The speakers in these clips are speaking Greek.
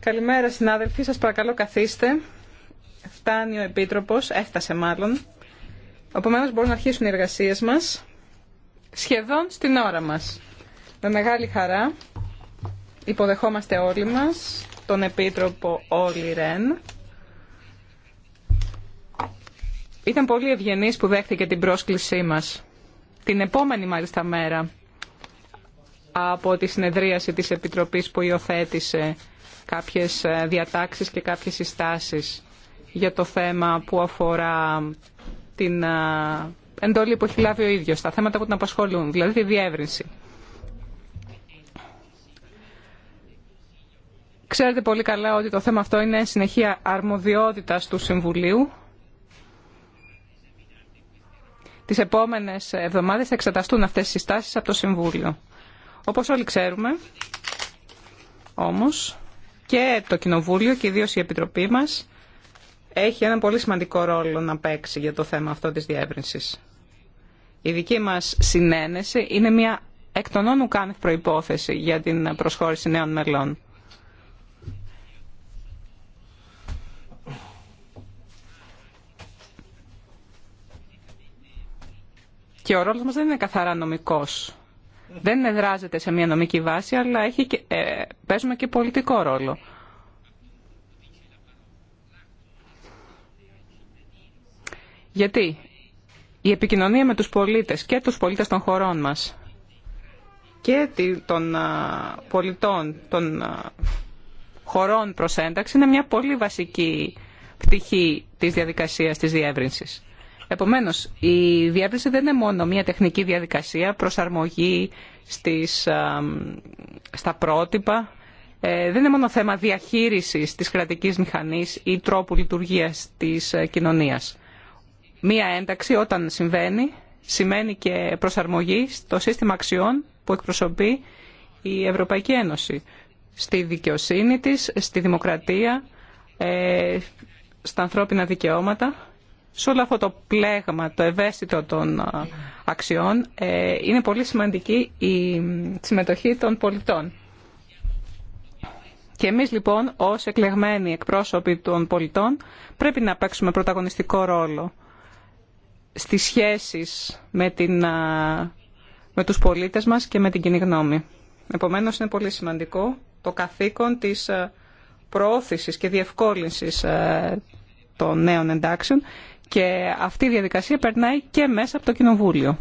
Καλημέρα συνάδελφοι, σας παρακαλώ καθίστε. Φτάνει ο Επίτροπος, έφτασε μάλλον. Οπομένως μπορούν να αρχίσουν οι εργασίες μας σχεδόν στην ώρα μας. Με μεγάλη χαρά υποδεχόμαστε όλοι μας τον Επίτροπο Όλη Ρεν. ήταν πολύ ευγενής που δέχτηκε την πρόσκλησή μας. Την επόμενη μάλιστα μέρα από τη συνεδρίαση της Επιτροπής που υιοθέτησε κάποιες ε, διατάξεις και κάποιες συστάσεις για το θέμα που αφορά την ε, εντόλη που έχει λάβει ο ίδιος, τα θέματα που την απασχολούν, δηλαδή τη διεύρυνση. Ξέρετε πολύ καλά ότι το θέμα αυτό είναι συνεχεία αρμοδιότητας του Συμβουλίου τις επόμενες εβδομάδες θα εξεταστούν αυτές οι συστάσεις από το Συμβούλιο. Όπως όλοι ξέρουμε, όμως, και το Κοινοβούλιο και ιδίω η Επιτροπή μας έχει έναν πολύ σημαντικό ρόλο να παίξει για το θέμα αυτό της διεύρυνση. Η δική μα συνένεση είναι μια εκ των όνου προϋπόθεση για την προσχώρηση νέων μελών. Και ο ρόλος μας δεν είναι καθαρά νομικός. Δεν εδράζεται σε μια νομική βάση, αλλά έχει και, ε, παίζουμε και πολιτικό ρόλο. Γιατί η επικοινωνία με τους πολίτες και τους πολίτες των χωρών μας και των πολιτών των χωρών προς ένταξη είναι μια πολύ βασική πτυχή της διαδικασίας της διεύρυνσης. Επομένως, η διεύρυνση δεν είναι μόνο μια τεχνική διαδικασία, προσαρμογή στα πρότυπα, ε, δεν είναι μόνο θέμα διαχείρισης της κρατικής μηχανής ή τρόπου λειτουργίας της ε, κοινωνίας. Μία ένταξη όταν συμβαίνει σημαίνει και προσαρμογή στο σύστημα αξιών που εκπροσωπεί η Ευρωπαϊκή Ένωση στη δικαιοσύνη της, στη δημοκρατία, ε, στα ανθρώπινα δικαιώματα σε όλο αυτό το πλέγμα, το ευαίσθητο των ε, αξιών, ε, είναι πολύ σημαντική η συμμετοχή των πολιτών. Και εμείς λοιπόν ως εκλεγμένοι εκπρόσωποι των πολιτών πρέπει να παίξουμε πρωταγωνιστικό ρόλο στις σχέσεις με, την, ε, με τους πολίτες μας και με την κοινή γνώμη. Επομένως είναι πολύ σημαντικό το καθήκον της προώθησης και διευκόλυνσης των νέων εντάξεων και αυτή η διαδικασία περνάει και μέσα από το Κοινοβούλιο.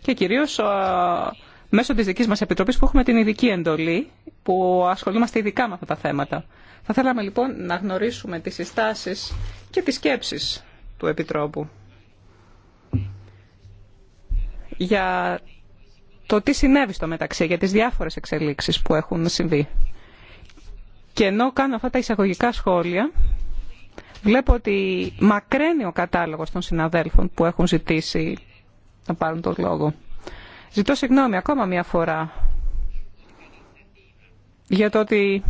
Και κυρίως μέσω της δικής μας επιτροπής που έχουμε την ειδική εντολή, που ασχολούμαστε ειδικά με αυτά τα θέματα. Θα θέλαμε λοιπόν να γνωρίσουμε τις συστάσεις και τις σκέψεις του Επιτρόπου για το τι συνέβη στο μεταξύ, για τις διάφορες εξελίξεις που έχουν συμβεί. Και ενώ κάνω αυτά τα εισαγωγικά σχόλια, βλέπω ότι μακραίνει ο κατάλογος των συναδέλφων που έχουν ζητήσει να πάρουν τον λόγο. Ζητώ συγγνώμη ακόμα μια φορά για το ότι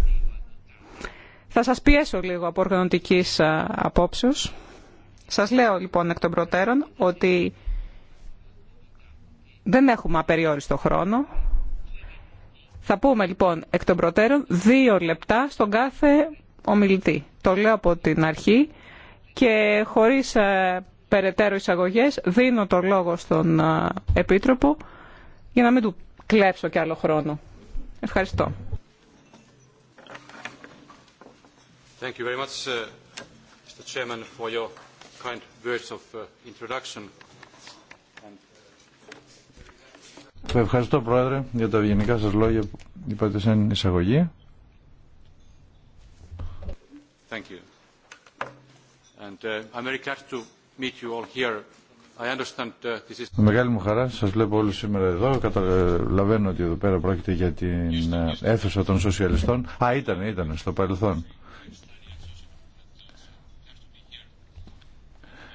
θα σας πιέσω λίγο από οργανωτικής απόψεως. Σας λέω λοιπόν εκ των προτέρων ότι δεν έχουμε απεριόριστο χρόνο. Θα πούμε λοιπόν εκ των προτέρων δύο λεπτά στον κάθε ομιλητή. Το λέω από την αρχή και χωρίς ε, περαιτέρω εισαγωγές δίνω το λόγο στον ε, Επίτροπο για να μην του κλέψω και άλλο χρόνο. Ευχαριστώ. Thank you very much, uh, for your kind words of uh, introduction. Ευχαριστώ Πρόεδρε για τα ευγενικά σας λόγια που είπατε σαν εισαγωγή. Μεγάλη μου χαρά σας βλέπω όλους σήμερα εδώ. Καταλαβαίνω ότι εδώ πέρα πρόκειται για την ε, αίθουσα των σοσιαλιστών. Α, ήταν, ήταν στο παρελθόν.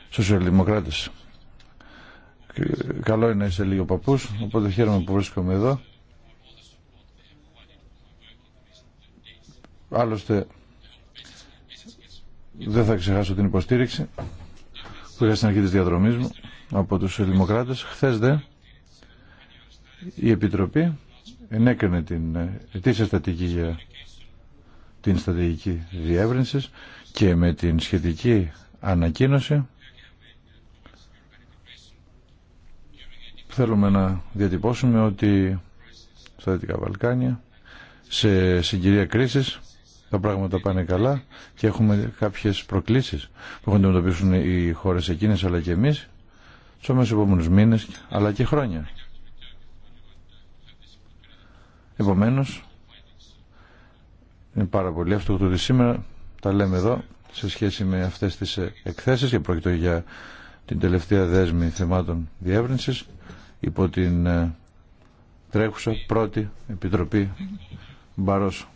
Σοσιαλδημοκράτες. Καλό είναι να είσαι λίγο παππούς, οπότε χαίρομαι που βρίσκομαι εδώ. Άλλωστε, δεν θα ξεχάσω την υποστήριξη που είχα στην αρχή της διαδρομής μου από τους δημοκράτες. Χθες δε η Επιτροπή ενέκρινε την ετήσια στατική για την στρατηγική διεύρυνση και με την σχετική ανακοίνωση θέλουμε να διατυπώσουμε ότι στα Δυτικά Βαλκάνια σε συγκυρία κρίσης τα πράγματα πάνε καλά και έχουμε κάποιες προκλήσεις που έχουν αντιμετωπίσουν οι χώρες εκείνες αλλά και εμείς στους επόμενου επόμενους μήνες αλλά και χρόνια. Επομένως, είναι πάρα πολύ αυτό σήμερα τα λέμε εδώ σε σχέση με αυτές τις εκθέσεις και πρόκειται για την τελευταία δέσμη θεμάτων διεύρυνσης υπό την ε, τρέχουσα πρώτη Επιτροπή Μπαρός.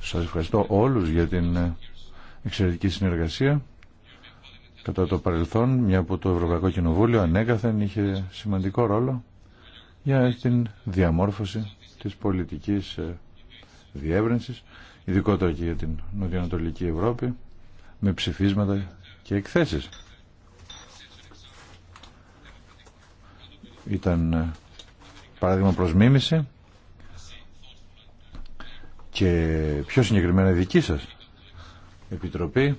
Σας ευχαριστώ όλους για την ε, εξαιρετική συνεργασία. Κατά το παρελθόν, μια από το Ευρωπαϊκό Κοινοβούλιο ανέκαθεν είχε σημαντικό ρόλο για την διαμόρφωση της πολιτικής ε, διεύρυνσης, ειδικότερα και για την Νοτιοανατολική Ευρώπη, με ψηφίσματα και εκθέσεις. ήταν ε, παράδειγμα προς μίμηση και πιο συγκεκριμένα δική σας επιτροπή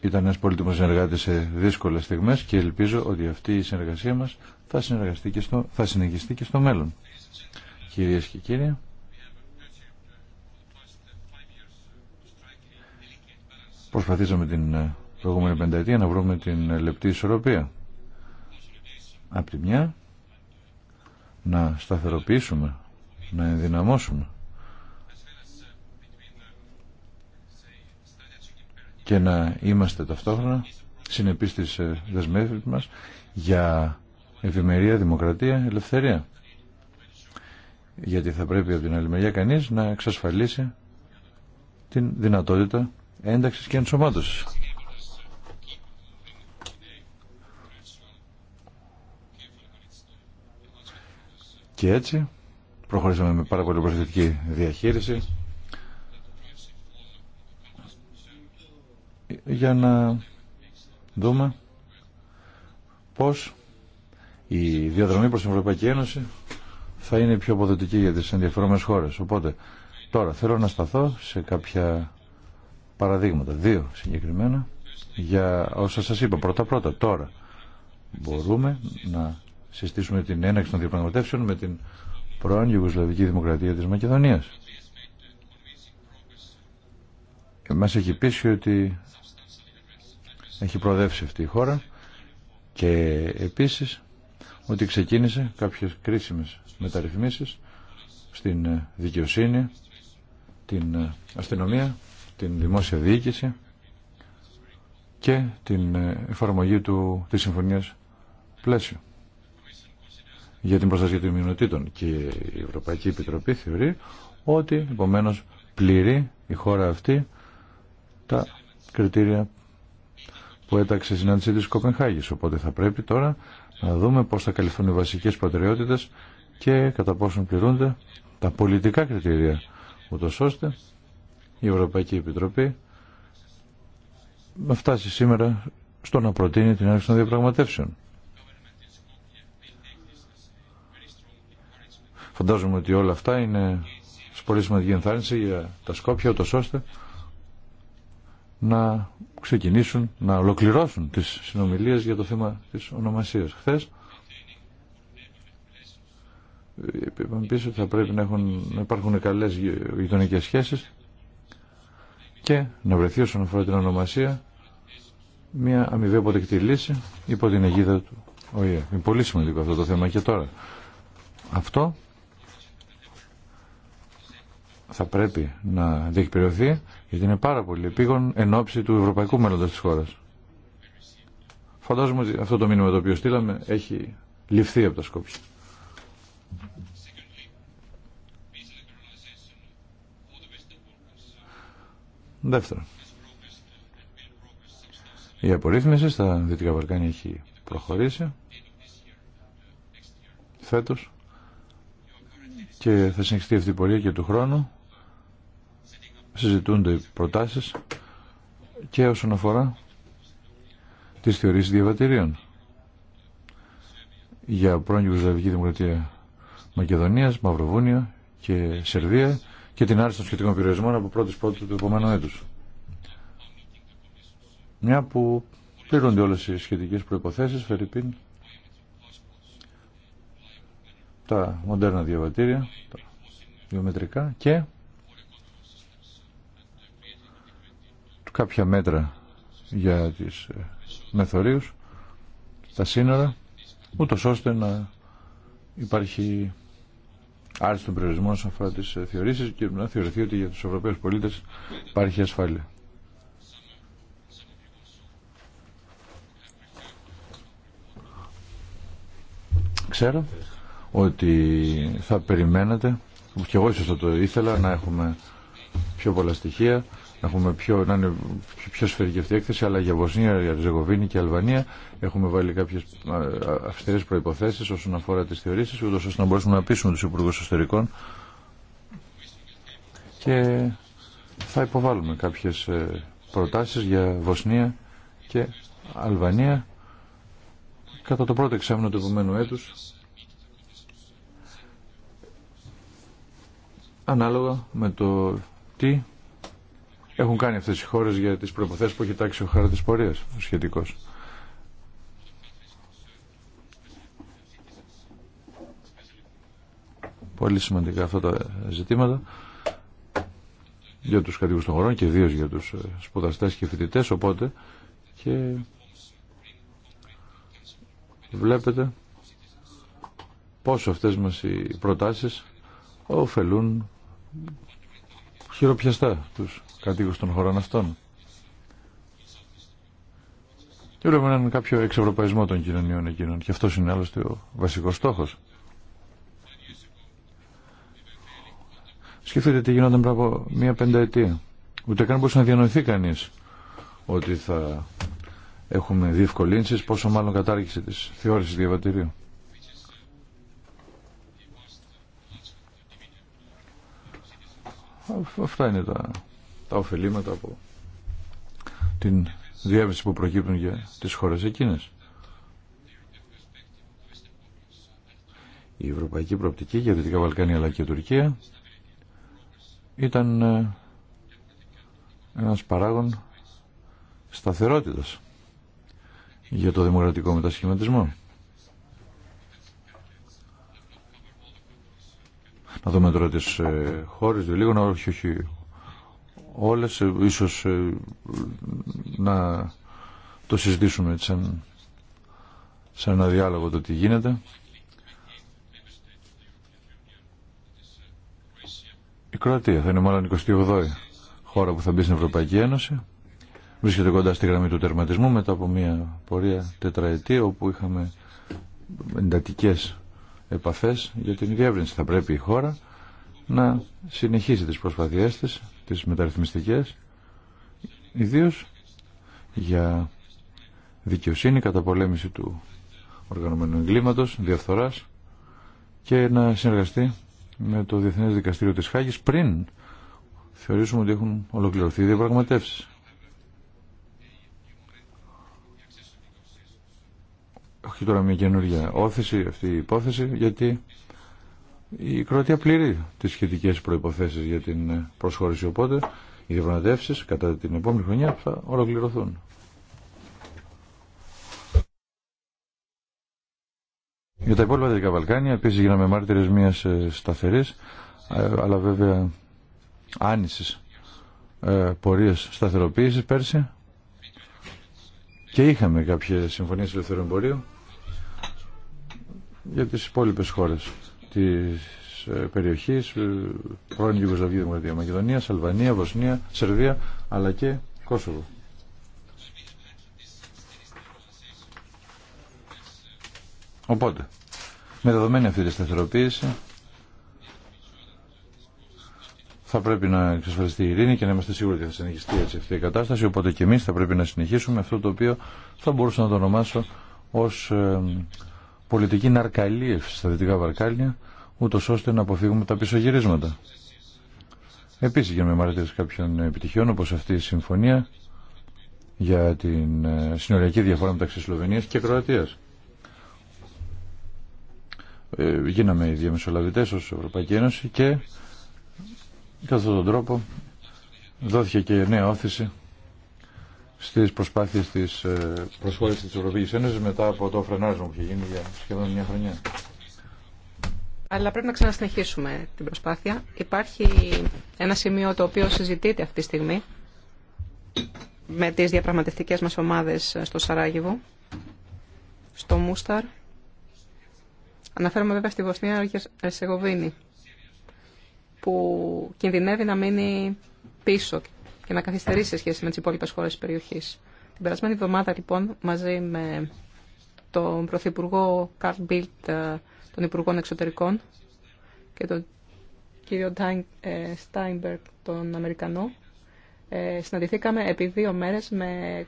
ήταν ένας πολύτιμος συνεργάτης σε δύσκολες στιγμές και ελπίζω ότι αυτή η συνεργασία μας θα, συνεργαστεί και στο, θα συνεχιστεί και στο μέλλον. Κυρίες και κύριοι, προσπαθήσαμε την ε, προηγούμενη πενταετία να βρούμε την ε, λεπτή ισορροπία. Απ' τη μια να σταθεροποιήσουμε, να ενδυναμώσουμε και να είμαστε ταυτόχρονα συνεπείς στις ε, δεσμεύσεις μας για ευημερία, δημοκρατία, ελευθερία. Γιατί θα πρέπει από την άλλη μεριά κανείς να εξασφαλίσει την δυνατότητα ένταξης και ενσωμάτωσης. Και έτσι προχωρήσαμε με πάρα πολύ προσεκτική διαχείριση για να δούμε πώς η διαδρομή προς την Ευρωπαϊκή Ένωση θα είναι πιο αποδοτική για τις ενδιαφερόμενες χώρες. Οπότε τώρα θέλω να σταθώ σε κάποια παραδείγματα, δύο συγκεκριμένα, για όσα σας είπα πρώτα-πρώτα. Τώρα μπορούμε να συστήσουμε την έναξη των διαπραγματεύσεων με την πρώην Ιουγκοσλαβική Δημοκρατία της Μακεδονίας. Μας έχει πείσει ότι έχει προοδεύσει αυτή η χώρα και επίσης ότι ξεκίνησε κάποιες κρίσιμες μεταρρυθμίσεις στην δικαιοσύνη, την αστυνομία, την δημόσια διοίκηση και την εφαρμογή του, της συμφωνίας πλαίσιο για την προστασία των μειονοτήτων. Και η Ευρωπαϊκή Επιτροπή θεωρεί ότι επομένω πληρεί η χώρα αυτή τα κριτήρια που έταξε η συνάντηση της Κοπενχάγης. Οπότε θα πρέπει τώρα να δούμε πώς θα καλυφθούν οι βασικές προτεραιότητε και κατά πόσον πληρούνται τα πολιτικά κριτήρια, ούτω ώστε η Ευρωπαϊκή Επιτροπή να φτάσει σήμερα στο να προτείνει την άρχιση των διαπραγματεύσεων. Φαντάζομαι ότι όλα αυτά είναι πολύ σημαντική ενθάρρυνση για τα Σκόπια, ούτως ώστε να ξεκινήσουν, να ολοκληρώσουν τις συνομιλίες για το θέμα της ονομασίας. Χθε. είπαμε πίσω ότι θα πρέπει να, έχουν, να υπάρχουν καλές γειτονικέ σχέσεις και να βρεθεί όσον αφορά την ονομασία μια αμοιβή αποδεκτή λύση υπό την αιγίδα του ΟΗΕ. Είναι πολύ σημαντικό αυτό το θέμα και τώρα. Αυτό θα πρέπει να διεκπαιρεωθεί γιατί είναι πάρα πολύ επίγον εν ώψη του ευρωπαϊκού μέλλοντος της χώρας. Φαντάζομαι ότι αυτό το μήνυμα το οποίο στείλαμε έχει ληφθεί από τα Σκόπια. Δεύτερον, η απορρίθμιση στα Δυτικά Βαλκάνια έχει προχωρήσει φέτος και θα συνεχιστεί αυτή η πορεία και του χρόνου συζητούνται οι προτάσεις και όσον αφορά τις θεωρίες διαβατηρίων για πρώην Ιουγκοσλαβική Δημοκρατία Μακεδονίας, Μαυροβούνια και Σερβία και την άρση των σχετικών περιορισμών από πρώτης πρώτη του επόμενου έτους. Μια που πλήρωνται όλες οι σχετικές προϋποθέσεις, Φερρυπίν, τα μοντέρνα διαβατήρια, τα βιομετρικά και κάποια μέτρα για τις ε, μεθορίους, τα σύνορα, ούτω ώστε να υπάρχει άριστο προορισμό σε αφορά τις ε, θεωρήσεις και να θεωρηθεί ότι για τους Ευρωπαίους πολίτες υπάρχει ασφάλεια. Ξέρω ότι θα περιμένατε, και εγώ ίσως θα το ήθελα, να έχουμε πιο πολλά στοιχεία να, έχουμε πιο, να είναι πιο σφαιρική αυτή η έκθεση, αλλά για Βοσνία, για Ζεγοβίνη και Αλβανία έχουμε βάλει κάποιε αυστηρέ προποθέσει όσον αφορά τι θεωρήσει, ούτω ώστε να μπορέσουμε να πείσουμε του υπουργού εσωτερικών και θα υποβάλουμε κάποιε προτάσει για Βοσνία και Αλβανία κατά το πρώτο εξάμεινο του επόμενου έτου. ανάλογα με το τι έχουν κάνει αυτές οι χώρες για τις προποθέσεις που έχει τάξει ο της πορείας σχετικός. Πολύ σημαντικά αυτά τα ζητήματα για τους κατοίκους των χωρών και ιδίω για τους ε, σπουδαστές και φοιτητές οπότε και βλέπετε πόσο αυτές μας οι προτάσεις ωφελούν χειροπιαστά του κατοίκου των χωρών αυτών. Και βλέπουμε έναν κάποιο εξευρωπαϊσμό των κοινωνιών εκείνων και αυτό είναι άλλωστε ο βασικό στόχος. Σκεφτείτε τι γινόταν πριν από μία πενταετία. Ούτε καν μπορούσε να διανοηθεί κανεί ότι θα έχουμε διευκολύνσει πόσο μάλλον κατάργηση τη θεώρηση διαβατηρίου. Αυτά είναι τα, τα ωφελήματα από την διεύρυνση που προκύπτουν για τις χώρες εκείνες. Η ευρωπαϊκή προοπτική για Δυτικά Βαλκάνια αλλά και Τουρκία ήταν ε, ένας παράγων σταθερότητας για το δημοκρατικό μετασχηματισμό. Να δούμε τώρα τι χώρε χώρες, λίγο να όχι, όχι όλες, ε, ίσως ε, να το συζητήσουμε έτσι σαν, ένα διάλογο το τι γίνεται. Η Κροατία θα είναι μάλλον 28η χώρα που θα μπει στην Ευρωπαϊκή Ένωση. Βρίσκεται κοντά στη γραμμή του τερματισμού μετά από μια πορεία τετραετή όπου είχαμε εντατικές επαφές για την διεύρυνση. Θα πρέπει η χώρα να συνεχίσει τις προσπαθειές της, τις μεταρρυθμιστικές, ιδίως για δικαιοσύνη, κατά πολέμηση του οργανωμένου εγκλήματος, διαφθοράς και να συνεργαστεί με το Διεθνές Δικαστήριο της Χάγης πριν θεωρήσουμε ότι έχουν ολοκληρωθεί οι διαπραγματεύσεις. όχι τώρα μια καινούργια όθηση αυτή η υπόθεση γιατί η Κροατία πληρεί τις σχετικές προϋποθέσεις για την προσχώρηση οπότε οι διαπραγματεύσει κατά την επόμενη χρονιά θα ολοκληρωθούν. Για τα υπόλοιπα Δυτικά Βαλκάνια επίσης γίναμε μάρτυρες μιας ε, σταθερής ε, αλλά βέβαια άνηση ε, πορείας σταθεροποίηση πέρσι και είχαμε κάποιες συμφωνίες ελευθερών εμπορίου για τις υπόλοιπες χώρες της ε, περιοχής, ε, πρώην Ιουγκοσλαβία, Δημοκρατία Μακεδονία, Αλβανία, Βοσνία, Σερβία, αλλά και Κόσοβο. Οπότε, με δεδομένη αυτή τη σταθεροποίηση, θα πρέπει να εξασφαλιστεί η ειρήνη και να είμαστε σίγουροι ότι θα συνεχιστεί αυτή η κατάσταση. Οπότε και εμείς θα πρέπει να συνεχίσουμε αυτό το οποίο θα μπορούσα να το ονομάσω ω πολιτική ναρκαλίευση στα Δυτικά Βαρκάλια, ούτω ώστε να αποφύγουμε τα πισωγυρίσματα. Επίσης με μαρτύρε κάποιων επιτυχιών, όπως αυτή η συμφωνία για την ε, συνοριακή διαφορά μεταξύ Σλοβενίας και Κροατίας. Ε, γίναμε οι διαμεσολαβητέ ως Ευρωπαϊκή Ένωση και κατά αυτόν τον τρόπο δόθηκε και νέα όθηση στις προσπάθειες της ε, προσχώρηση της Ευρωπαϊκή Ένωση μετά από το φρενάρισμα που είχε γίνει για σχεδόν μια χρονιά. Αλλά πρέπει να ξανασυνεχίσουμε την προσπάθεια. Υπάρχει ένα σημείο το οποίο συζητείται αυτή τη στιγμή με τις διαπραγματευτικές μας ομάδες στο Σαράγεβο, στο Μούσταρ. Αναφέρομαι βέβαια στη Βοσνία Ερσεγοβίνη, που κινδυνεύει να μείνει πίσω και να καθυστερήσει σε σχέση με τι υπόλοιπε χώρε τη περιοχή. Την περασμένη εβδομάδα, λοιπόν, μαζί με τον Πρωθυπουργό Καρλ Μπίλτ ε, των Υπουργών Εξωτερικών και τον κύριο ε, Στάιμπερκ τον Αμερικανό, ε, συναντηθήκαμε επί δύο μέρες με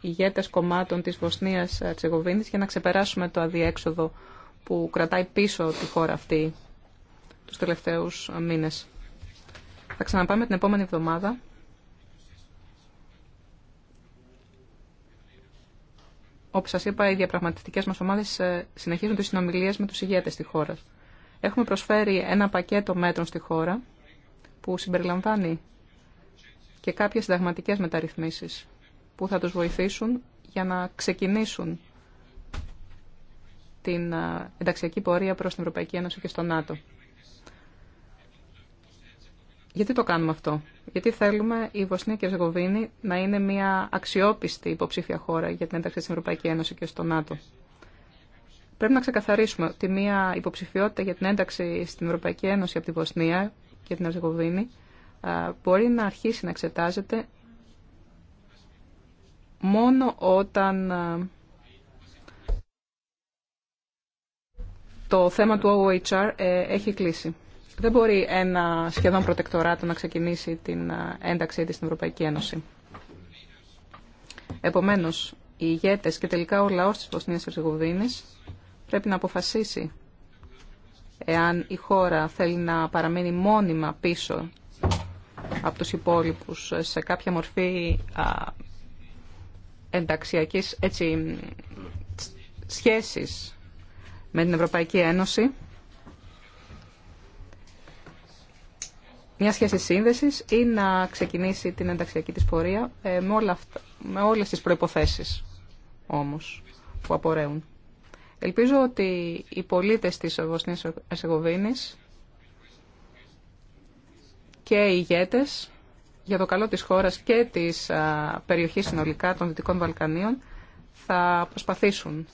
ηγέτες κομμάτων της Βοσνίας Τσεγοβίνης για να ξεπεράσουμε το αδιέξοδο που κρατάει πίσω τη χώρα αυτή τους τελευταίους μήνες. Θα ξαναπάμε την επόμενη εβδομάδα Όπως σας είπα, οι διαπραγματευτικές μας ομάδες ε, συνεχίζουν τις συνομιλίες με τους ηγέτες της χώρας. Έχουμε προσφέρει ένα πακέτο μέτρων στη χώρα που συμπεριλαμβάνει και κάποιες συνταγματικές μεταρρυθμίσεις που θα τους βοηθήσουν για να ξεκινήσουν την ε, ενταξιακή πορεία προς την Ευρωπαϊκή Ένωση και στο ΝΑΤΟ. Γιατί το κάνουμε αυτό. Γιατί θέλουμε η Βοσνία και η Ζεγοβίνη να είναι μια αξιόπιστη υποψήφια χώρα για την ένταξη στην Ευρωπαϊκή Ένωση και στο ΝΑΤΟ. Πρέπει να ξεκαθαρίσουμε ότι μια υποψηφιότητα για την ένταξη στην Ευρωπαϊκή Ένωση από τη Βοσνία και την Ερζεγοβίνη μπορεί να αρχίσει να εξετάζεται μόνο όταν το θέμα του OHR ε, έχει κλείσει. Δεν μπορεί ένα σχεδόν προτεκτοράτο να ξεκινήσει την ε, ένταξή της στην Ευρωπαϊκή Ένωση. Επομένως, οι ηγέτες και τελικά ο λαός της Βοσνίας Ερζεγοβίνης πρέπει να αποφασίσει εάν η χώρα θέλει να παραμείνει μόνιμα πίσω από τους υπόλοιπους σε κάποια μορφή ενταξιακής έτσι, σχέσης με την Ευρωπαϊκή Ένωση μια σχέση σύνδεση ή να ξεκινήσει την ενταξιακή της πορεία ε, με, με όλες τις προϋποθέσεις όμως που απορρέουν. Ελπίζω ότι οι πολίτες της Βοσνίας Ερσεγοβίνης και οι ηγέτες για το καλό της χώρας και της περιοχής συνολικά των Δυτικών Βαλκανίων θα προσπαθήσουν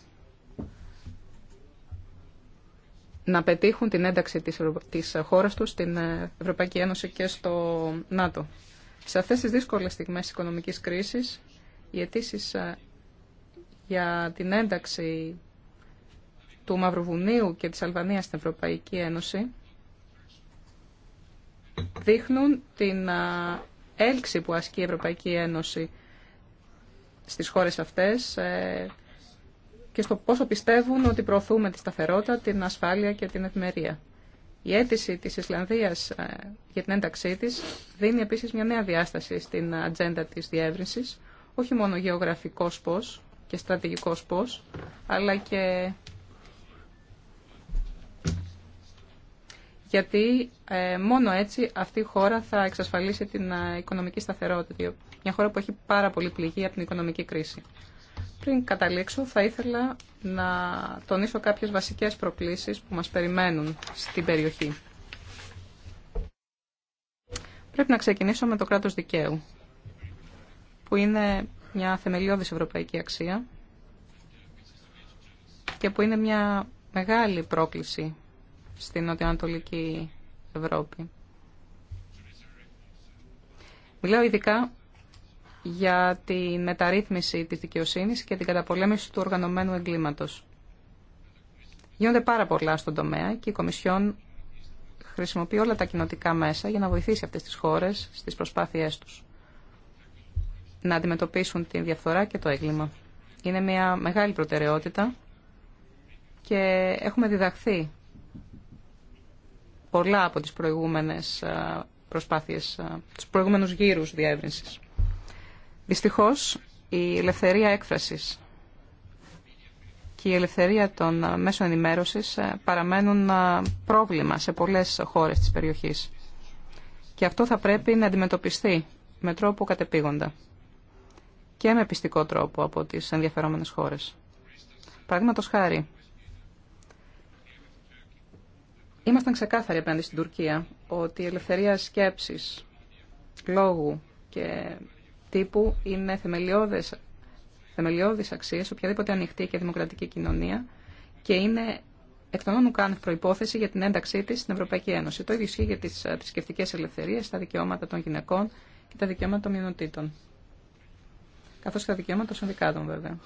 να πετύχουν την ένταξη της, της χώρας τους στην ε, Ευρωπαϊκή Ένωση και στο ΝΑΤΟ. Σε αυτές τις δύσκολες στιγμές οικονομικής κρίσης, οι αιτήσει ε, για την ένταξη του Μαυροβουνίου και της Αλβανίας στην Ευρωπαϊκή Ένωση δείχνουν την ε, έλξη που ασκεί η Ευρωπαϊκή Ένωση στις χώρες αυτές και στο πόσο πιστεύουν ότι προωθούμε τη σταθερότητα, την ασφάλεια και την ευημερία. Η αίτηση της Ισλανδίας ε, για την ένταξή της δίνει επίσης μια νέα διάσταση στην ατζέντα της διεύρυνσης, όχι μόνο γεωγραφικός πώς και στρατηγικός πώς, αλλά και γιατί ε, μόνο έτσι αυτή η χώρα θα εξασφαλίσει την ε, οικονομική σταθερότητα, μια χώρα που έχει πάρα πολύ πληγή από την οικονομική κρίση. Πριν καταλήξω, θα ήθελα να τονίσω κάποιες βασικές προκλήσεις που μας περιμένουν στην περιοχή. Πρέπει να ξεκινήσω με το κράτος δικαίου, που είναι μια θεμελιώδης ευρωπαϊκή αξία και που είναι μια μεγάλη πρόκληση στην νοτιοανατολική Ευρώπη. Μιλάω ειδικά για τη μεταρρύθμιση της δικαιοσύνης και την καταπολέμηση του οργανωμένου εγκλήματος. Γίνονται πάρα πολλά στον τομέα και η Κομισιόν χρησιμοποιεί όλα τα κοινοτικά μέσα για να βοηθήσει αυτές τις χώρες στις προσπάθειές τους να αντιμετωπίσουν τη διαφθορά και το έγκλημα. Είναι μια μεγάλη προτεραιότητα και έχουμε διδαχθεί πολλά από τις προηγούμενες ε, προσπάθειες, ε, τους προηγούμενους γύρους Δυστυχώς, η ελευθερία έκφρασης και η ελευθερία των μέσων ενημέρωσης ε, παραμένουν ε, πρόβλημα σε πολλές χώρες της περιοχής. Και αυτό θα πρέπει να αντιμετωπιστεί με τρόπο κατεπήγοντα και με πιστικό τρόπο από τις ενδιαφερόμενες χώρες. Παραδείγματο χάρη, ήμασταν ξεκάθαροι απέναντι στην Τουρκία ότι η ελευθερία σκέψης, λόγου και τύπου είναι θεμελιώδες, θεμελιώδεις αξίες, οποιαδήποτε ανοιχτή και δημοκρατική κοινωνία και είναι εκ των όνων καν προϋπόθεση για την ένταξή της στην Ευρωπαϊκή Ένωση. Το ίδιο ισχύει για τις θρησκευτικέ ε, ελευθερίες, τα δικαιώματα των γυναικών και τα δικαιώματα των μειονοτήτων. Καθώς και τα δικαιώματα των συνδικάτων βέβαια.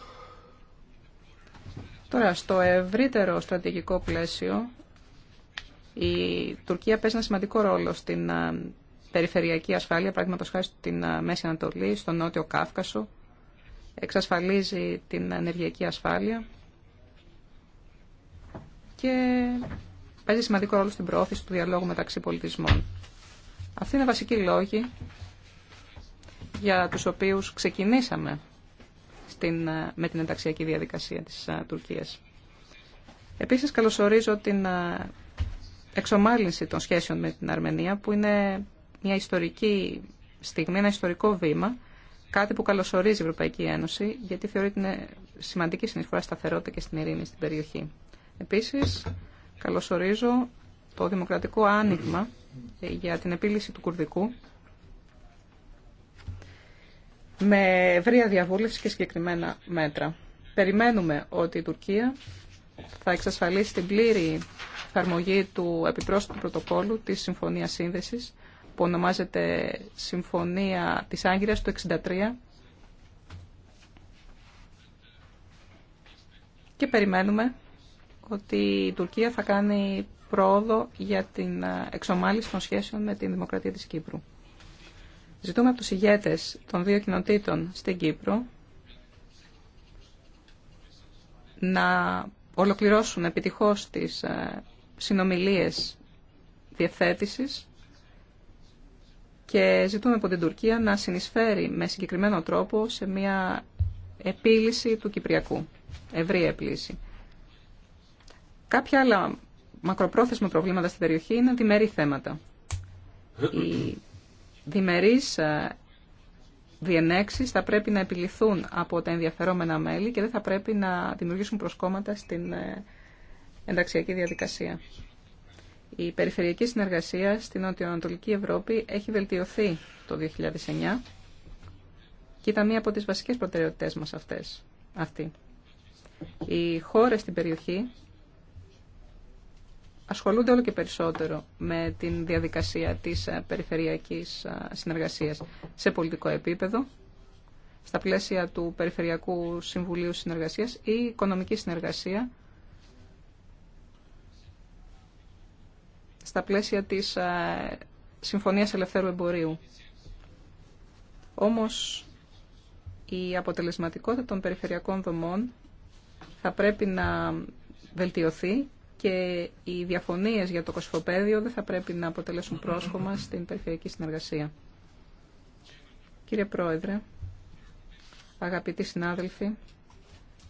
Τώρα, στο ευρύτερο στρατηγικό πλαίσιο, η Τουρκία παίζει ένα σημαντικό ρόλο στην ε, περιφερειακή ασφάλεια, παραδείγματο χάρη στην ε, Μέση Ανατολή, στον Νότιο Κάφκασο, εξασφαλίζει την ενεργειακή ασφάλεια και παίζει σημαντικό ρόλο στην προώθηση του διαλόγου μεταξύ πολιτισμών. Αυτοί είναι βασικοί λόγοι για τους οποίους ξεκινήσαμε στην, ε, με την ενταξιακή διαδικασία της ε, Τουρκίας. Επίσης καλωσορίζω την εξομάλυνση των σχέσεων με την Αρμενία που είναι μια ιστορική στιγμή, ένα ιστορικό βήμα, κάτι που καλωσορίζει η Ευρωπαϊκή Ένωση, γιατί θεωρείται σημαντική συνεισφορά σταθερότητα και στην ειρήνη στην περιοχή. Επίσης, καλωσορίζω το δημοκρατικό άνοιγμα ε, για την επίλυση του Κουρδικού με ευρεία διαβούλευση και συγκεκριμένα μέτρα. Περιμένουμε ότι η Τουρκία θα εξασφαλίσει την πλήρη εφαρμογή του επιπρόσθετου πρωτοκόλλου της Συμφωνίας Σύνδεσης που ονομάζεται Συμφωνία της Άγκυρας του 1963 και περιμένουμε ότι η Τουρκία θα κάνει πρόοδο για την ε, εξομάλυση των σχέσεων με την Δημοκρατία της Κύπρου. Ζητούμε από τους ηγέτες των δύο κοινοτήτων στην Κύπρο να ολοκληρώσουν επιτυχώς τις ε, συνομιλίες διευθέτησης και ζητούμε από την Τουρκία να συνεισφέρει με συγκεκριμένο τρόπο σε μια επίλυση του Κυπριακού, ευρύ επίλυση. Κάποια άλλα μακροπρόθεσμα προβλήματα στην περιοχή είναι διμερεί θέματα. Οι διμερείς ε, διενέξεις θα πρέπει να επιληθούν από τα ενδιαφερόμενα μέλη και δεν θα πρέπει να δημιουργήσουν προσκόμματα στην ε, ενταξιακή διαδικασία. Η περιφερειακή συνεργασία στην Νοτιοανατολική Ευρώπη έχει βελτιωθεί το 2009 και ήταν μία από τις βασικές προτεραιότητές μας αυτές, αυτή. Οι χώρες στην περιοχή ασχολούνται όλο και περισσότερο με την διαδικασία της ε, περιφερειακής ε, συνεργασίας σε πολιτικό επίπεδο, στα πλαίσια του Περιφερειακού Συμβουλίου Συνεργασίας ή οικονομική συνεργασία στα πλαίσια της ε, Συμφωνίας Ελευθέρου Εμπορίου. Όμως η αποτελεσματικότητα των περιφερειακών δομών θα πρέπει να βελτιωθεί και οι διαφωνίες για το κοσφοπέδιο δεν θα πρέπει να αποτελέσουν πρόσχομα στην περιφερειακή συνεργασία. Κύριε Πρόεδρε, αγαπητοί συνάδελφοι,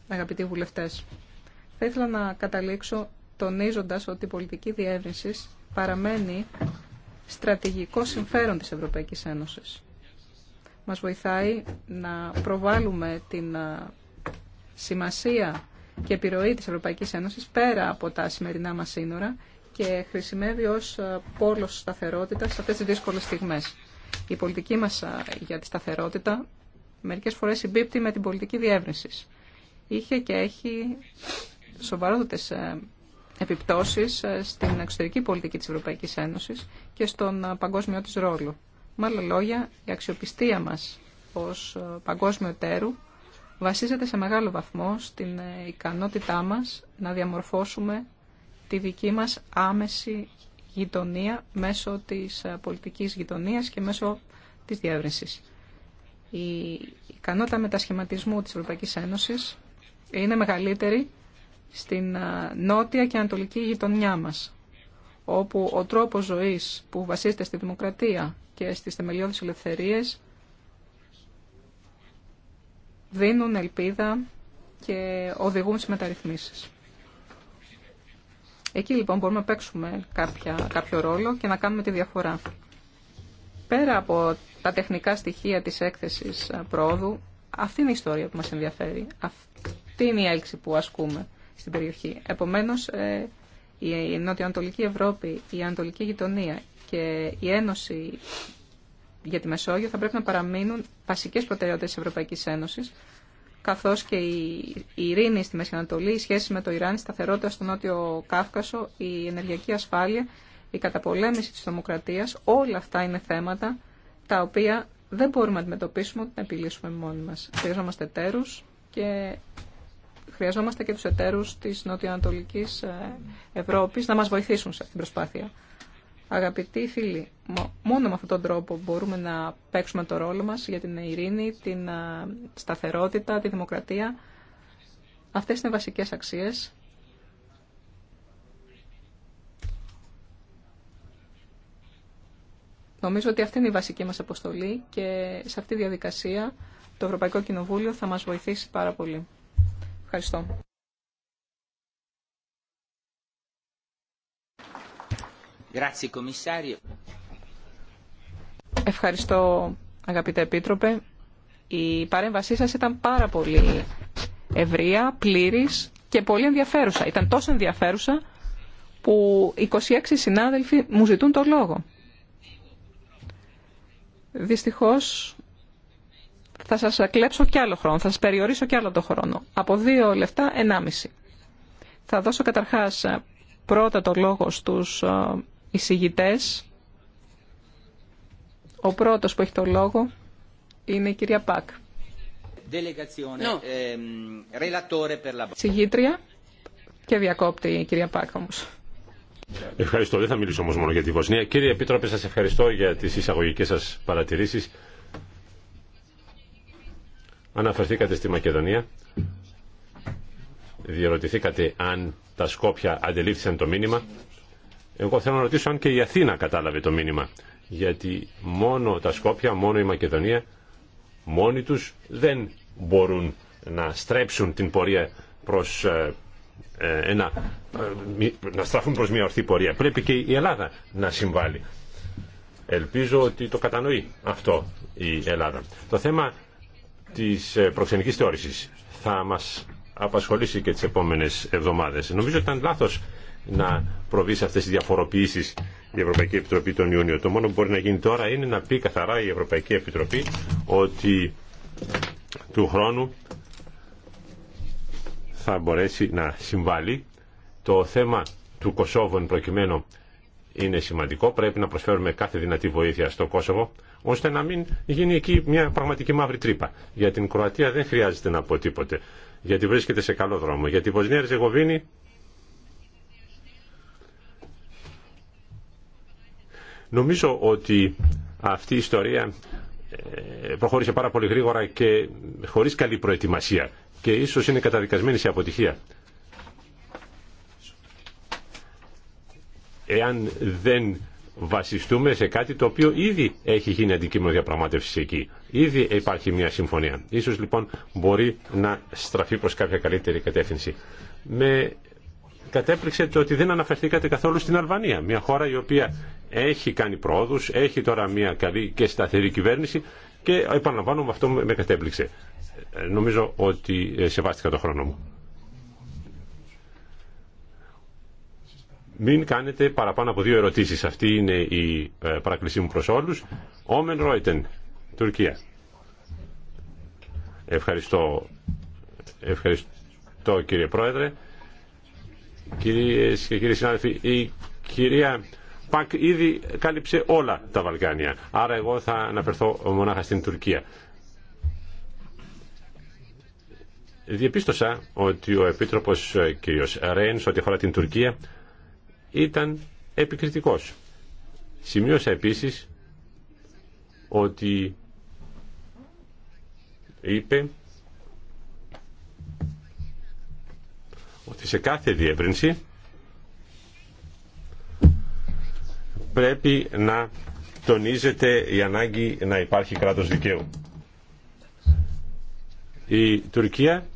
αγαπητοί βουλευτές, θα ήθελα να καταλήξω τονίζοντας ότι η πολιτική διεύρυνσης παραμένει στρατηγικό συμφέρον της Ευρωπαϊκής Ένωσης. Μας βοηθάει να προβάλλουμε την σημασία και επιρροή της Ευρωπαϊκής Ένωσης πέρα από τα σημερινά μας σύνορα και χρησιμεύει ως πόλος σταθερότητας σε αυτές τις δύσκολες στιγμές. Η πολιτική μας για τη σταθερότητα μερικές φορές συμπίπτει με την πολιτική διεύρυνσης. Είχε και έχει σοβαρότητες ε, επιπτώσεις ε, στην εξωτερική πολιτική της Ευρωπαϊκής Ένωσης και στον ε, παγκόσμιο της ρόλο. Με άλλα λόγια, η αξιοπιστία μας ως ε, παγκόσμιο τέρου βασίζεται σε μεγάλο βαθμό στην ικανότητά μας να διαμορφώσουμε τη δική μας άμεση γειτονία μέσω της πολιτικής γειτονίας και μέσω της διεύρυνσης. Η ικανότητα μετασχηματισμού της Ευρωπαϊκής Ένωσης είναι μεγαλύτερη στην νότια και ανατολική γειτονιά μας, όπου ο τρόπος ζωής που βασίζεται στη δημοκρατία και στις θεμελιώδεις ελευθερίες δίνουν ελπίδα και οδηγούν στις μεταρρυθμίσεις. Εκεί λοιπόν μπορούμε να παίξουμε κάποια, κάποιο ρόλο και να κάνουμε τη διαφορά. Πέρα από τα τεχνικά στοιχεία της έκθεσης πρόοδου, αυτή είναι η ιστορία που μας ενδιαφέρει. Αυτή είναι η έλξη που ασκούμε στην περιοχή. Επομένως, ε, η Νοτιοανατολική Ευρώπη, η Ανατολική Γειτονία και η Ένωση για τη Μεσόγειο θα πρέπει να παραμείνουν βασικέ προτεραιότητε τη Ευρωπαϊκή Ένωση, καθώ και η ειρήνη στη Μέση Ανατολή, η σχέση με το Ιράν, η σταθερότητα στο Νότιο Κάφκασο, η ενεργειακή ασφάλεια, η καταπολέμηση τη δημοκρατίας, όλα αυτά είναι θέματα τα οποία δεν μπορούμε να αντιμετωπίσουμε ούτε να επιλύσουμε μόνοι μας. Χρειαζόμαστε τέρου. και χρειαζόμαστε και τους εταίρους της νοτιοανατολικής ε, Ευρώπης να μας βοηθήσουν σε αυτήν την προσπάθεια. Αγαπητοί φίλοι, μόνο με αυτόν τον τρόπο μπορούμε να παίξουμε το ρόλο μας για την ειρήνη, την ε, σταθερότητα, τη δημοκρατία. Αυτές είναι βασικές αξίες. Νομίζω ότι αυτή είναι η βασική μας αποστολή και σε αυτή τη διαδικασία το Ευρωπαϊκό Κοινοβούλιο θα μας βοηθήσει πάρα πολύ. Ευχαριστώ. Ευχαριστώ αγαπητέ Επίτροπε. Η παρέμβασή σας ήταν πάρα πολύ ευρεία, πλήρης και πολύ ενδιαφέρουσα. Ήταν τόσο ενδιαφέρουσα που 26 συνάδελφοι μου ζητούν το λόγο. Δυστυχώς θα σας κλέψω κι άλλο χρόνο, θα σας περιορίσω κι άλλο το χρόνο. Από δύο λεφτά, ενάμιση. Θα δώσω καταρχάς ε, πρώτα το λόγο στους ε, εισηγητές. Ο πρώτος που έχει το λόγο είναι η κυρία Πακ. Ehm, Συγητρία και διακόπτη η κυρία Πακ όμως. Ευχαριστώ. Δεν θα μιλήσω όμως μόνο για τη Βοσνία. Κύριε Επίτροπε, σας ευχαριστώ για τις εισαγωγικές σας παρατηρήσεις. Αναφερθήκατε στη Μακεδονία. Διερωτηθήκατε αν τα Σκόπια αντελήφθησαν το μήνυμα. Εγώ θέλω να ρωτήσω αν και η Αθήνα κατάλαβε το μήνυμα. Γιατί μόνο τα Σκόπια, μόνο η Μακεδονία, μόνοι τους δεν μπορούν να στρέψουν την πορεία προς ε, ε, ένα, ε, να στραφούν προς μια ορθή πορεία. Πρέπει και η Ελλάδα να συμβάλλει. Ελπίζω ότι το κατανοεί αυτό η Ελλάδα. Το θέμα της ε, προξενικής θεώρησης θα μας απασχολήσει και τις επόμενες εβδομάδες. Νομίζω ότι ήταν λάθος να προβεί σε αυτές τις διαφοροποιήσεις η Ευρωπαϊκή Επιτροπή τον Ιούνιο. Το μόνο που μπορεί να γίνει τώρα είναι να πει καθαρά η Ευρωπαϊκή Επιτροπή ότι του χρόνου θα μπορέσει να συμβάλλει. Το θέμα του Κωσόβου εν προκειμένου είναι σημαντικό. Πρέπει να προσφέρουμε κάθε δυνατή βοήθεια στο Κόσοβο ώστε να μην γίνει εκεί μια πραγματική μαύρη τρύπα. Για την Κροατία δεν χρειάζεται να πω τίποτε, γιατί βρίσκεται σε καλό δρόμο. Για την Βοσνία Ριζεγοβίνη νομίζω ότι αυτή η ιστορία ε, προχώρησε πάρα πολύ γρήγορα και χωρίς καλή προετοιμασία και ίσως είναι καταδικασμένη σε αποτυχία. Εάν δεν βασιστούμε σε κάτι το οποίο ήδη έχει γίνει αντικείμενο διαπραγμάτευση εκεί. Ήδη υπάρχει μια συμφωνία. Ίσως λοιπόν μπορεί να στραφεί προς κάποια καλύτερη κατεύθυνση. Με κατέπληξε το ότι δεν αναφερθήκατε καθόλου στην Αλβανία, μια χώρα η οποία έχει κάνει πρόοδους, έχει τώρα μια καλή και σταθερή κυβέρνηση και επαναλαμβάνω με αυτό με κατέπληξε. Ε, νομίζω ότι ε, σεβάστηκα το χρόνο μου. Μην κάνετε παραπάνω από δύο ερωτήσεις. Αυτή είναι η ε, παρακλησή μου προς όλους. Όμεν Ρόιτεν, Τουρκία. Ευχαριστώ. Ευχαριστώ κύριε Πρόεδρε. Κυρίες και κύριοι συνάδελφοι, η κυρία Πακ ήδη κάλυψε όλα τα Βαλκάνια. Άρα εγώ θα αναφερθώ μονάχα στην Τουρκία. Διεπίστωσα ότι ο Επίτροπος ε, κ. Ρέινς, ό,τι αφορά την Τουρκία, ήταν επικριτικός. Σημείωσα επίσης ότι είπε ότι σε κάθε διεύρυνση πρέπει να τονίζεται η ανάγκη να υπάρχει κράτος δικαίου. Η Τουρκία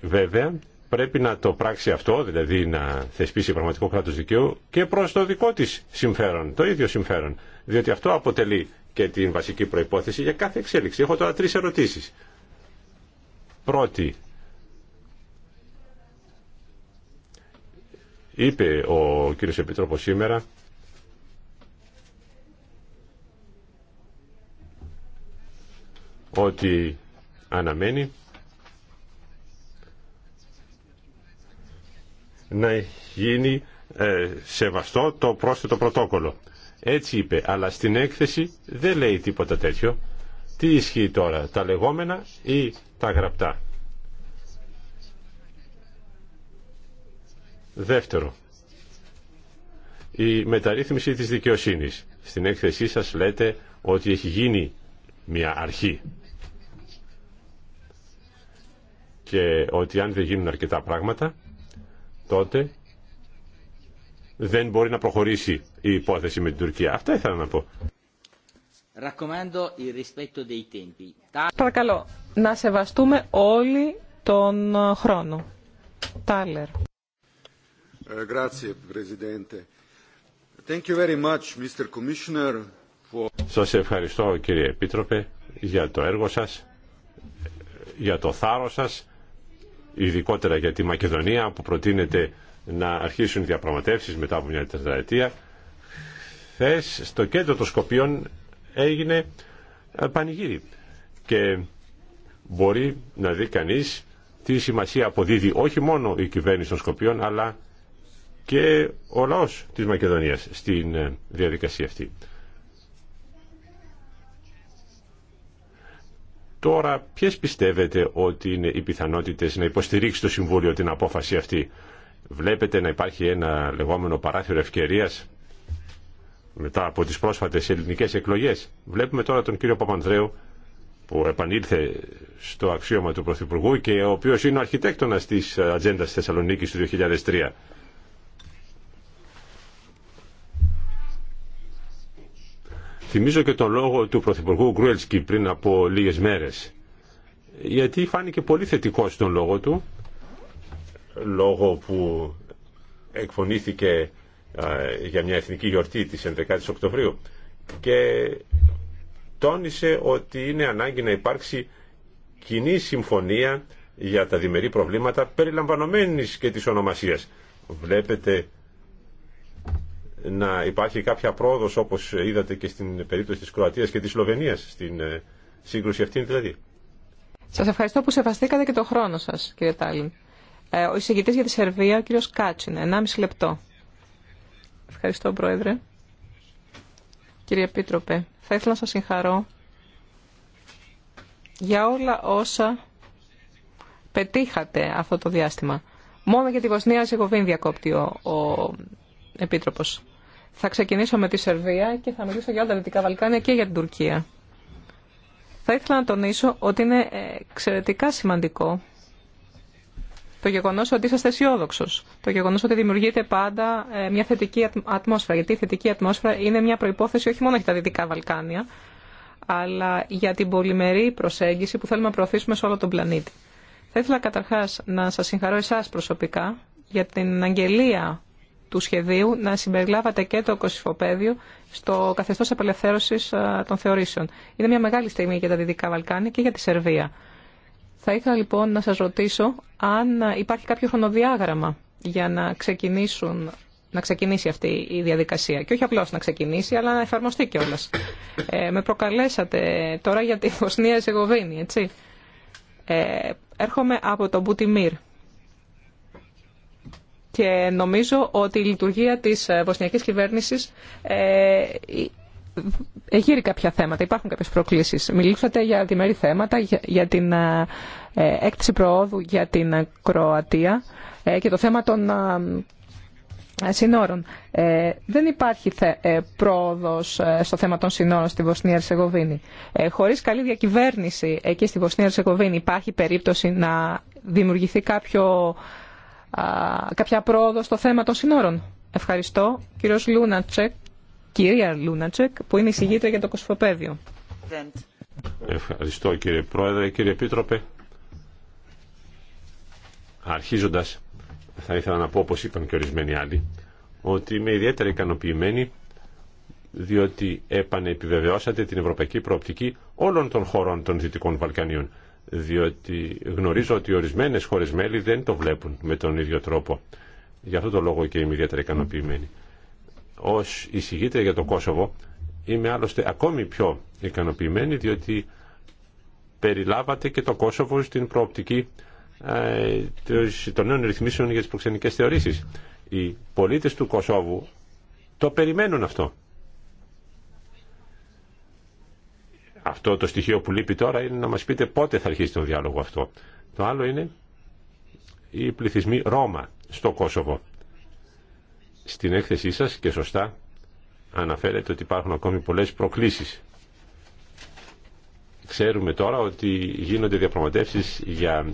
βέβαια πρέπει να το πράξει αυτό, δηλαδή να θεσπίσει πραγματικό κράτο δικαίου και προ το δικό τη συμφέρον, το ίδιο συμφέρον. Διότι αυτό αποτελεί και την βασική προϋπόθεση για κάθε εξέλιξη. Έχω τώρα τρεις ερωτήσεις. Πρώτη, είπε ο κύριος Επίτροπος σήμερα ότι αναμένει να γίνει ε, σεβαστό το πρόσθετο πρωτόκολλο. Έτσι είπε, αλλά στην έκθεση δεν λέει τίποτα τέτοιο. Τι ισχύει τώρα, τα λεγόμενα ή τα γραπτά. Δεύτερο, η μεταρρύθμιση της δικαιοσύνης. Στην έκθεσή σας λέτε ότι έχει γίνει μια αρχή και ότι αν δεν γίνουν αρκετά πράγματα τότε δεν μπορεί να προχωρήσει η υπόθεση με την Τουρκία. Αυτά ήθελα να πω. Παρακαλώ, να σεβαστούμε όλοι τον χρόνο. Τάλερ. Ε, σας ευχαριστώ κύριε Επίτροπε για το έργο σας, για το θάρρος σας ειδικότερα για τη Μακεδονία που προτείνεται να αρχίσουν διαπραγματεύσεις μετά από μια τετραετία χθες στο κέντρο των Σκοπίων έγινε πανηγύρι και μπορεί να δει κανείς τι σημασία αποδίδει όχι μόνο η κυβέρνηση των Σκοπίων αλλά και ο λαός της Μακεδονίας στην διαδικασία αυτή. Τώρα, ποιε πιστεύετε ότι είναι οι πιθανότητε να υποστηρίξει το Συμβούλιο την απόφαση αυτή, Βλέπετε να υπάρχει ένα λεγόμενο παράθυρο ευκαιρία μετά από τι πρόσφατε ελληνικέ εκλογέ. Βλέπουμε τώρα τον κύριο Παπανδρέου που επανήλθε στο αξίωμα του Πρωθυπουργού και ο οποίο είναι ο αρχιτέκτονα τη ατζέντα Θεσσαλονίκη του 2003. Θυμίζω και τον λόγο του Πρωθυπουργού Γκρουέλσκι πριν από λίγες μέρες, γιατί φάνηκε πολύ θετικό στον λόγο του, λόγο που εκφωνήθηκε για μια εθνική γιορτή της 11ης Οκτωβρίου και τόνισε ότι είναι ανάγκη να υπάρξει κοινή συμφωνία για τα διμερεί προβλήματα περιλαμβανομένης και της ονομασίας. Βλέπετε να υπάρχει κάποια πρόοδο όπω είδατε και στην περίπτωση τη Κροατία και τη Σλοβενίας στην ε, σύγκρουση αυτή δηλαδή. Σας ευχαριστώ που σεβαστήκατε και το χρόνο σα, κύριε Τάλιν. Ε, ο εισηγητή για τη Σερβία, ο κύριος Κάτσιν, 1,5 λεπτό. Ευχαριστώ Πρόεδρε. Κύριε Επίτροπε, θα ήθελα να σας συγχαρώ για όλα όσα πετύχατε αυτό το διάστημα. Μόνο για τη Βοσνία Ζεγοβίνη διακόπτει ο, ο Επίτροπος. Θα ξεκινήσω με τη Σερβία και θα μιλήσω για όλα τα Δυτικά Βαλκάνια και για την Τουρκία. Θα ήθελα να τονίσω ότι είναι εξαιρετικά σημαντικό το γεγονός ότι είσαστε αισιόδοξο. Το γεγονός ότι δημιουργείται πάντα ε, μια θετική ατμόσφαιρα. Γιατί η θετική ατμόσφαιρα είναι μια προϋπόθεση όχι μόνο για τα Δυτικά Βαλκάνια, αλλά για την πολυμερή προσέγγιση που θέλουμε να προωθήσουμε σε όλο τον πλανήτη. Θα ήθελα καταρχάς να σας συγχαρώ εσάς προσωπικά για την αγγελία του σχεδίου να συμπεριλάβατε και το κοσυφοπαίδιο στο καθεστώς απελευθέρωσης των θεωρήσεων. Είναι μια μεγάλη στιγμή για τα Δυτικά Βαλκάνια και για τη Σερβία. Θα ήθελα λοιπόν να σας ρωτήσω αν υπάρχει κάποιο χρονοδιάγραμμα για να, ξεκινήσουν, να ξεκινήσει αυτή η διαδικασία. Και όχι απλώς να ξεκινήσει, αλλά να εφαρμοστεί κιόλα. Ε, με προκαλέσατε τώρα για τη Βοσνία Ζεγοβίνη, έτσι. Ε, έρχομαι από τον Μπουτιμίρ και νομίζω ότι η λειτουργία της ε, βοσνιακής κυβέρνησης ε, ε, γύρει κάποια θέματα, υπάρχουν κάποιες προκλήσεις. Μιλήσατε για διμερεί θέματα, για την έκτηση προόδου για την Κροατία και το θέμα των συνόρων. Δεν υπάρχει πρόοδος στο θέμα των συνόρων στη Βοσνία-Ερσεγοβίνη. Χωρίς καλή διακυβέρνηση εκεί στη Βοσνία-Ερσεγοβίνη υπάρχει περίπτωση να δημιουργηθεί κάποιο κάποια πρόοδο στο θέμα των συνόρων. Ευχαριστώ. Κύριος Λούνατσεκ, κυρία Λούνατσεκ, που είναι η για το κοσφοπέδιο. Ευχαριστώ κύριε Πρόεδρε, κύριε Επίτροπε. Αρχίζοντας, θα ήθελα να πω, όπως είπαν και ορισμένοι άλλοι, ότι είμαι ιδιαίτερα ικανοποιημένη διότι επανεπιβεβαιώσατε την ευρωπαϊκή προοπτική όλων των χωρών των Δυτικών Βαλκανίων διότι γνωρίζω ότι ορισμένες χώρες μέλη δεν το βλέπουν με τον ίδιο τρόπο. Γι' αυτό το λόγο και είμαι ιδιαίτερα ικανοποιημένη. Ω εισηγήτρια για το Κόσοβο είμαι άλλωστε ακόμη πιο ικανοποιημένη διότι περιλάβατε και το Κόσοβο στην προοπτική ε, των νέων ρυθμίσεων για τις προξενικές θεωρήσεις. Οι πολίτες του Κόσοβου το περιμένουν αυτό. Αυτό το στοιχείο που λείπει τώρα είναι να μας πείτε πότε θα αρχίσει το διάλογο αυτό. Το άλλο είναι οι πληθυσμοί Ρώμα στο Κόσοβο. Στην έκθεσή σας και σωστά αναφέρετε ότι υπάρχουν ακόμη πολλές προκλήσεις. Ξέρουμε τώρα ότι γίνονται διαπραγματεύσεις για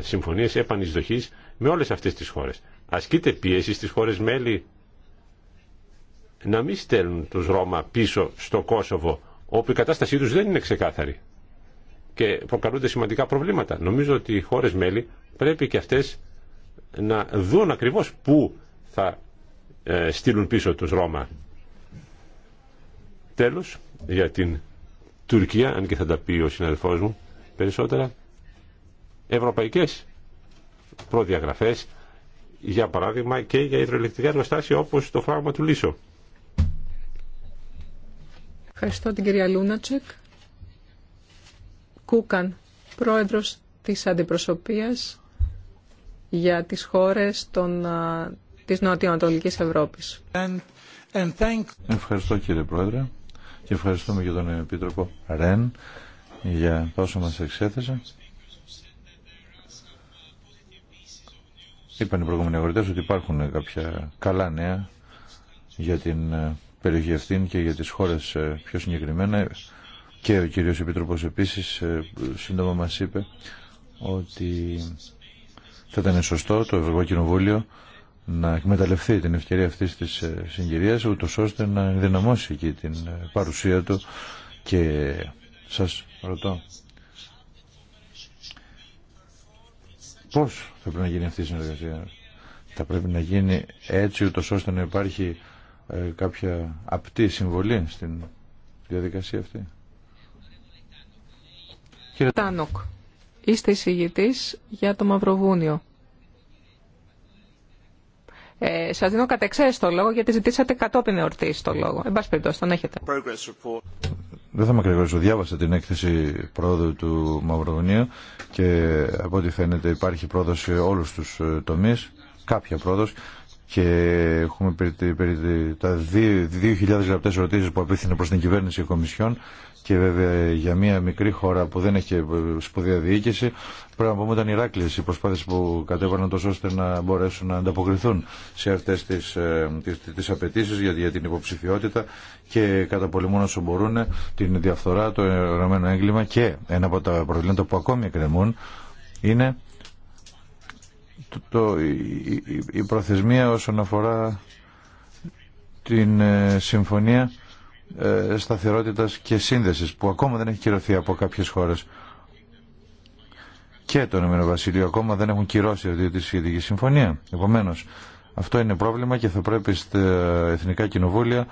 συμφωνίες επανεισδοχής με όλες αυτές τις χώρες. Ασκείται πίεση στις χώρες μέλη να μην στέλνουν τους Ρώμα πίσω στο Κόσοβο όπου η κατάστασή τους δεν είναι ξεκάθαρη και προκαλούνται σημαντικά προβλήματα. Νομίζω ότι οι χώρες μέλη πρέπει και αυτές να δουν ακριβώς πού θα ε, στείλουν πίσω τους Ρώμα. Τέλος, για την Τουρκία, αν και θα τα πει ο συναδελφός μου περισσότερα, ευρωπαϊκές προδιαγραφές, για παράδειγμα και για υδροελεκτρικά εργοστάσια όπως το φράγμα του Λίσο. Ευχαριστώ την κυρία Λούνατσεκ. Κούκαν, πρόεδρος της αντιπροσωπείας για τις χώρες των, της Νοτιοανατολικής Ευρώπης. Ευχαριστώ κύριε Πρόεδρε και ευχαριστούμε και τον Επίτροπο Ρεν για τόσο μας εξέθεσε. Είπαν οι προηγούμενοι αγορητές ότι υπάρχουν κάποια καλά νέα για την ε, περιοχή αυτήν και για τις χώρες ε, πιο συγκεκριμένα και ο κύριος Επίτροπος επίσης ε, σύντομα μας είπε ότι θα ήταν σωστό το Ευρωπαϊκό Κοινοβούλιο να εκμεταλλευτεί την ευκαιρία αυτής της ε, συγκυρίας ούτω ώστε να ενδυναμώσει και την παρουσία του και σας ρωτώ πώς θα πρέπει να γίνει αυτή η συνεργασία θα πρέπει να γίνει έτσι ούτω ώστε να υπάρχει ε, κάποια απτή συμβολή στην διαδικασία αυτή. Κύριε Τάνοκ, είστε εισηγητής για το Μαυροβούνιο. Ε, σας δίνω κατ' το λόγο γιατί ζητήσατε κατόπιν εορτή το λόγο. Εν πάση περιπτώσει, τον έχετε. Δεν θα με ακριβώς. Διάβασα την έκθεση πρόοδου του Μαυροβουνίου και από ό,τι φαίνεται υπάρχει πρόοδος σε όλους τους ε, τομείς, κάποια πρόοδος και έχουμε περί, περί τα 2.000 γραπτέ ερωτήσει που απίθυνε προ την κυβέρνηση και Κομισιόν και βέβαια για μια μικρή χώρα που δεν έχει σπουδαία διοίκηση πρέπει να πούμε ήταν Ηράκλειε οι προσπάθειε που κατέβαλαν τόσο ώστε να μπορέσουν να ανταποκριθούν σε αυτέ τι ε, απαιτήσει για, για την υποψηφιότητα και καταπολεμούν όσο μπορούν την διαφθορά, το ερωμένο έγκλημα και ένα από τα προβλήματα που ακόμη εκκρεμούν είναι το, το, η, η προθεσμία όσον αφορά την ε, συμφωνία ε, σταθερότητας και σύνδεσης που ακόμα δεν έχει κυρωθεί από κάποιες χώρες και το Ηνωμένο Βασίλειο ακόμα δεν έχουν κυρώσει αυτή τη σχετική συμφωνία. Επομένως, αυτό είναι πρόβλημα και θα πρέπει στα εθνικά κοινοβούλια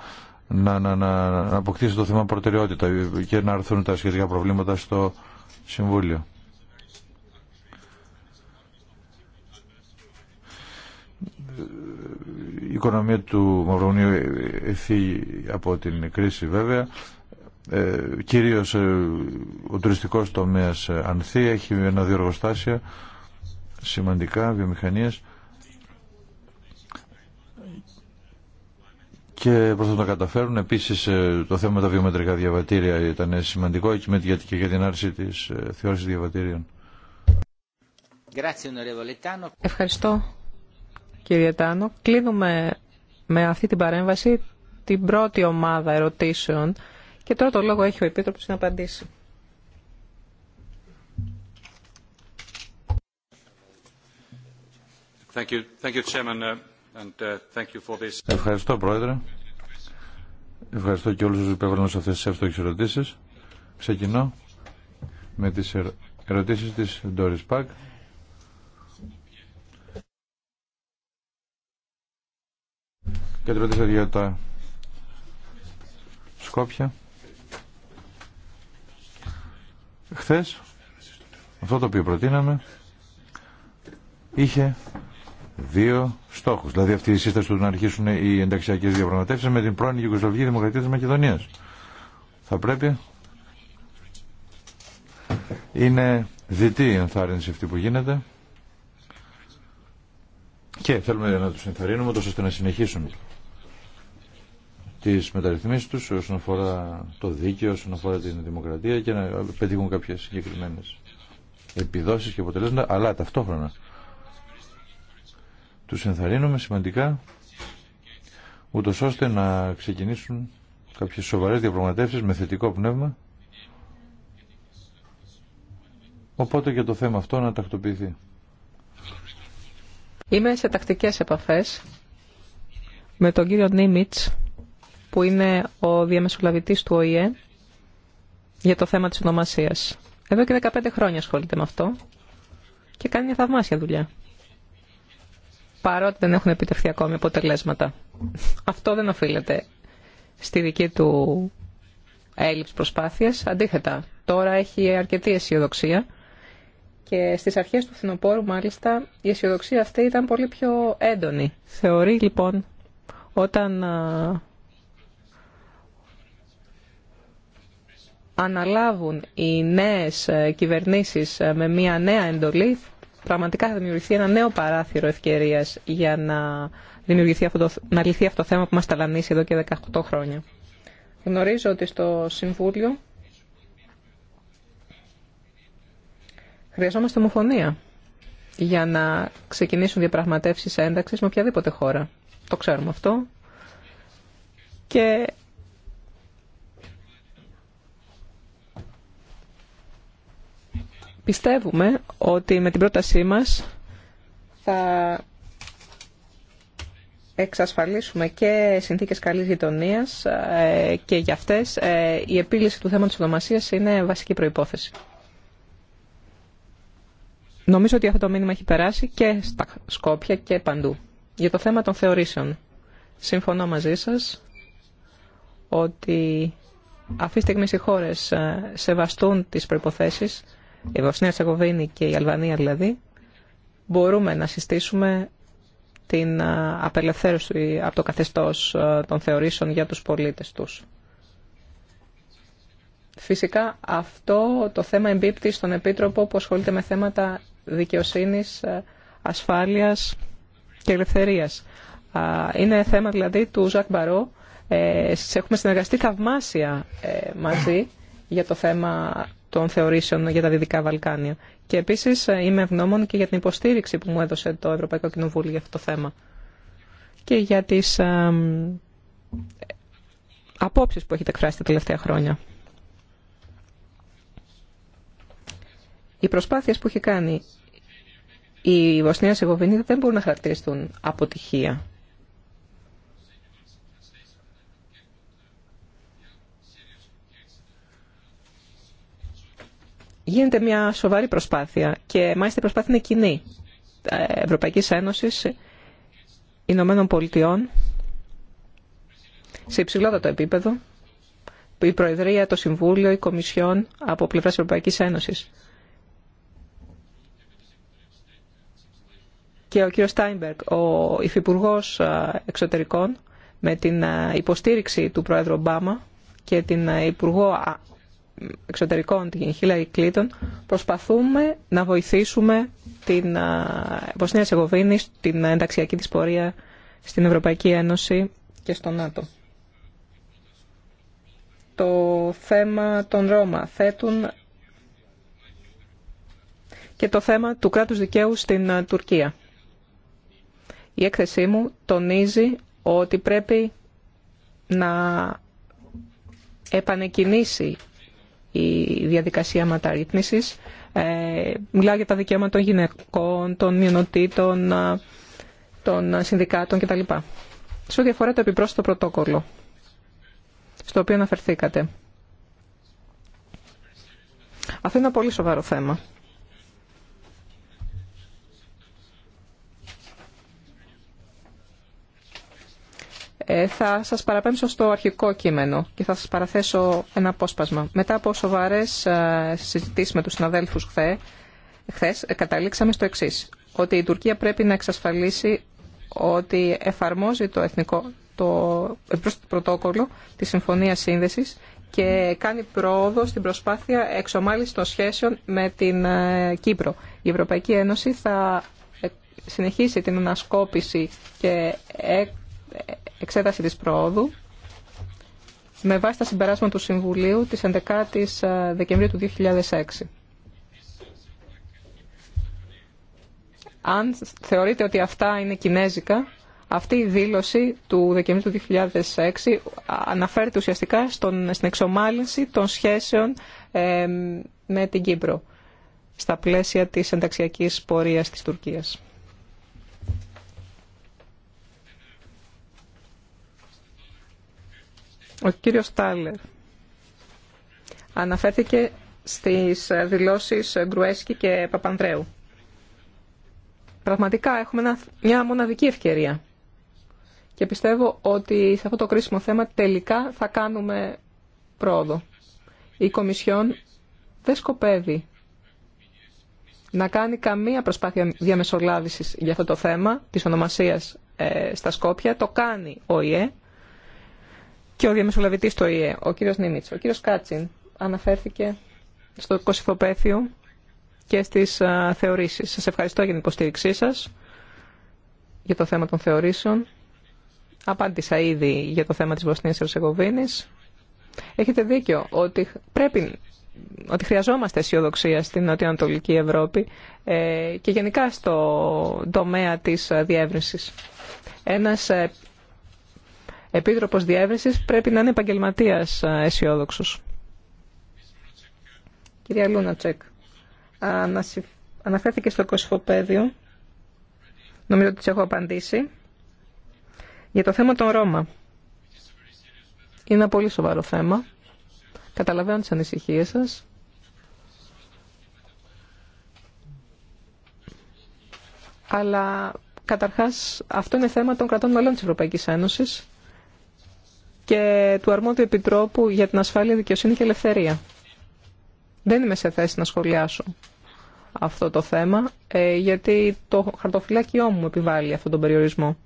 να, να, να, αποκτήσει το θέμα προτεραιότητα και να αρθούν τα σχετικά προβλήματα στο Συμβούλιο. Η οικονομία του Μαυρομνίου φύγει από την κρίση βέβαια. Ε, κυρίως ε, ο τουριστικός τομέας ε, ανθεί, έχει ένα-δύο εργοστάσια σημαντικά, βιομηχανίες. και προς να καταφέρουν. Επίσης ε, το θέμα με τα βιομετρικά διαβατήρια ήταν σημαντικό και για την άρση της θεώρησης διαβατήριων. Ευχαριστώ κύριε Τάνο. Κλείνουμε με αυτή την παρέμβαση την πρώτη ομάδα ερωτήσεων και τώρα το λόγο έχει ο Επίτροπος να απαντήσει. Ευχαριστώ, Πρόεδρε. Ευχαριστώ και όλους τους υπεύθυνους σε αυτές τις εύστοχες ερωτήσεις. Ξεκινώ με τις ερωτήσεις της Doris Πακ και της για τα Σκόπια. Χθες, αυτό το οποίο προτείναμε, είχε δύο στόχους. Δηλαδή αυτή η σύσταση του να αρχίσουν οι ενταξιακές διαπραγματεύσεις με την πρώην Γιουγκοσλαβική Δημοκρατία της Μακεδονίας. Θα πρέπει... Είναι δυτή η ενθάρρυνση αυτή που γίνεται και θέλουμε να τους ενθαρρύνουμε τόσο ώστε να συνεχίσουν τις μεταρρυθμίσεις τους όσον αφορά το δίκαιο, όσον αφορά την δημοκρατία και να πετύχουν κάποιες συγκεκριμένες επιδόσεις και αποτελέσματα, αλλά ταυτόχρονα τους ενθαρρύνουμε σημαντικά ούτως ώστε να ξεκινήσουν κάποιες σοβαρές διαπραγματεύσεις με θετικό πνεύμα οπότε και το θέμα αυτό να τακτοποιηθεί. Είμαι σε τακτικές επαφές με τον κύριο Νίμιτς που είναι ο διαμεσολαβητής του ΟΗΕ για το θέμα της ονομασίας. Εδώ και 15 χρόνια ασχολείται με αυτό και κάνει μια θαυμάσια δουλειά. Παρότι δεν έχουν επιτευχθεί ακόμη αποτελέσματα. Αυτό δεν οφείλεται στη δική του έλλειψη προσπάθειας. Αντίθετα, τώρα έχει αρκετή αισιοδοξία και στις αρχές του φθινοπόρου μάλιστα η αισιοδοξία αυτή ήταν πολύ πιο έντονη. Θεωρεί λοιπόν όταν αναλάβουν οι νέες ε, κυβερνήσεις ε, με μια νέα εντολή, πραγματικά θα δημιουργηθεί ένα νέο παράθυρο ευκαιρίας για να, δημιουργηθεί αυτό το, λυθεί αυτό το θέμα που μας ταλανίσει εδώ και 18 χρόνια. Γνωρίζω ότι στο Συμβούλιο χρειαζόμαστε ομοφωνία για να ξεκινήσουν διαπραγματεύσεις ένταξης με οποιαδήποτε χώρα. Το ξέρουμε αυτό. Και Πιστεύουμε ότι με την πρότασή μας θα εξασφαλίσουμε και συνθήκες καλής γειτονίας ε, και για αυτές ε, η επίλυση του θέματος ονομασίας είναι βασική προϋπόθεση. Νομίζω ότι αυτό το μήνυμα έχει περάσει και στα Σκόπια και παντού. Για το θέμα των θεωρήσεων. Συμφωνώ μαζί σας ότι αυτή τη στιγμή οι χώρες ε, σεβαστούν τις προϋποθέσεις η Βοσνία Σεγοβίνη και η Αλβανία δηλαδή, μπορούμε να συστήσουμε την απελευθέρωση από το καθεστώς των θεωρήσεων για τους πολίτες τους. Φυσικά αυτό το θέμα εμπίπτει στον Επίτροπο που ασχολείται με θέματα δικαιοσύνης, ασφάλειας και ελευθερίας. Είναι θέμα δηλαδή του Ζακ Μπαρό. Ε, έχουμε συνεργαστεί θαυμάσια ε, μαζί για το θέμα των θεωρήσεων για τα Δυτικά Βαλκάνια. Και επίσης ε, είμαι ευγνώμων και για την υποστήριξη που μου έδωσε το Ευρωπαϊκό Κοινοβούλιο για αυτό το θέμα. Και για τις ε, απόψει που έχετε εκφράσει τα τελευταία χρόνια. Οι προσπάθειες που έχει κάνει η Βοσνία Σεγοβίνη δεν μπορούν να χαρακτηριστούν αποτυχία. γίνεται μια σοβαρή προσπάθεια και μάλιστα η προσπάθεια είναι κοινή ε, Ευρωπαϊκής Ένωσης, Ηνωμένων Πολιτειών, σε υψηλότατο επίπεδο, η Προεδρία, το Συμβούλιο, η Κομισιόν από πλευράς Ευρωπαϊκής Ένωσης. Και ο κ. Στάιμπεργκ, ο Υφυπουργό ε, Εξωτερικών, με την ε, υποστήριξη του Πρόεδρου Ομπάμα και την Υπουργό Εξωτερικών, την Χίλαρη Κλίντον, προσπαθούμε να βοηθήσουμε την Βοσνία Σεγοβίνη στην ενταξιακή της πορεία στην Ευρωπαϊκή Ένωση και στο ΝΑΤΟ. Το θέμα των Ρώμα θέτουν και το θέμα του κράτους δικαίου στην Τουρκία. Η έκθεσή μου τονίζει ότι πρέπει να επανεκκινήσει η διαδικασία μεταρρύθμισης. Ε, μιλάω για τα δικαιώματα των γυναικών, των μειονοτήτων, ε, των συνδικάτων κτλ. Σε ό,τι αφορά το επιπρόσθετο πρωτόκολλο, στο οποίο αναφερθήκατε. Αυτό είναι ένα πολύ σοβαρό θέμα. Ε, θα σας παραπέμψω στο αρχικό κείμενο και θα σας παραθέσω ένα απόσπασμα. Μετά από σοβαρές ε, συζητήσεις με τους συναδέλφους χθε, χθες, ε, καταλήξαμε στο εξής, ότι η Τουρκία πρέπει να εξασφαλίσει ότι εφαρμόζει το εθνικό το, προς το πρωτόκολλο της Συμφωνίας Σύνδεσης και κάνει πρόοδο στην προσπάθεια εξομάλυσης των σχέσεων με την Κύπρο. Η Ευρωπαϊκή Ένωση θα συνεχίσει την ανασκόπηση και εξέταση της προόδου με βάση τα συμπεράσματα του Συμβουλίου της 11ης ε, Δεκεμβρίου του 2006. Αν θεωρείτε ότι αυτά είναι κινέζικα, αυτή η δήλωση του Δεκεμβρίου του 2006 αναφέρεται ουσιαστικά στον, στην εξομάλυνση των σχέσεων ε, με την Κύπρο στα πλαίσια της ενταξιακής πορείας της Τουρκίας. Ο κύριος Τάλερ αναφέρθηκε στις δηλώσεις Γκρουέσκη και Παπανδρέου. Πραγματικά έχουμε μια μοναδική ευκαιρία. Και πιστεύω ότι σε αυτό το κρίσιμο θέμα τελικά θα κάνουμε πρόοδο. Η Κομισιόν δεν σκοπεύει να κάνει καμία προσπάθεια διαμεσολάβησης για αυτό το θέμα της ονομασίας ε, στα Σκόπια. Το κάνει ο ΙΕ και ο διαμεσολαβητής του ΙΕ, ο κύριος Νίμιτς. Ο κύριος Κάτσιν αναφέρθηκε στο κοσυφοπέθιο και στις θεωρήσεις. Σας ευχαριστώ για την υποστήριξή σας για το θέμα των θεωρήσεων. Απάντησα ήδη για το θέμα της Βοσνίας Ερσεγοβίνη. Έχετε δίκιο ότι πρέπει ότι χρειαζόμαστε αισιοδοξία στην Νοτιοανατολική Ευρώπη ε, και γενικά στο τομέα της διεύρυνσης. Ένας ε, επίτροπος διεύρυνσης πρέπει να είναι επαγγελματία αισιόδοξο. Κυρία Λούνατσεκ, αναφέρθηκε στο κοσφοπέδιο. Νομίζω ότι της έχω απαντήσει. Για το θέμα των Ρώμα. Είναι ένα πολύ σοβαρό θέμα. Καταλαβαίνω τις ανησυχίες σας. Αλλά καταρχάς αυτό είναι θέμα των κρατών μελών της Ευρωπαϊκής Ένωσης και του αρμόδιου επιτρόπου για την ασφάλεια, δικαιοσύνη και ελευθερία. Δεν είμαι σε θέση να σχολιάσω αυτό το θέμα, ε, γιατί το χαρτοφυλάκιό μου επιβάλλει αυτόν τον περιορισμό.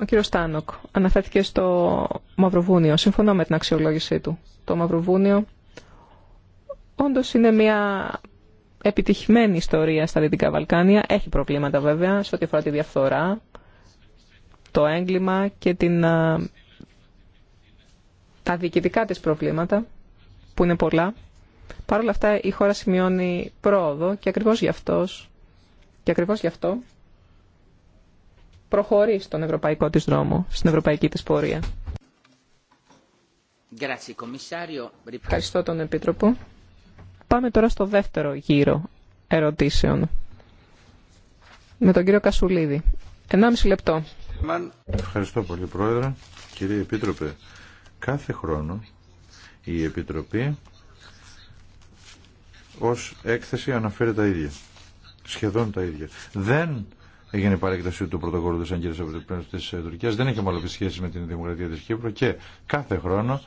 Ο κύριο Στάνοκ αναφέρθηκε στο Μαυροβούνιο. Συμφωνώ με την αξιολόγησή του. Το Μαυροβούνιο όντω είναι μια επιτυχημένη ιστορία στα Δυτικά Βαλκάνια. Έχει προβλήματα βέβαια σε ό,τι αφορά τη διαφθορά, το έγκλημα και την, τα διοικητικά της προβλήματα που είναι πολλά. Παρ' όλα αυτά η χώρα σημειώνει πρόοδο και ακριβώς γι' αυτό και ακριβώς γι' αυτό προχωρεί στον ευρωπαϊκό της δρόμο, στην ευρωπαϊκή της πορεία. Ευχαριστώ τον Επίτροπο. Πάμε τώρα στο δεύτερο γύρο ερωτήσεων. Με τον κύριο Κασουλίδη. 1,5 λεπτό. Ευχαριστώ πολύ Πρόεδρε. Κύριε Επίτροπε, κάθε χρόνο η Επιτροπή ως έκθεση αναφέρει τα ίδια. Σχεδόν τα ίδια. Δεν έγινε η παρέκταση του πρωτοκόλλου της Αγγέλης Ευρωπαϊκής της Τουρκίας, δεν έχει ομαλοποιήσει σχέση με την Δημοκρατία της Κύπρου και κάθε χρόνο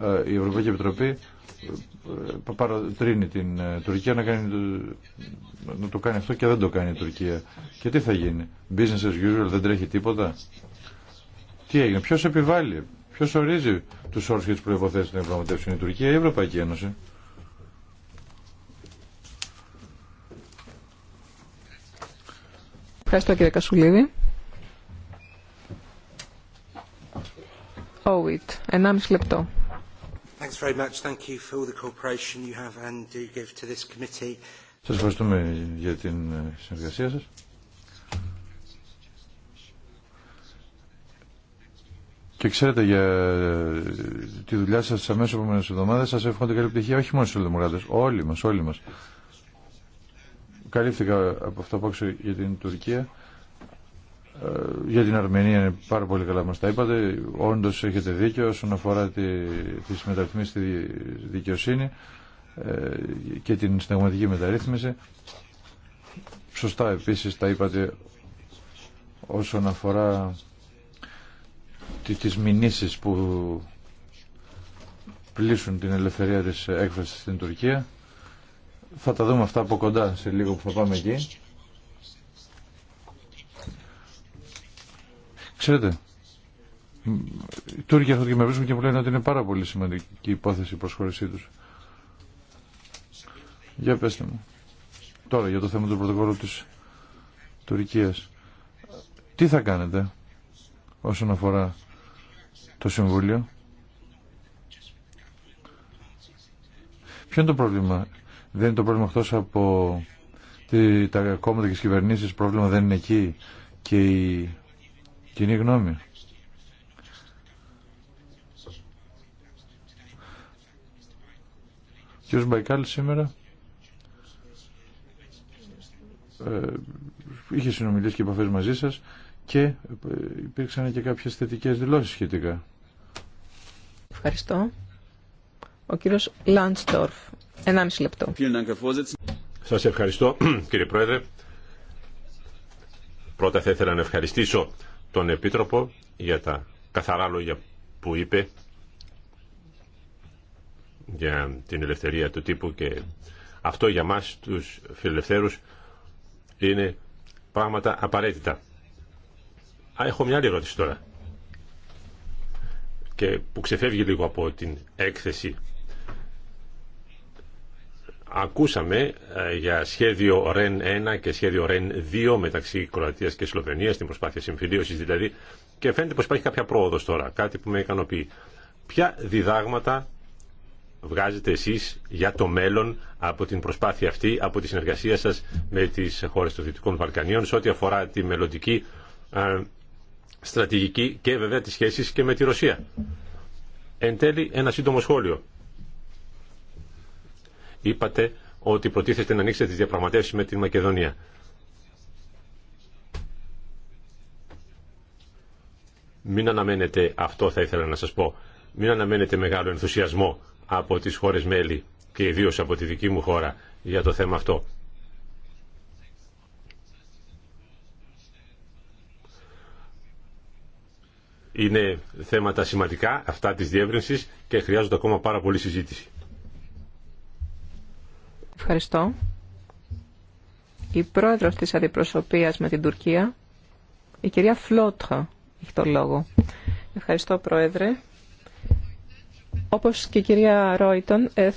ε, η Ευρωπαϊκή Επιτροπή ε, παροτρύνει την ε, Τουρκία να, κάνει, να το κάνει αυτό και δεν το κάνει η Τουρκία. Και τι θα γίνει, business as usual δεν τρέχει τίποτα. Τι έγινε, ποιο επιβάλλει, ποιο ορίζει του όρου και τι προποθέσει να διαπραγματεύσουν η Τουρκία ή η Ευρωπαϊκή Ένωση. Ευχαριστώ κύριε Κασουλίδη. 1,5 λεπτό. Thanks very much. Thank you for all the cooperation you have and do give to this committee. Σας ευχαριστούμε για την ε, συνεργασία σας. Και ξέρετε για ε, τη δουλειά σας τις αμέσως επόμενες εβδομάδες σας εύχονται καλή επιτυχία όχι μόνο στους Δημοκράτες, όλοι μας, όλοι μας. Καλύφθηκα από αυτό που άκουσα για την Τουρκία ε, για την Αρμενία είναι πάρα πολύ καλά μας τα είπατε. Όντως έχετε δίκιο όσον αφορά τη, τις συμμεταρρυθμίση στη δικαιοσύνη ε, και την συνταγματική μεταρρύθμιση. Σωστά επίσης τα είπατε όσον αφορά τις μηνύσεις που πλήσουν την ελευθερία της έκφρασης στην Τουρκία. Θα τα δούμε αυτά από κοντά σε λίγο που θα πάμε εκεί. Ξέρετε, οι Τούρκοι αυτό και με βρίσκουν και μου λένε ότι είναι πάρα πολύ σημαντική η υπόθεση η προσχώρησή τους. Για πέστε μου. Τώρα για το θέμα του πρωτοκόλου της Τουρκίας. Τι θα κάνετε όσον αφορά το Συμβούλιο. Ποιο είναι το πρόβλημα. Δεν είναι το πρόβλημα αυτός από τα κόμματα και τις κυβερνήσεις. Πρόβλημα δεν είναι εκεί και η κοινή γνώμη. Ο κ. Μπαϊκάλ σήμερα ε, είχε συνομιλήσει και επαφές μαζί σας και ε, υπήρξαν και κάποιες θετικές δηλώσεις σχετικά. Ευχαριστώ. Ο κύριος Λαντστορφ. Ενάμιση λεπτό. Σας ευχαριστώ κύριε Πρόεδρε. Πρώτα θα ήθελα να ευχαριστήσω τον Επίτροπο για τα καθαρά λόγια που είπε για την ελευθερία του τύπου και αυτό για μας τους φιλελευθέρους είναι πράγματα απαραίτητα. Α, έχω μια άλλη ερώτηση τώρα και που ξεφεύγει λίγο από την έκθεση Ακούσαμε ε, για σχέδιο ΡΕΝ 1 και σχέδιο ΡΕΝ 2 μεταξύ Κροατίας και Σλοβενίας, την προσπάθεια συμφιλίωσης δηλαδή, και φαίνεται πως υπάρχει κάποια πρόοδος τώρα, κάτι που με ικανοποιεί. Ποια διδάγματα βγάζετε εσείς για το μέλλον από την προσπάθεια αυτή, από τη συνεργασία σας με τις χώρες των Δυτικών Βαλκανίων σε ό,τι αφορά τη μελλοντική ε, στρατηγική και βέβαια τις σχέσεις και με τη Ρωσία. Εν τέλει ένα σύντομο σχόλιο είπατε ότι προτίθεται να ανοίξετε τις διαπραγματεύσεις με την Μακεδονία. Μην αναμένετε, αυτό θα ήθελα να σας πω, μην αναμένετε μεγάλο ενθουσιασμό από τις χώρες μέλη και ιδίω από τη δική μου χώρα για το θέμα αυτό. Είναι θέματα σημαντικά αυτά της διεύρυνσης και χρειάζονται ακόμα πάρα πολύ συζήτηση. Ευχαριστώ. Η πρόεδρος της αντιπροσωπείας με την Τουρκία, η κυρία Φλότχα, έχει το λόγο. Ευχαριστώ, πρόεδρε. Όπως και η κυρία Ρόιτον, ε,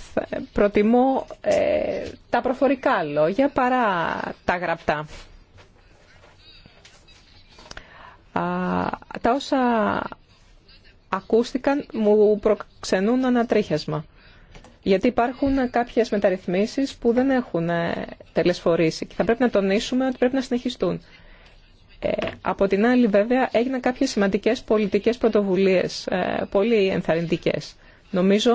προτιμώ ε, τα προφορικά λόγια παρά τα γραπτά. Α, τα όσα ακούστηκαν μου προξενούν ανατρίχιασμα. Γιατί υπάρχουν κάποιε μεταρρυθμίσεις που δεν έχουν ε, τελεσφορήσει και θα πρέπει να τονίσουμε ότι πρέπει να συνεχιστούν. Ε, από την άλλη βέβαια έγιναν κάποιε σημαντικέ πολιτικέ πρωτοβουλίε, ε, πολύ ενθαρρυντικές. Νομίζω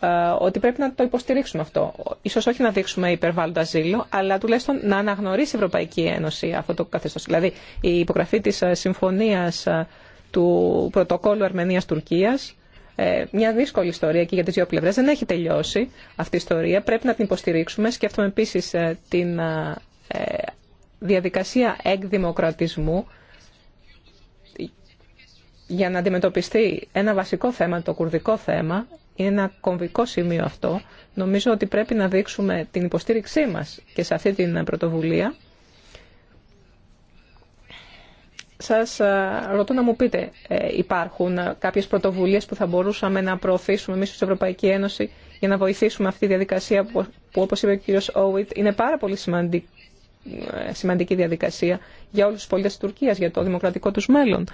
ε, ότι πρέπει να το υποστηρίξουμε αυτό. Ίσως όχι να δείξουμε υπερβάλλοντα ζήλο, αλλά τουλάχιστον να αναγνωρίσει η Ευρωπαϊκή Ένωση αυτό το καθεστώ. Δηλαδή η υπογραφή της συμφωνίας του πρωτοκολου αρμενια Τουρκία. Ε, μια δύσκολη ιστορία και για τις δύο πλευρές. Δεν έχει τελειώσει αυτή η ιστορία. Πρέπει να την υποστηρίξουμε. Σκέφτομαι επίσης ε, την ε, διαδικασία εκδημοκρατισμού για να αντιμετωπιστεί ένα βασικό θέμα, το κουρδικό θέμα. Είναι ένα κομβικό σημείο αυτό. Νομίζω ότι πρέπει να δείξουμε την υποστήριξή μας και σε αυτή την πρωτοβουλία σας ε, ρωτώ να μου πείτε, ε, υπάρχουν κάποιες πρωτοβουλίες που θα μπορούσαμε να προωθήσουμε εμείς στην Ευρωπαϊκή Ένωση για να βοηθήσουμε αυτή τη διαδικασία που, όπως είπε ο κύριος Όουιτ, είναι πάρα πολύ σημαντική ε, σημαντική διαδικασία για όλους τους πολίτες της Τουρκίας, για το δημοκρατικό τους μέλλον.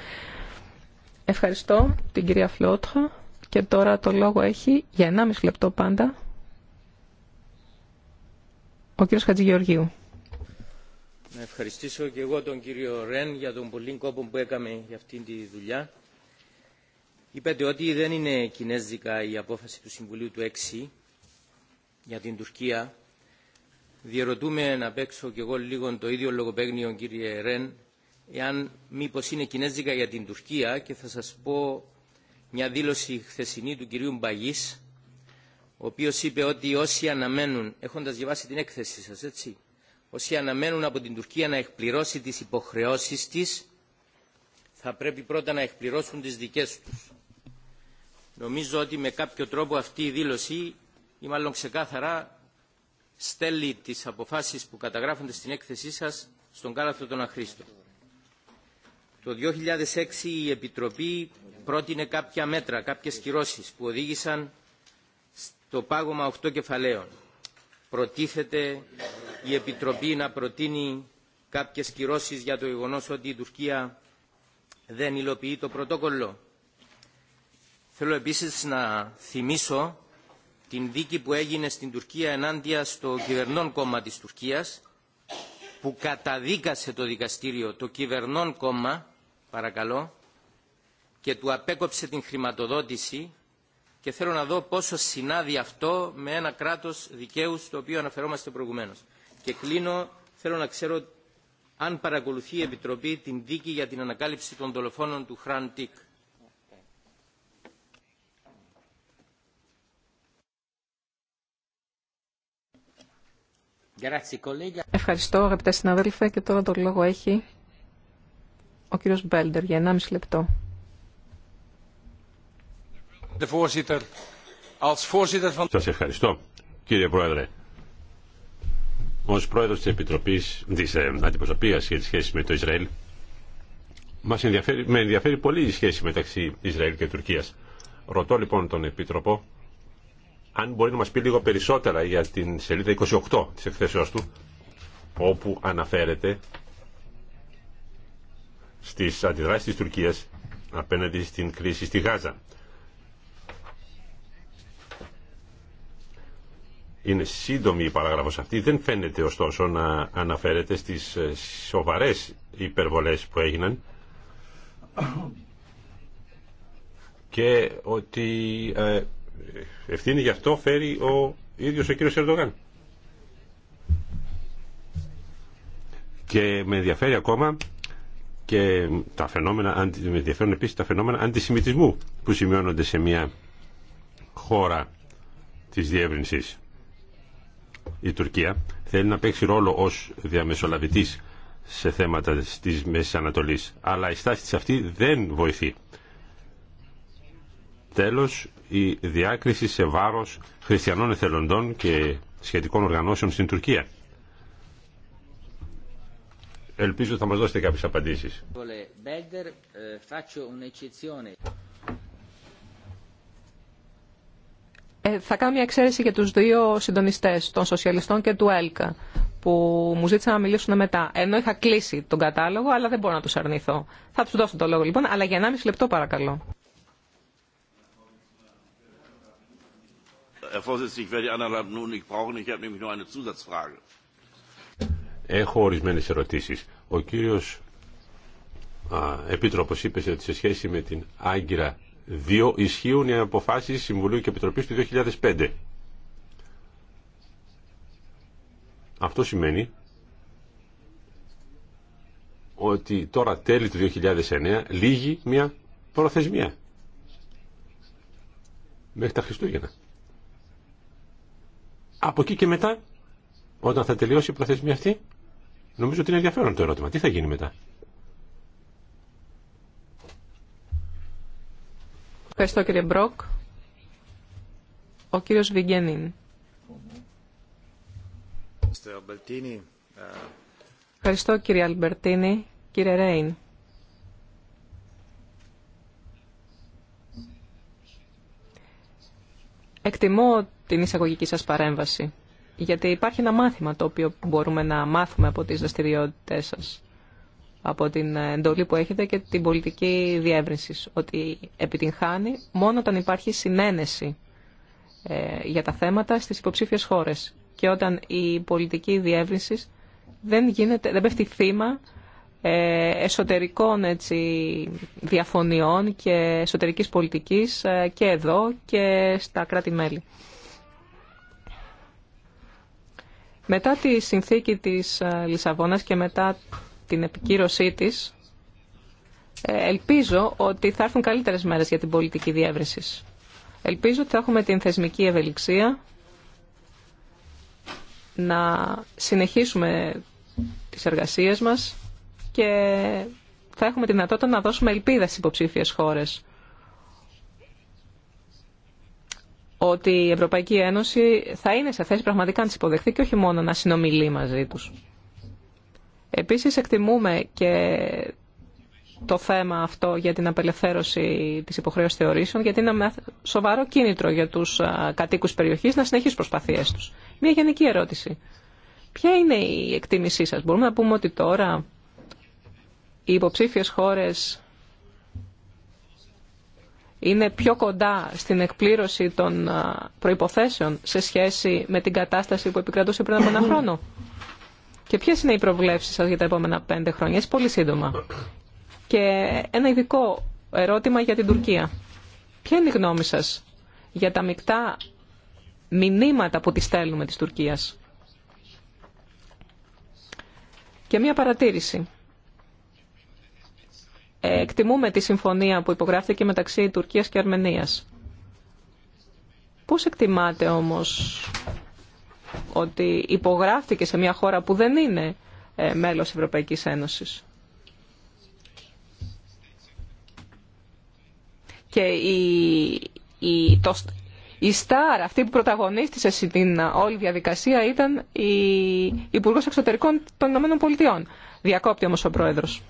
Ευχαριστώ την κυρία Φλότχα και τώρα το λόγο έχει για 1,5 λεπτό πάντα ο κύριος Χατζηγεωργίου. Να ευχαριστήσω και εγώ τον κύριο Ρεν για τον πολύ κόπο που έκαμε για αυτή τη δουλειά. Είπατε ότι δεν είναι κινέζικα η απόφαση του Συμβουλίου του 6 για την Τουρκία. Διερωτούμε να παίξω κι εγώ λίγο το ίδιο λογοπαίγνιο κύριε Ρεν εάν μήπω είναι κινέζικα για την Τουρκία και θα σας πω μια δήλωση χθεσινή του κυρίου Μπαγής ο οποίος είπε ότι όσοι αναμένουν, έχοντας διαβάσει την έκθεση σας έτσι, όσοι αναμένουν από την Τουρκία να εκπληρώσει τις υποχρεώσεις της, θα πρέπει πρώτα να εκπληρώσουν τις δικές τους. Νομίζω ότι με κάποιο τρόπο αυτή η δήλωση, ή μάλλον ξεκάθαρα, στέλνει τις αποφάσεις που καταγράφονται στην έκθεσή σας στον κάλαθο των αχρήστων. Το 2006 η Επιτροπή πρότεινε κάποια μέτρα, κάποιες κυρώσεις που οδήγησαν στο πάγωμα 8 κεφαλαίων προτίθεται η Επιτροπή να προτείνει κάποιες κυρώσεις για το γεγονό ότι η Τουρκία δεν υλοποιεί το πρωτόκολλο. Θέλω επίσης να θυμίσω την δίκη που έγινε στην Τουρκία ενάντια στο κυβερνών κόμμα της Τουρκίας που καταδίκασε το δικαστήριο το κυβερνών κόμμα παρακαλώ και του απέκοψε την χρηματοδότηση και θέλω να δω πόσο συνάδει αυτό με ένα κράτος δικαίου στο οποίο αναφερόμαστε προηγουμένως. Και κλείνω, θέλω να ξέρω αν παρακολουθεί η Επιτροπή την δίκη για την ανακάλυψη των δολοφόνων του Χραν Τικ. Ευχαριστώ αγαπητέ συναδέλφε και τώρα το λόγο έχει ο κύριος Μπέλντερ για 1,5 λεπτό. Σας ευχαριστώ κύριε Πρόεδρε. Ως Πρόεδρος της Επιτροπής της ε, Αντιπροσωπείας για τις σχέσεις με το Ισραήλ μας ενδιαφέρει, με ενδιαφέρει πολύ η σχέση μεταξύ Ισραήλ και Τουρκίας. Ρωτώ λοιπόν τον Επίτροπο αν μπορεί να μας πει λίγο περισσότερα για την σελίδα 28 της εκθέσεώς του όπου αναφέρεται στις αντιδράσεις της Τουρκίας απέναντι στην κρίση στη Γάζα. Είναι σύντομη η παράγραφος αυτή, δεν φαίνεται ωστόσο να αναφέρεται στις ε, σοβαρές υπερβολές που έγιναν και ότι ε, ευθύνη γι' αυτό φέρει ο ίδιος ο κύριος Ερντογάν. Και με ενδιαφέρει ακόμα και τα φαινόμενα, με ενδιαφέρουν επίσης τα φαινόμενα αντισημιτισμού που σημειώνονται σε μια χώρα της διεύρυνσης η Τουρκία θέλει να παίξει ρόλο ως διαμεσολαβητής σε θέματα της Μέσης Ανατολής, αλλά η στάση της αυτή δεν βοηθεί. Τέλος, η διάκριση σε βάρος χριστιανών εθελοντών και σχετικών οργανώσεων στην Τουρκία. Ελπίζω θα μας δώσετε κάποιες απαντήσεις. Ε, θα κάνω μια εξαίρεση για τους δύο συντονιστές των Σοσιαλιστών και του ΕΛΚΑ που μου ζήτησαν να μιλήσουν μετά. Ενώ είχα κλείσει τον κατάλογο, αλλά δεν μπορώ να τους αρνηθώ. Θα τους δώσω το λόγο λοιπόν, αλλά για 1,5 λεπτό παρακαλώ. Έχω ορισμένες ερωτήσεις. Ο κύριος Επίτροπος είπε ότι σε σχέση με την Άγκυρα Δύο ισχύουν οι αποφάσεις Συμβουλίου και Επιτροπής του 2005. Αυτό σημαίνει ότι τώρα τέλη του 2009 λύγει μια προθεσμία μέχρι τα Χριστούγεννα. Από εκεί και μετά, όταν θα τελειώσει η προθεσμία αυτή, νομίζω ότι είναι ενδιαφέρον το ερώτημα. Τι θα γίνει μετά. Ευχαριστώ κύριε Μπροκ. Ο κύριος Βιγγένιν. Ευχαριστώ κύριε Αλμπερτίνη. Κύριε Ρέιν. Εκτιμώ την εισαγωγική σας παρέμβαση, γιατί υπάρχει ένα μάθημα το οποίο μπορούμε να μάθουμε από τις δραστηριότητε σας από την εντολή που έχετε και την πολιτική διεύρυνση. Ότι επιτυγχάνει μόνο όταν υπάρχει συνένεση ε, για τα θέματα στις υποψήφιες χώρες και όταν η πολιτική διεύρυνση δεν, γίνεται, δεν πέφτει θύμα ε, εσωτερικών έτσι, διαφωνιών και εσωτερικής πολιτικής ε, και εδώ και στα κράτη-μέλη. Μετά τη συνθήκη της Λισαβόνας και μετά την επικύρωσή της, ε, ελπίζω ότι θα έρθουν καλύτερες μέρες για την πολιτική διεύρυνση. Ελπίζω ότι θα έχουμε την θεσμική ευελιξία να συνεχίσουμε τις εργασίες μας και θα έχουμε τη δυνατότητα να δώσουμε ελπίδα στις υποψήφιες χώρες. Ότι η Ευρωπαϊκή Ένωση θα είναι σε θέση πραγματικά να τις υποδεχθεί και όχι μόνο να συνομιλεί μαζί τους. Επίσης εκτιμούμε και το θέμα αυτό για την απελευθέρωση της υποχρέωσης θεωρήσεων, γιατί είναι ένα σοβαρό κίνητρο για τους κατοίκους περιοχής να συνεχίσουν προσπαθίες τους. Μια γενική ερώτηση. Ποια είναι η εκτίμησή σας. Μπορούμε να πούμε ότι τώρα οι υποψήφιες χώρες είναι πιο κοντά στην εκπλήρωση των προϋποθέσεων σε σχέση με την κατάσταση που επικρατούσε πριν από ένα χρόνο. Και ποιε είναι οι προβλέψει σα για τα επόμενα πέντε χρόνια, πολύ σύντομα. Και ένα ειδικό ερώτημα για την Τουρκία. Ποια είναι η γνώμη σα για τα μεικτά μηνύματα που τη στέλνουμε της Τουρκίας. Και μία παρατήρηση. Εκτιμούμε τη συμφωνία που υπογράφηκε μεταξύ Τουρκίας και Αρμενίας. Πώς εκτιμάτε όμως ότι υπογράφτηκε σε μια χώρα που δεν είναι ε, μέλος Ευρωπαϊκής Ένωσης. Και η, η, το, η στάρ αυτή που πρωταγωνίστησε στην όλη διαδικασία ήταν η Υπουργός Εξωτερικών των Ηνωμένων Πολιτειών. Διακόπτει όμως ο Πρόεδρος.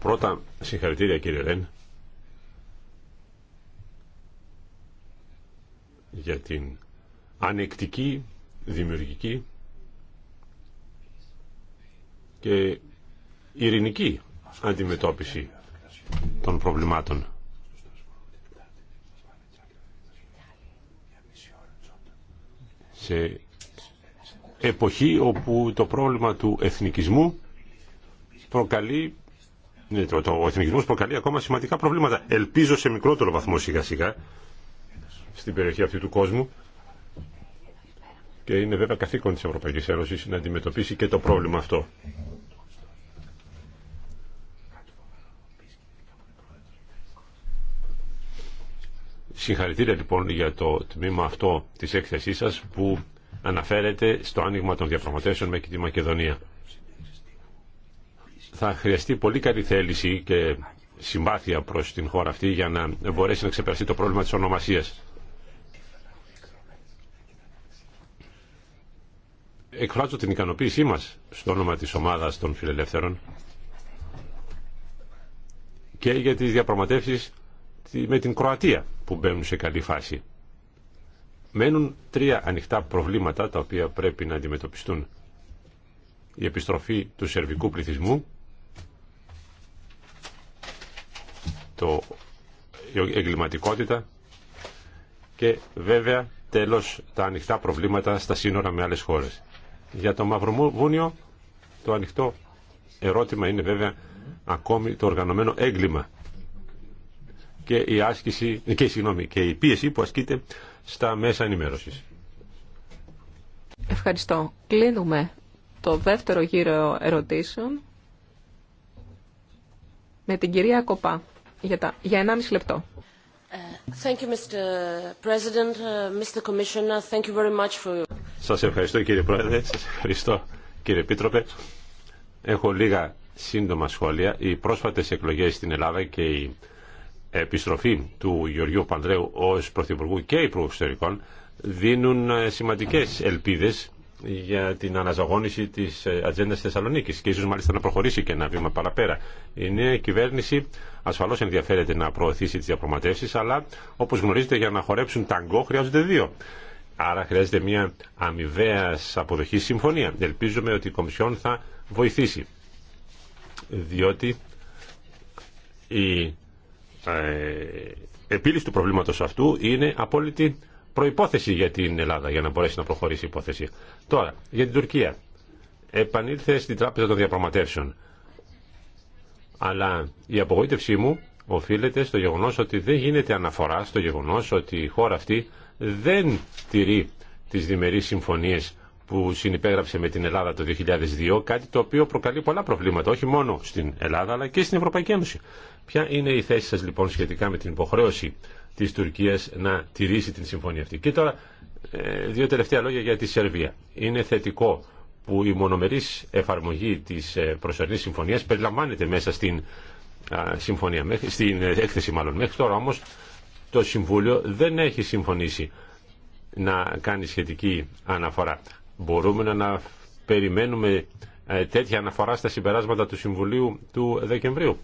Πρώτα, συγχαρητήρια κύριε Ρέν για την ανεκτική, δημιουργική και ειρηνική αντιμετώπιση των προβλημάτων. Σε εποχή όπου το πρόβλημα του εθνικισμού προκαλεί ναι, ο εθνικισμός προκαλεί ακόμα σημαντικά προβλήματα. Ελπίζω σε μικρότερο βαθμό σιγά σιγά στην περιοχή αυτή του κόσμου και είναι βέβαια καθήκον της Ευρωπαϊκής Ένωσης να αντιμετωπίσει και το πρόβλημα αυτό. Συγχαρητήρια λοιπόν για το τμήμα αυτό της έκθεσής σας που αναφέρεται στο άνοιγμα των διαπραγματεύσεων με τη Μακεδονία. Θα χρειαστεί πολύ καλή θέληση και συμπάθεια προς την χώρα αυτή για να μπορέσει να ξεπεραστεί το πρόβλημα της ονομασίας. εκφράζω την ικανοποίησή μας στο όνομα της ομάδας των φιλελεύθερων και για τις διαπραγματεύσεις με την Κροατία που μπαίνουν σε καλή φάση. Μένουν τρία ανοιχτά προβλήματα τα οποία πρέπει να αντιμετωπιστούν. Η επιστροφή του σερβικού πληθυσμού, το, η εγκληματικότητα και βέβαια τέλος τα ανοιχτά προβλήματα στα σύνορα με άλλες χώρες. Για το Μαυροβούνιο το ανοιχτό ερώτημα είναι βέβαια ακόμη το οργανωμένο έγκλημα και η, άσκηση, και, συγγνώμη, και η πίεση που ασκείται στα μέσα ενημέρωσης. Ευχαριστώ. Κλείνουμε το δεύτερο γύρο ερωτήσεων με την κυρία Κοπά για, τα, για 1,5 λεπτό. Ε, thank you, President, ε, Mr. Commissioner. you very σας ευχαριστώ κύριε Πρόεδρε, σας ευχαριστώ κύριε Επίτροπε. Έχω λίγα σύντομα σχόλια. Οι πρόσφατες εκλογές στην Ελλάδα και η επιστροφή του Γεωργίου Πανδρέου ως Πρωθυπουργού και Υπουργού Εξωτερικών δίνουν ε, σημαντικές ελπίδες για την αναζαγόνηση της ε, ατζέντα Θεσσαλονίκη και ίσως μάλιστα να προχωρήσει και ένα βήμα παραπέρα. Η νέα κυβέρνηση ασφαλώς ενδιαφέρεται να προωθήσει τις διαπραγματεύσεις αλλά όπως γνωρίζετε για να χορέψουν ταγκό χρειάζονται δύο. Άρα χρειάζεται μια αμοιβαία αποδοχή συμφωνία. Ελπίζουμε ότι η Κομισιόν θα βοηθήσει. Διότι η ε, επίλυση του προβλήματος αυτού είναι απόλυτη προϋπόθεση για την Ελλάδα για να μπορέσει να προχωρήσει η υπόθεση. Τώρα, για την Τουρκία. Επανήλθε στην Τράπεζα των Διαπραγματεύσεων. Αλλά η απογοήτευσή μου οφείλεται στο γεγονός ότι δεν γίνεται αναφορά στο γεγονός ότι η χώρα αυτή δεν τηρεί τις διμερείς συμφωνίες που συνυπέγραψε με την Ελλάδα το 2002, κάτι το οποίο προκαλεί πολλά προβλήματα, όχι μόνο στην Ελλάδα αλλά και στην Ευρωπαϊκή Ένωση. Ποια είναι η θέση σας λοιπόν σχετικά με την υποχρέωση της Τουρκίας να τηρήσει την συμφωνία αυτή. Και τώρα ε, δύο τελευταία λόγια για τη Σερβία. Είναι θετικό που η μονομερής εφαρμογή της ε, προσωρινής συμφωνίας περιλαμβάνεται μέσα στην συμφωνία, στην ε, έκθεση μάλλον. Μέχρι τώρα όμως το Συμβούλιο δεν έχει συμφωνήσει να κάνει σχετική αναφορά. Μπορούμε να περιμένουμε ε, τέτοια αναφορά στα συμπεράσματα του Συμβουλίου του Δεκεμβρίου.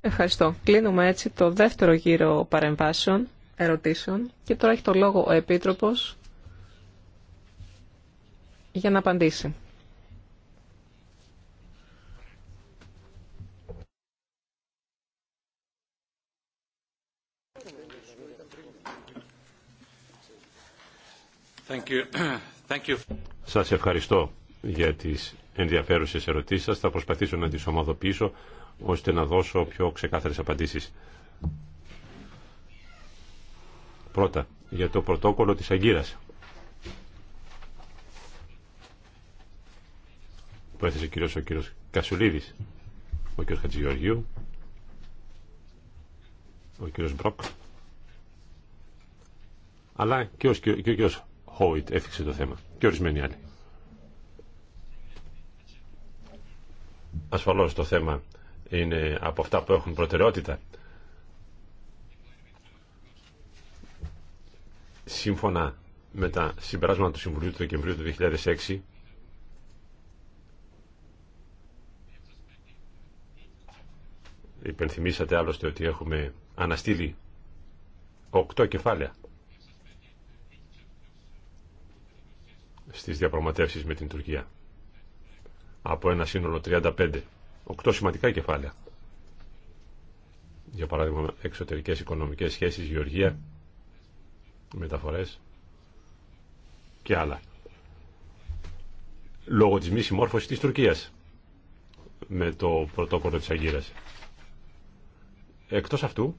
Ευχαριστώ. Κλείνουμε έτσι το δεύτερο γύρο παρεμβάσεων, ερωτήσεων και τώρα έχει το λόγο ο Επίτροπος για να απαντήσει. Σας ευχαριστώ για τις ενδιαφέρουσες ερωτήσεις σας. Θα προσπαθήσω να τις ομαδοποιήσω ώστε να δώσω πιο ξεκάθαρες απαντήσεις. Πρώτα, για το πρωτόκολλο της Αγκύρας που έθεσε ο κύριος, ο κύριος Κασουλίδης, ο κύριος Χατζηγεωργίου, ο κύριος Μπροκ, αλλά και ο κύριος Χόιτ έφυξε το θέμα και ορισμένοι άλλοι. Ασφαλώς το θέμα είναι από αυτά που έχουν προτεραιότητα. Σύμφωνα με τα συμπεράσματα του Συμβουλίου του Δεκεμβρίου του 2006 υπενθυμίσατε άλλωστε ότι έχουμε αναστείλει οκτώ κεφάλαια στις διαπραγματεύσεις με την Τουρκία. Από ένα σύνολο 35. Οκτώ σημαντικά κεφάλαια. Για παράδειγμα, εξωτερικές οικονομικές σχέσεις, γεωργία, μεταφορές και άλλα. Λόγω της μη συμμόρφωσης της Τουρκίας με το πρωτόκολλο της Αγγίρας Εκτός αυτού,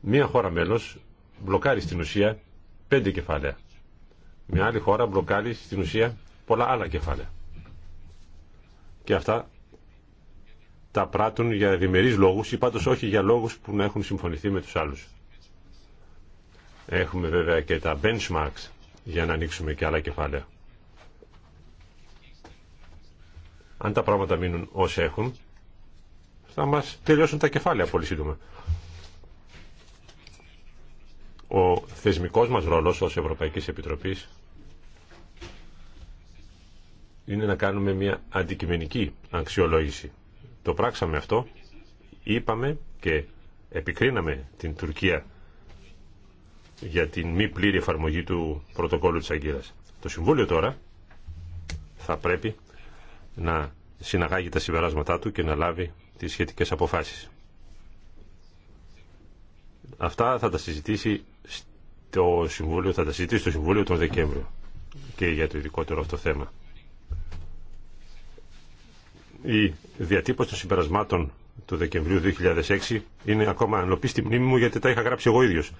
μία χώρα μέλος μπλοκάρει στην ουσία πέντε κεφάλαια. Μια άλλη χώρα μπλοκάρει στην ουσία πολλά άλλα κεφάλαια. Και αυτά τα πράττουν για διμερείς λόγους ή πάντως όχι για λόγους που να έχουν συμφωνηθεί με τους άλλους. Έχουμε βέβαια και τα benchmarks για να ανοίξουμε και άλλα κεφάλαια. Αν τα πράγματα μείνουν όσοι έχουν, θα μας τελειώσουν τα κεφάλαια πολύ σύντομα ο θεσμικός μας ρόλος ως Ευρωπαϊκής Επιτροπής είναι να κάνουμε μια αντικειμενική αξιολόγηση. Το πράξαμε αυτό, είπαμε και επικρίναμε την Τουρκία για την μη πλήρη εφαρμογή του πρωτοκόλλου της Το Συμβούλιο τώρα θα πρέπει να συναγάγει τα συμπεράσματά του και να λάβει τις σχετικές αποφάσεις. Αυτά θα τα συζητήσει το Συμβούλιο θα τα συζητήσει το Συμβούλιο τον Δεκέμβριο και για το ειδικότερο αυτό θέμα. Η διατύπωση των συμπερασμάτων του Δεκεμβρίου 2006 είναι ακόμα ανλοπή στη μνήμη μου γιατί τα είχα γράψει εγώ ίδιος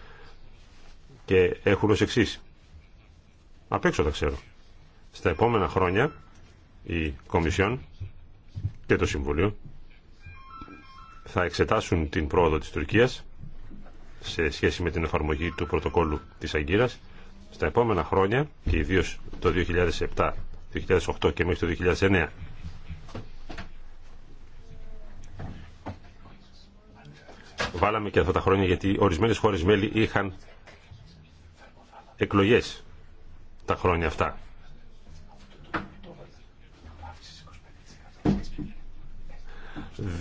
και έχουν ως εξή. Απ' έξω τα ξέρω. Στα επόμενα χρόνια η Κομισιόν και το Συμβουλίο θα εξετάσουν την πρόοδο της Τουρκίας σε σχέση με την εφαρμογή του πρωτοκόλου της Αγκύρας. Στα επόμενα χρόνια και ιδίως το 2007, 2008 και μέχρι το 2009 βάλαμε και αυτά τα χρόνια γιατί ορισμένες χώρες μέλη είχαν εκλογές τα χρόνια αυτά.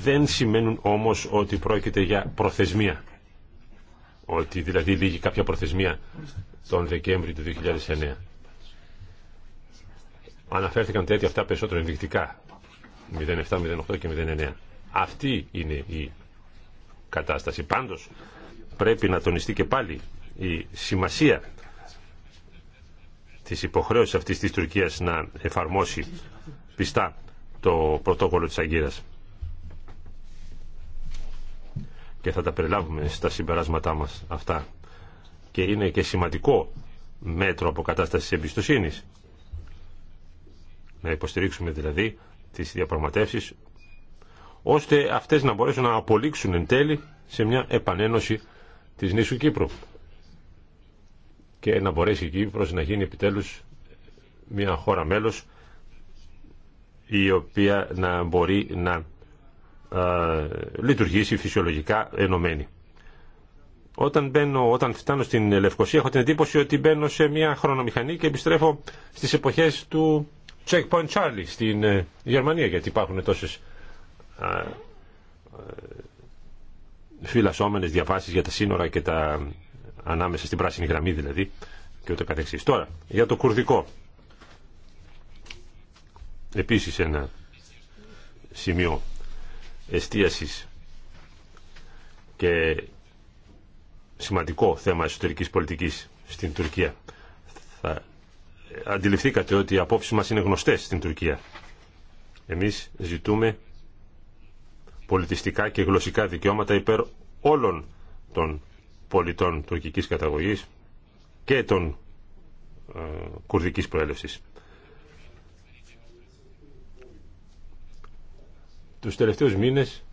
Δεν σημαίνουν όμως ότι πρόκειται για προθεσμία ότι δηλαδή λύγει κάποια προθεσμία τον Δεκέμβρη του 2009. Αναφέρθηκαν τέτοια αυτά περισσότερο ενδεικτικά, 07, 08 και 09. Αυτή είναι η κατάσταση. Πάντως πρέπει να τονιστεί και πάλι η σημασία της υποχρέωσης αυτής της Τουρκίας να εφαρμόσει πιστά το πρωτόκολλο της Αγγίρας και θα τα περιλάβουμε στα συμπεράσματά μας αυτά και είναι και σημαντικό μέτρο αποκατάστασης εμπιστοσύνης να υποστηρίξουμε δηλαδή τις διαπραγματεύσεις ώστε αυτές να μπορέσουν να απολύξουν εν τέλει σε μια επανένωση της νήσου Κύπρου και να μπορέσει η Κύπρος να γίνει επιτέλους μια χώρα μέλος η οποία να μπορεί να ε, λειτουργήσει φυσιολογικά ενωμένη. Όταν, μπαίνω, όταν φτάνω στην Λευκοσία έχω την εντύπωση ότι μπαίνω σε μια χρονομηχανή και επιστρέφω στις εποχές του Checkpoint Charlie στην ε, Γερμανία γιατί υπάρχουν τόσες ε, φυλασσόμενες διαβάσεις για τα σύνορα και τα ανάμεσα στην πράσινη γραμμή δηλαδή και ούτε καθεξής. Τώρα, για το κουρδικό. Επίσης ένα σημείο εστίασης και σημαντικό θέμα εσωτερικής πολιτικής στην Τουρκία. Θα αντιληφθήκατε ότι οι απόψεις μας είναι γνωστές στην Τουρκία. Εμείς ζητούμε πολιτιστικά και γλωσσικά δικαιώματα υπέρ όλων των πολιτών τουρκικής καταγωγής και των ε, κουρδικής προέλευσης. τους τελευταίους μήνες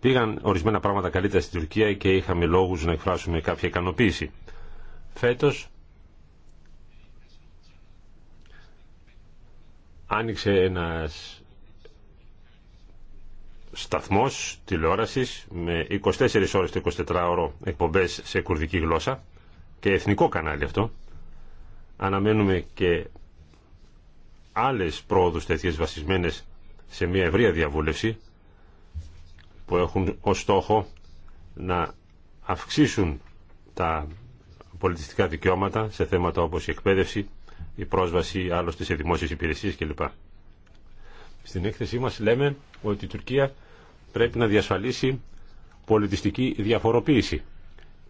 πήγαν ορισμένα πράγματα καλύτερα στην Τουρκία και είχαμε λόγους να εκφράσουμε κάποια ικανοποίηση. Φέτος άνοιξε ένας σταθμός τηλεόρασης με 24 ώρες το 24ωρο εκπομπές σε κουρδική γλώσσα και εθνικό κανάλι αυτό. Αναμένουμε και άλλες πρόοδους τέτοιες βασισμένες σε μια ευρεία διαβούλευση που έχουν ως στόχο να αυξήσουν τα πολιτιστικά δικαιώματα σε θέματα όπως η εκπαίδευση, η πρόσβαση άλλωστε σε δημόσιες υπηρεσίες κλπ. Στην έκθεσή μας λέμε ότι η Τουρκία πρέπει να διασφαλίσει πολιτιστική διαφοροποίηση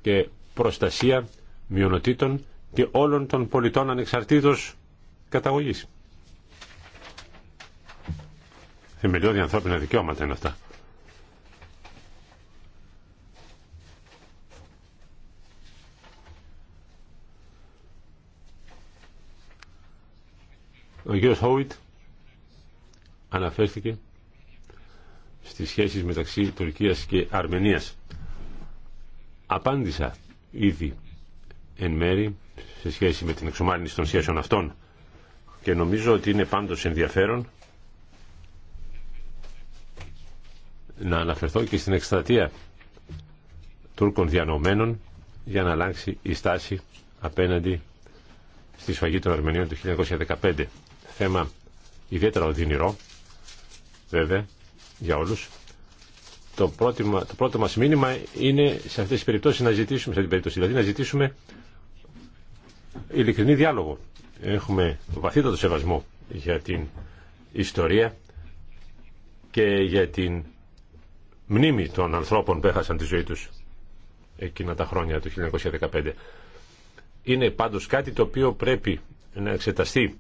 και προστασία μειονοτήτων και όλων των πολιτών ανεξαρτήτως καταγωγής. Θεμελιώδη ανθρώπινα δικαιώματα είναι αυτά. Ο Γιος Χόουιτ αναφέρθηκε στις σχέσεις μεταξύ Τουρκίας και Αρμενίας. Απάντησα ήδη εν μέρη σε σχέση με την εξομάλυνση των σχέσεων αυτών και νομίζω ότι είναι πάντως ενδιαφέρον να αναφερθώ και στην εκστρατεία Τούρκων διανομένων για να αλλάξει η στάση απέναντι στη σφαγή των Αρμενίων του 1915. Θέμα ιδιαίτερα οδυνηρό, βέβαια, για όλους. Το πρώτο, το πρώτο μας μήνυμα είναι σε αυτές τις περιπτώσεις να ζητήσουμε, σε την περίπτωση δηλαδή να ζητήσουμε ειλικρινή διάλογο. Έχουμε βαθύτατο σεβασμό για την ιστορία και για την μνήμη των ανθρώπων που έχασαν τη ζωή τους εκείνα τα χρόνια του 1915. Είναι πάντως κάτι το οποίο πρέπει να εξεταστεί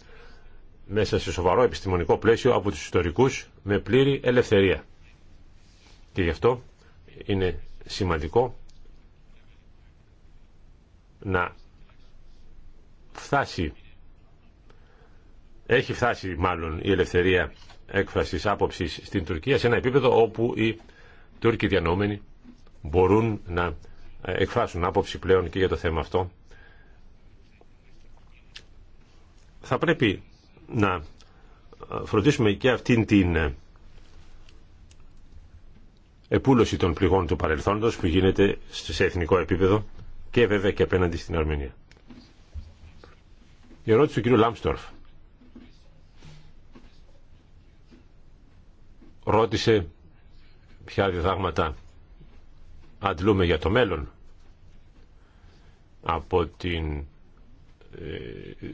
μέσα σε σοβαρό επιστημονικό πλαίσιο από τους ιστορικούς με πλήρη ελευθερία. Και γι' αυτό είναι σημαντικό να φτάσει έχει φτάσει μάλλον η ελευθερία έκφρασης άποψης στην Τουρκία σε ένα επίπεδο όπου οι Τούρκοι διανόμενοι μπορούν να ε, εκφράσουν άποψη πλέον και για το θέμα αυτό. Θα πρέπει να φροντίσουμε και αυτήν την ε, επούλωση των πληγών του παρελθόντος που γίνεται σε εθνικό επίπεδο και βέβαια και απέναντι στην Αρμενία. Η ερώτηση του κ. Λάμπστορφ ρώτησε ποια διδάγματα αντλούμε για το μέλλον από την ε,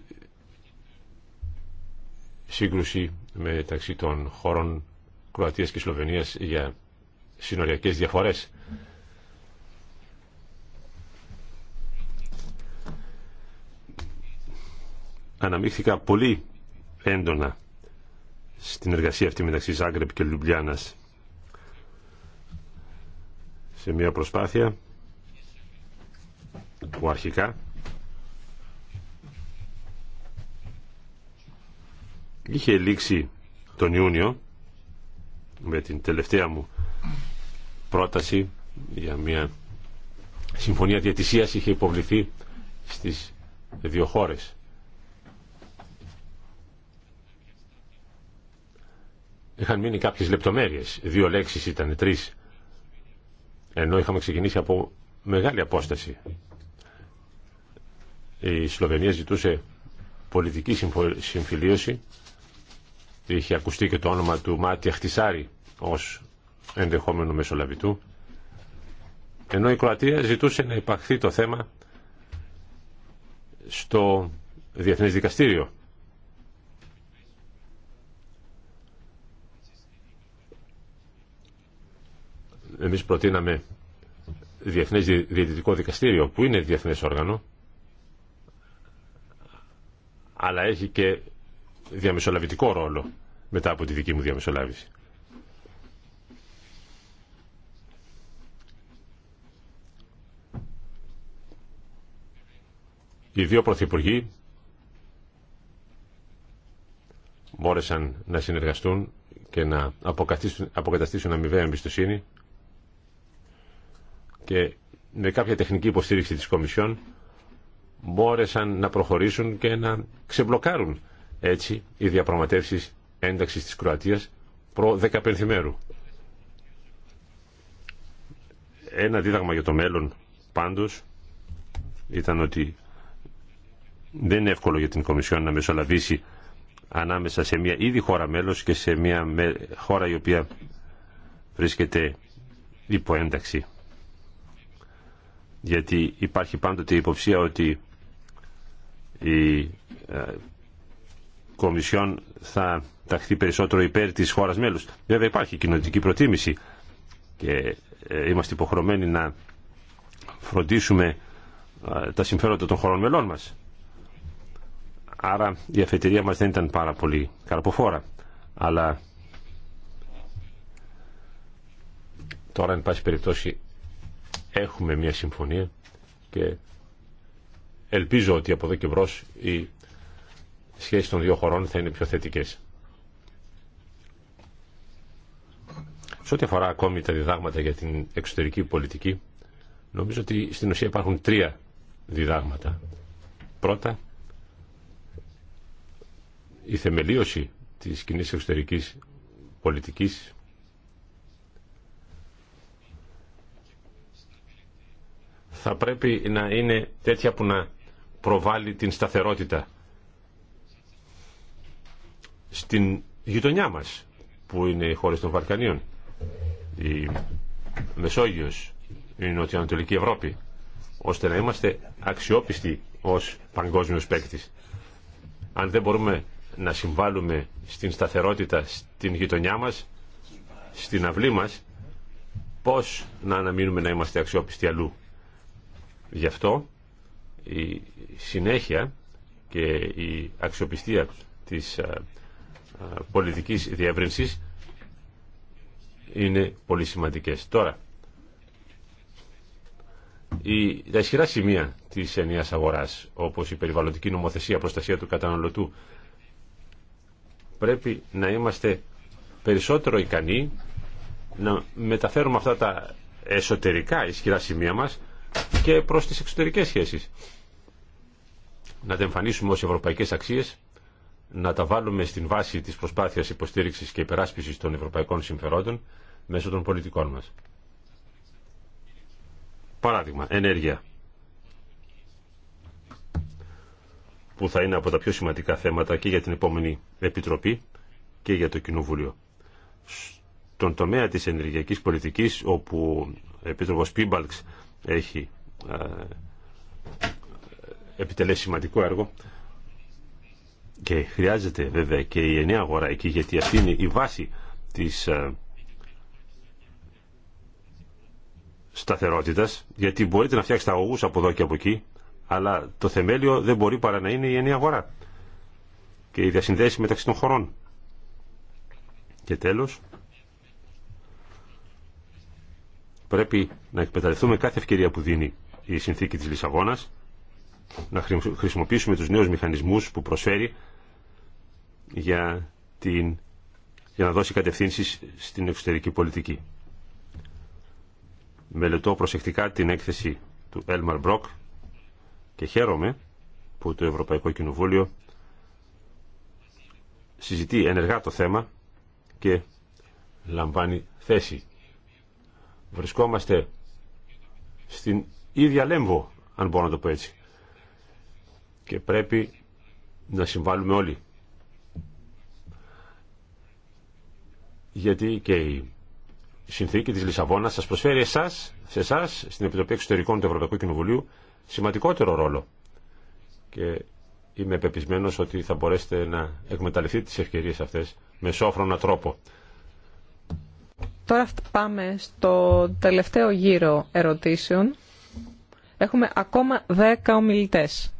σύγκρουση μεταξύ των χώρων Κροατίας και Σλοβενίας για συνοριακές διαφορές. Αναμίχθηκα πολύ έντονα στην εργασία αυτή μεταξύ Ζάγκρεπ και Λουμπλιάνας σε μια προσπάθεια που αρχικά είχε λήξει τον Ιούνιο με την τελευταία μου πρόταση για μια συμφωνία διατησίας είχε υποβληθεί στις δύο χώρες. Είχαν μείνει κάποιες λεπτομέρειες, δύο λέξεις ήταν τρεις, ενώ είχαμε ξεκινήσει από μεγάλη απόσταση. Η Σλοβενία ζητούσε πολιτική συμφιλίωση είχε ακουστεί και το όνομα του Μάτι Αχτισάρη ως ενδεχόμενο μεσολαβητού ενώ η Κροατία ζητούσε να υπαχθεί το θέμα στο Διεθνές Δικαστήριο. Εμείς προτείναμε Διεθνές Διεθνικό Δικαστήριο που είναι διεθνές όργανο αλλά έχει και διαμεσολαβητικό ρόλο μετά από τη δική μου διαμεσολάβηση. Οι δύο πρωθυπουργοί μπόρεσαν να συνεργαστούν και να αποκαταστήσουν, αμοιβαία εμπιστοσύνη και με κάποια τεχνική υποστήριξη της Κομισιόν μπόρεσαν να προχωρήσουν και να ξεμπλοκάρουν έτσι οι διαπραγματεύσεις Ένταξη τη Κροατία προ 15 μέρου. Ένα δίδαγμα για το μέλλον πάντως ήταν ότι δεν είναι εύκολο για την Κομισιόν να μεσολαβήσει ανάμεσα σε μια ήδη χώρα μέλος και σε μια χώρα η οποία βρίσκεται υπό ένταξη. Γιατί υπάρχει πάντοτε η υποψία ότι η ε, Κομισιόν θα ταχθεί περισσότερο υπέρ της χώρας μέλους. Βέβαια υπάρχει κοινωνική προτίμηση και ε, είμαστε υποχρεωμένοι να φροντίσουμε ε, τα συμφέροντα των χωρών μελών μας. Άρα η αφετηρία μας δεν ήταν πάρα πολύ καρποφόρα, αλλά τώρα εν πάση περιπτώσει έχουμε μια συμφωνία και ελπίζω ότι από εδώ και μπρος οι σχέσεις των δύο χωρών θα είναι πιο θετικές. Σε ό,τι αφορά ακόμη τα διδάγματα για την εξωτερική πολιτική, νομίζω ότι στην ουσία υπάρχουν τρία διδάγματα. Πρώτα, η θεμελίωση της κοινή εξωτερικής πολιτικής θα πρέπει να είναι τέτοια που να προβάλλει την σταθερότητα στην γειτονιά μας που είναι οι χώρες των Βαλκανίων η Μεσόγειος, η Νοτιοανατολική Ευρώπη, ώστε να είμαστε αξιόπιστοι ως παγκόσμιος παίκτη. Αν δεν μπορούμε να συμβάλλουμε στην σταθερότητα στην γειτονιά μας, στην αυλή μας, πώς να αναμείνουμε να είμαστε αξιόπιστοι αλλού. Γι' αυτό η συνέχεια και η αξιοπιστία της ε, ε, πολιτικής διεύρυνσης είναι πολύ σημαντικές. Τώρα, η, τα ισχυρά σημεία της ενιαίας αγοράς, όπως η περιβαλλοντική νομοθεσία, προστασία του καταναλωτού, πρέπει να είμαστε περισσότερο ικανοί να μεταφέρουμε αυτά τα εσωτερικά ισχυρά σημεία μας και προς τις εξωτερικές σχέσεις. Να τα εμφανίσουμε ως ευρωπαϊκές αξίες να τα βάλουμε στην βάση της προσπάθειας υποστήριξης και υπεράσπισης των ευρωπαϊκών συμφερόντων μέσω των πολιτικών μας. Παράδειγμα, ενέργεια. Που θα είναι από τα πιο σημαντικά θέματα και για την επόμενη Επιτροπή και για το Κοινοβούλιο. Στον τομέα της ενεργειακής πολιτικής, όπου ο Επίτροπος Πίμπαλξ έχει ε, επιτελέσει σημαντικό έργο, και χρειάζεται βέβαια και η ενιαία αγορά εκεί γιατί αυτή είναι η βάση της ε, σταθερότητας γιατί μπορείτε να φτιάξετε αγωγούς από εδώ και από εκεί αλλά το θεμέλιο δεν μπορεί παρά να είναι η ενιαία αγορά και η διασυνδέση μεταξύ των χωρών. Και τέλος πρέπει να εκμεταλλευτούμε κάθε ευκαιρία που δίνει η συνθήκη της Λισαβόνας να χρησιμοποιήσουμε τους νέους μηχανισμούς που προσφέρει για, την, για να δώσει κατευθύνσεις στην εξωτερική πολιτική. Μελετώ προσεκτικά την έκθεση του Έλμαρ Μπροκ και χαίρομαι που το Ευρωπαϊκό Κοινοβούλιο συζητεί ενεργά το θέμα και λαμβάνει θέση. Βρισκόμαστε στην ίδια λέμβο, αν μπορώ να το πω έτσι. Και πρέπει να συμβάλλουμε όλοι. γιατί και η συνθήκη της Λισαβόνας σας προσφέρει εσάς, σε εσά στην Επιτροπή Εξωτερικών του Ευρωπαϊκού Κοινοβουλίου σημαντικότερο ρόλο και είμαι πεπισμένο ότι θα μπορέσετε να εκμεταλλευτείτε τις ευκαιρίες αυτές με σόφρονα τρόπο. Τώρα πάμε στο τελευταίο γύρο ερωτήσεων. Έχουμε ακόμα 10 ομιλητές.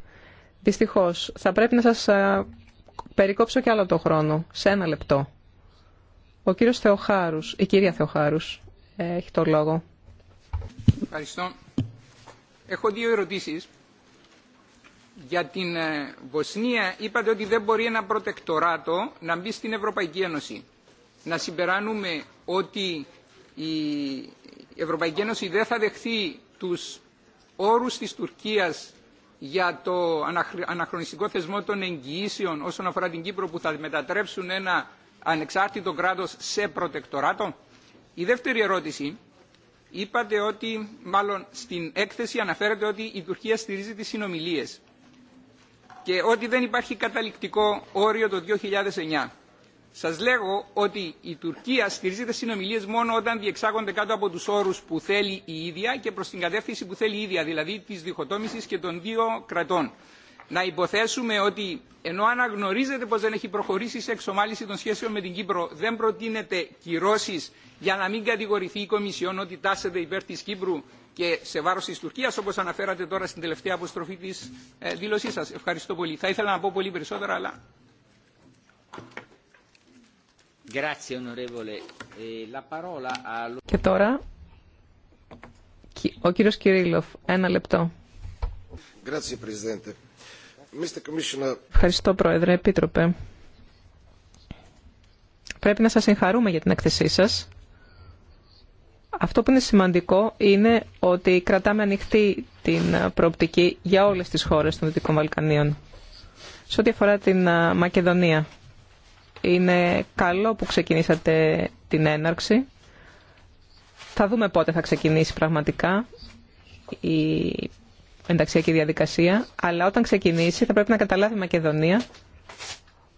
Δυστυχώς, θα πρέπει να σας περικόψω κι άλλο το χρόνο, σε ένα λεπτό. Ο κύριος Θεοχάρους, η κυρία Θεοχάρους, έχει το λόγο. Ευχαριστώ. Έχω δύο ερωτήσεις. Για την ε, Βοσνία είπατε ότι δεν μπορεί ένα προτεκτοράτο να μπει στην Ευρωπαϊκή Ένωση. Να συμπεράνουμε ότι η Ευρωπαϊκή Ένωση δεν θα δεχθεί τους όρους της Τουρκίας για το αναχρονιστικό θεσμό των εγγυήσεων όσον αφορά την Κύπρο που θα μετατρέψουν ένα ανεξάρτητο κράτος σε προτεκτοράτο. Η δεύτερη ερώτηση. Είπατε ότι, μάλλον στην έκθεση αναφέρεται ότι η Τουρκία στηρίζει τις συνομιλίες και ότι δεν υπάρχει καταληκτικό όριο το 2009. Σας λέγω ότι η Τουρκία στηρίζεται συνομιλίες μόνο όταν διεξάγονται κάτω από τους όρους που θέλει η ίδια και προς την κατεύθυνση που θέλει η ίδια, δηλαδή της διχοτόμησης και των δύο κρατών να υποθέσουμε ότι ενώ αναγνωρίζεται πως δεν έχει προχωρήσει σε εξομάλυση των σχέσεων με την Κύπρο, δεν προτείνεται κυρώσει για να μην κατηγορηθεί η Κομισιόν ότι τάσεται υπέρ της Κύπρου και σε βάρος της Τουρκίας, όπως αναφέρατε τώρα στην τελευταία αποστροφή της δηλωσή ε, δήλωσής σας. Ευχαριστώ πολύ. Θα ήθελα να πω πολύ περισσότερα, αλλά... Ε, και τώρα, ο κύριος Κυρίλοφ, ένα λεπτό. Ευχαριστώ, Πρόεδρε. Επίτροπε. Πρέπει να σας συγχαρούμε για την εκθεσή σας. Αυτό που είναι σημαντικό είναι ότι κρατάμε ανοιχτή την προοπτική για όλες τις χώρες των Δυτικών Βαλκανίων. Σε ό,τι αφορά την Μακεδονία, είναι καλό που ξεκινήσατε την έναρξη. Θα δούμε πότε θα ξεκινήσει πραγματικά η ενταξιακή διαδικασία, αλλά όταν ξεκινήσει θα πρέπει να καταλάβει η Μακεδονία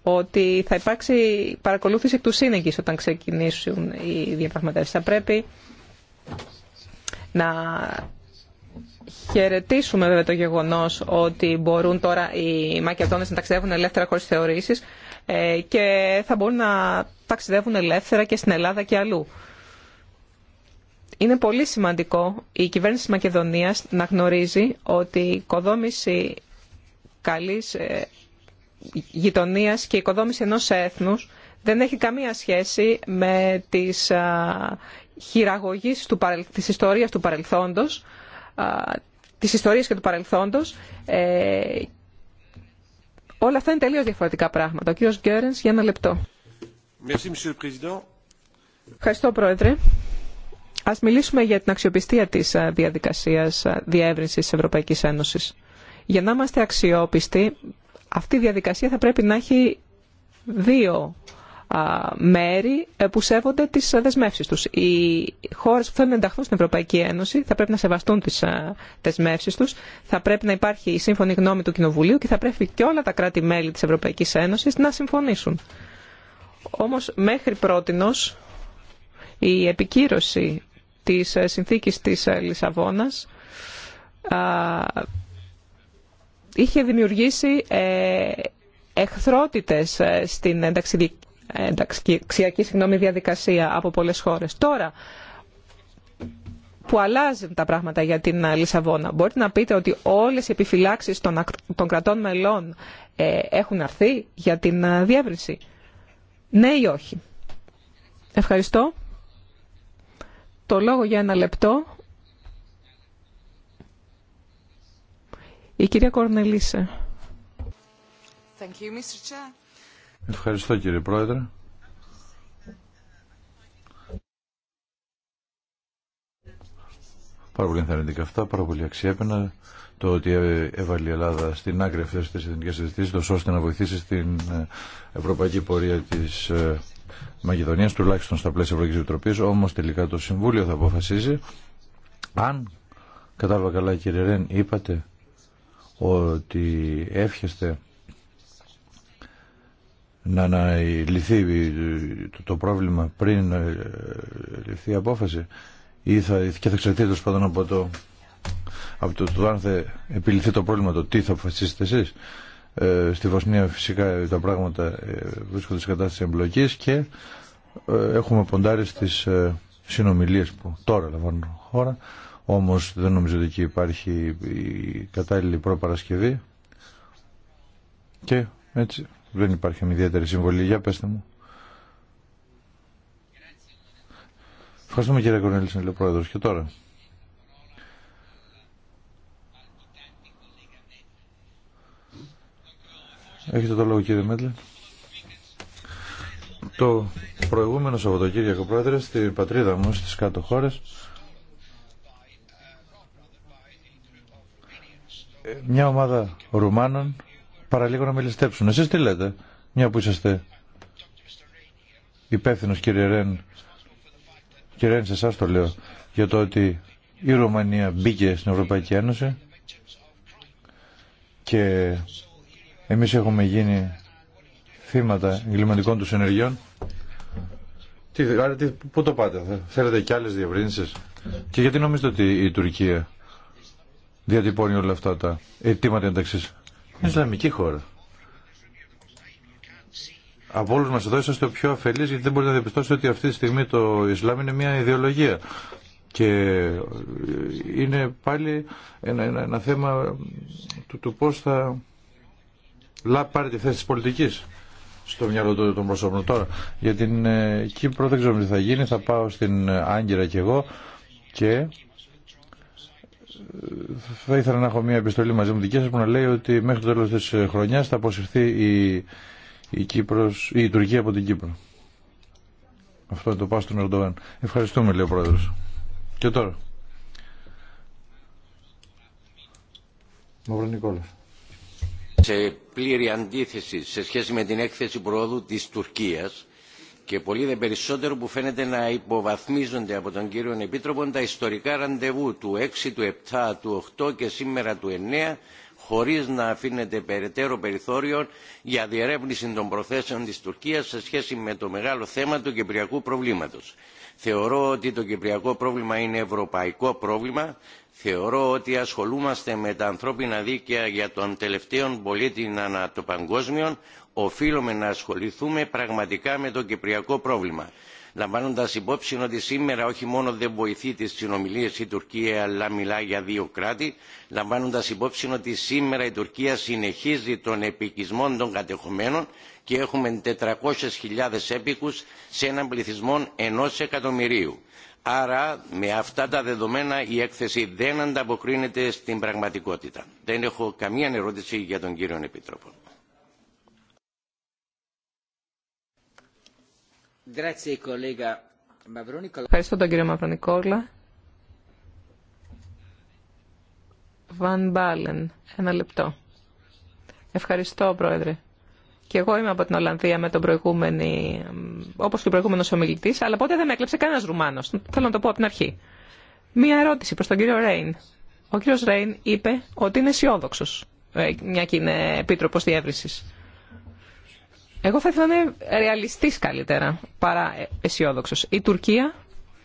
ότι θα υπάρξει παρακολούθηση του σύνεγγυ όταν ξεκινήσουν οι διαπραγματεύσει. Θα πρέπει να χαιρετήσουμε βέβαια το γεγονός ότι μπορούν τώρα οι Μακεδόνες να ταξιδεύουν ελεύθερα χωρίς θεωρήσεις ε, και θα μπορούν να ταξιδεύουν ελεύθερα και στην Ελλάδα και αλλού. Είναι πολύ σημαντικό η κυβέρνηση της Μακεδονίας να γνωρίζει ότι η οικοδόμηση καλής ε, γειτονίας και η οικοδόμηση ενός έθνους δεν έχει καμία σχέση με τις χειραγωγήσεις του, της ιστορίας του παρελθόντος, της ιστορίας και του παρελθόντος. Ε, όλα αυτά είναι τελείως διαφορετικά πράγματα. Ο κύριος Γκέρενς για ένα λεπτό. Ευχαριστώ, Πρόεδρε. Α μιλήσουμε για την αξιοπιστία τη ε, διαδικασία ε, διεύρυνση τη Ευρωπαϊκή Ένωση. Για να είμαστε αξιόπιστοι, αυτή η διαδικασία θα πρέπει να έχει δύο μέρη ε, που σέβονται τι δεσμεύσει του. Οι χώρε που θέλουν να ενταχθούν στην Ευρωπαϊκή Ένωση θα πρέπει να σεβαστούν τι δεσμεύσει του, θα πρέπει να υπάρχει η σύμφωνη γνώμη του Κοινοβουλίου και θα πρέπει και όλα τα κράτη-μέλη τη Ευρωπαϊκή Ένωση να συμφωνήσουν. Όμω μέχρι πρότινος η επικύρωση της ε, συνθήκης της ε, Λισαβόνας είχε δημιουργήσει ε, εχθρότητες στην ενταξιακή συγγνώμη, διαδικασία από πολλές χώρες. Τώρα που αλλάζουν τα πράγματα για την Λισαβόνα, μπορείτε να πείτε ότι όλες οι επιφυλάξεις των κρατών μελών έχουν αρθεί για την διεύρυνση. Ναι ή όχι. Ευχαριστώ το λόγο για ένα λεπτό η κυρία Κορνελίσε. Ευχαριστώ κύριε Πρόεδρε. Πάρα πολύ ενθαρρυντικά αυτά, πάρα πολύ αξιέπαινα το ότι ε, έβαλε η Ελλάδα στην άκρη αυτέ τι εθνικέ συζητήσει, ώστε να βοηθήσει στην ε, ευρωπαϊκή πορεία της... Ε, Μακεδονία, τουλάχιστον στα πλαίσια Ευρωπαϊκή Επιτροπή, όμως τελικά το Συμβούλιο θα αποφασίζει αν, κατάλαβα καλά κύριε Ρεν, είπατε ότι εύχεστε να, αναλυθεί το, πρόβλημα πριν να ε, ληφθεί η απόφαση ή θα, και θα εξαρτηθεί τόσο πάντων από το, από το, το, αν θα επιληθεί το πρόβλημα, το τι θα αποφασίσετε εσείς. Ε, στη Βοσνία φυσικά τα πράγματα ε, βρίσκονται σε κατάσταση εμπλοκής και ε, έχουμε ποντάρει στις συνομιλίε που τώρα λαμβάνουν χώρα όμως δεν νομίζω ότι εκεί υπάρχει η κατάλληλη προπαρασκευή και έτσι δεν υπάρχει μια ιδιαίτερη συμβολή. Για πέστε μου. Ευχαριστούμε κύριε Κορνέλη, είναι Και τώρα. Έχετε το λόγο κύριε Μέντλε. Το προηγούμενο Σαββατοκύριακο πρόεδρε στην πατρίδα μου στις κάτω χώρες μια ομάδα Ρουμάνων παραλίγο να με ληστέψουν. Εσείς τι λέτε, μια που είσαστε υπεύθυνο κύριε Ρέν, κύριε Ρέν σε εσάς το λέω, για το ότι η Ρουμανία μπήκε στην Ευρωπαϊκή Ένωση και εμείς έχουμε γίνει θύματα εγκληματικών του ενεργειών. Τι, άρα, τι, πού το πάτε, ε? θέλετε κι άλλες διευρύνσεις. Και γιατί νομίζετε ότι η Τουρκία διατυπώνει όλα αυτά τα αιτήματα ενταξή. Είναι Ισλαμική χώρα. Από όλου μα εδώ είσαστε ο πιο αφελεί γιατί δεν μπορείτε να διαπιστώσετε ότι αυτή τη στιγμή το Ισλάμ είναι μια ιδεολογία. Και ε, είναι πάλι ένα, θέμα του, του πώ θα Λα πάρει τη θέση της πολιτικής στο μυαλό των προσώπων. Τώρα, για την ε, Κύπρο δεν ξέρω τι θα γίνει. Θα πάω στην ε, Άγκυρα κι εγώ και ε, θα ήθελα να έχω μια επιστολή μαζί μου δική σας που να λέει ότι μέχρι το τέλος της χρονιάς θα αποσυρθεί η, Κύπρος, η Τουρκία από την Κύπρο. Αυτό είναι το πάω στον Ερντογάν. Ευχαριστούμε, λέει ο Πρόεδρος. Και τώρα. Μαύρο Νικόλας. Σε πλήρη αντίθεση σε σχέση με την έκθεση προόδου της Τουρκίας και πολύ δε περισσότερο που φαίνεται να υποβαθμίζονται από τον κύριο Επίτροπο τα ιστορικά ραντεβού του 6, του 7, του 8 και σήμερα του 9 χωρίς να αφήνεται περαιτέρω περιθώριο για διερεύνηση των προθέσεων της Τουρκίας σε σχέση με το μεγάλο θέμα του κυπριακού προβλήματος. Θεωρώ ότι το κυπριακό πρόβλημα είναι ευρωπαϊκό πρόβλημα. Θεωρώ ότι ασχολούμαστε με τα ανθρώπινα δίκαια για τον τελευταίο πολίτη ανά το παγκόσμιο. Οφείλουμε να ασχοληθούμε πραγματικά με το κυπριακό πρόβλημα. Λαμβάνοντα υπόψη ότι σήμερα όχι μόνο δεν βοηθεί τις συνομιλίε, η Τουρκία αλλά μιλά για δύο κράτη, λαμβάνοντα υπόψη ότι σήμερα η Τουρκία συνεχίζει τον επικισμό των κατεχομένων και έχουμε 400.000 έπικους σε έναν πληθυσμό ενό εκατομμυρίου. Άρα με αυτά τα δεδομένα η έκθεση δεν ανταποκρίνεται στην πραγματικότητα. Δεν έχω καμία ερώτηση για τον κύριο Επίτροπο. Ευχαριστώ τον κύριο Μαυρονικόλα. Βαν Μπάλεν, ένα λεπτό. Ευχαριστώ, Πρόεδρε. Και εγώ είμαι από την Ολλανδία με τον προηγούμενο, όπως και ο προηγούμενος ομιλητής, αλλά ποτέ δεν έκλεψε κανένας Ρουμάνος. Θέλω να το πω από την αρχή. Μία ερώτηση προς τον κύριο Ρέιν. Ο κύριος Ρέιν είπε ότι είναι αισιόδοξο, ε, μια και είναι επίτροπος διεύρυνσης. Εγώ θα ήθελα να είμαι ρεαλιστής καλύτερα παρά αισιόδοξο. Η Τουρκία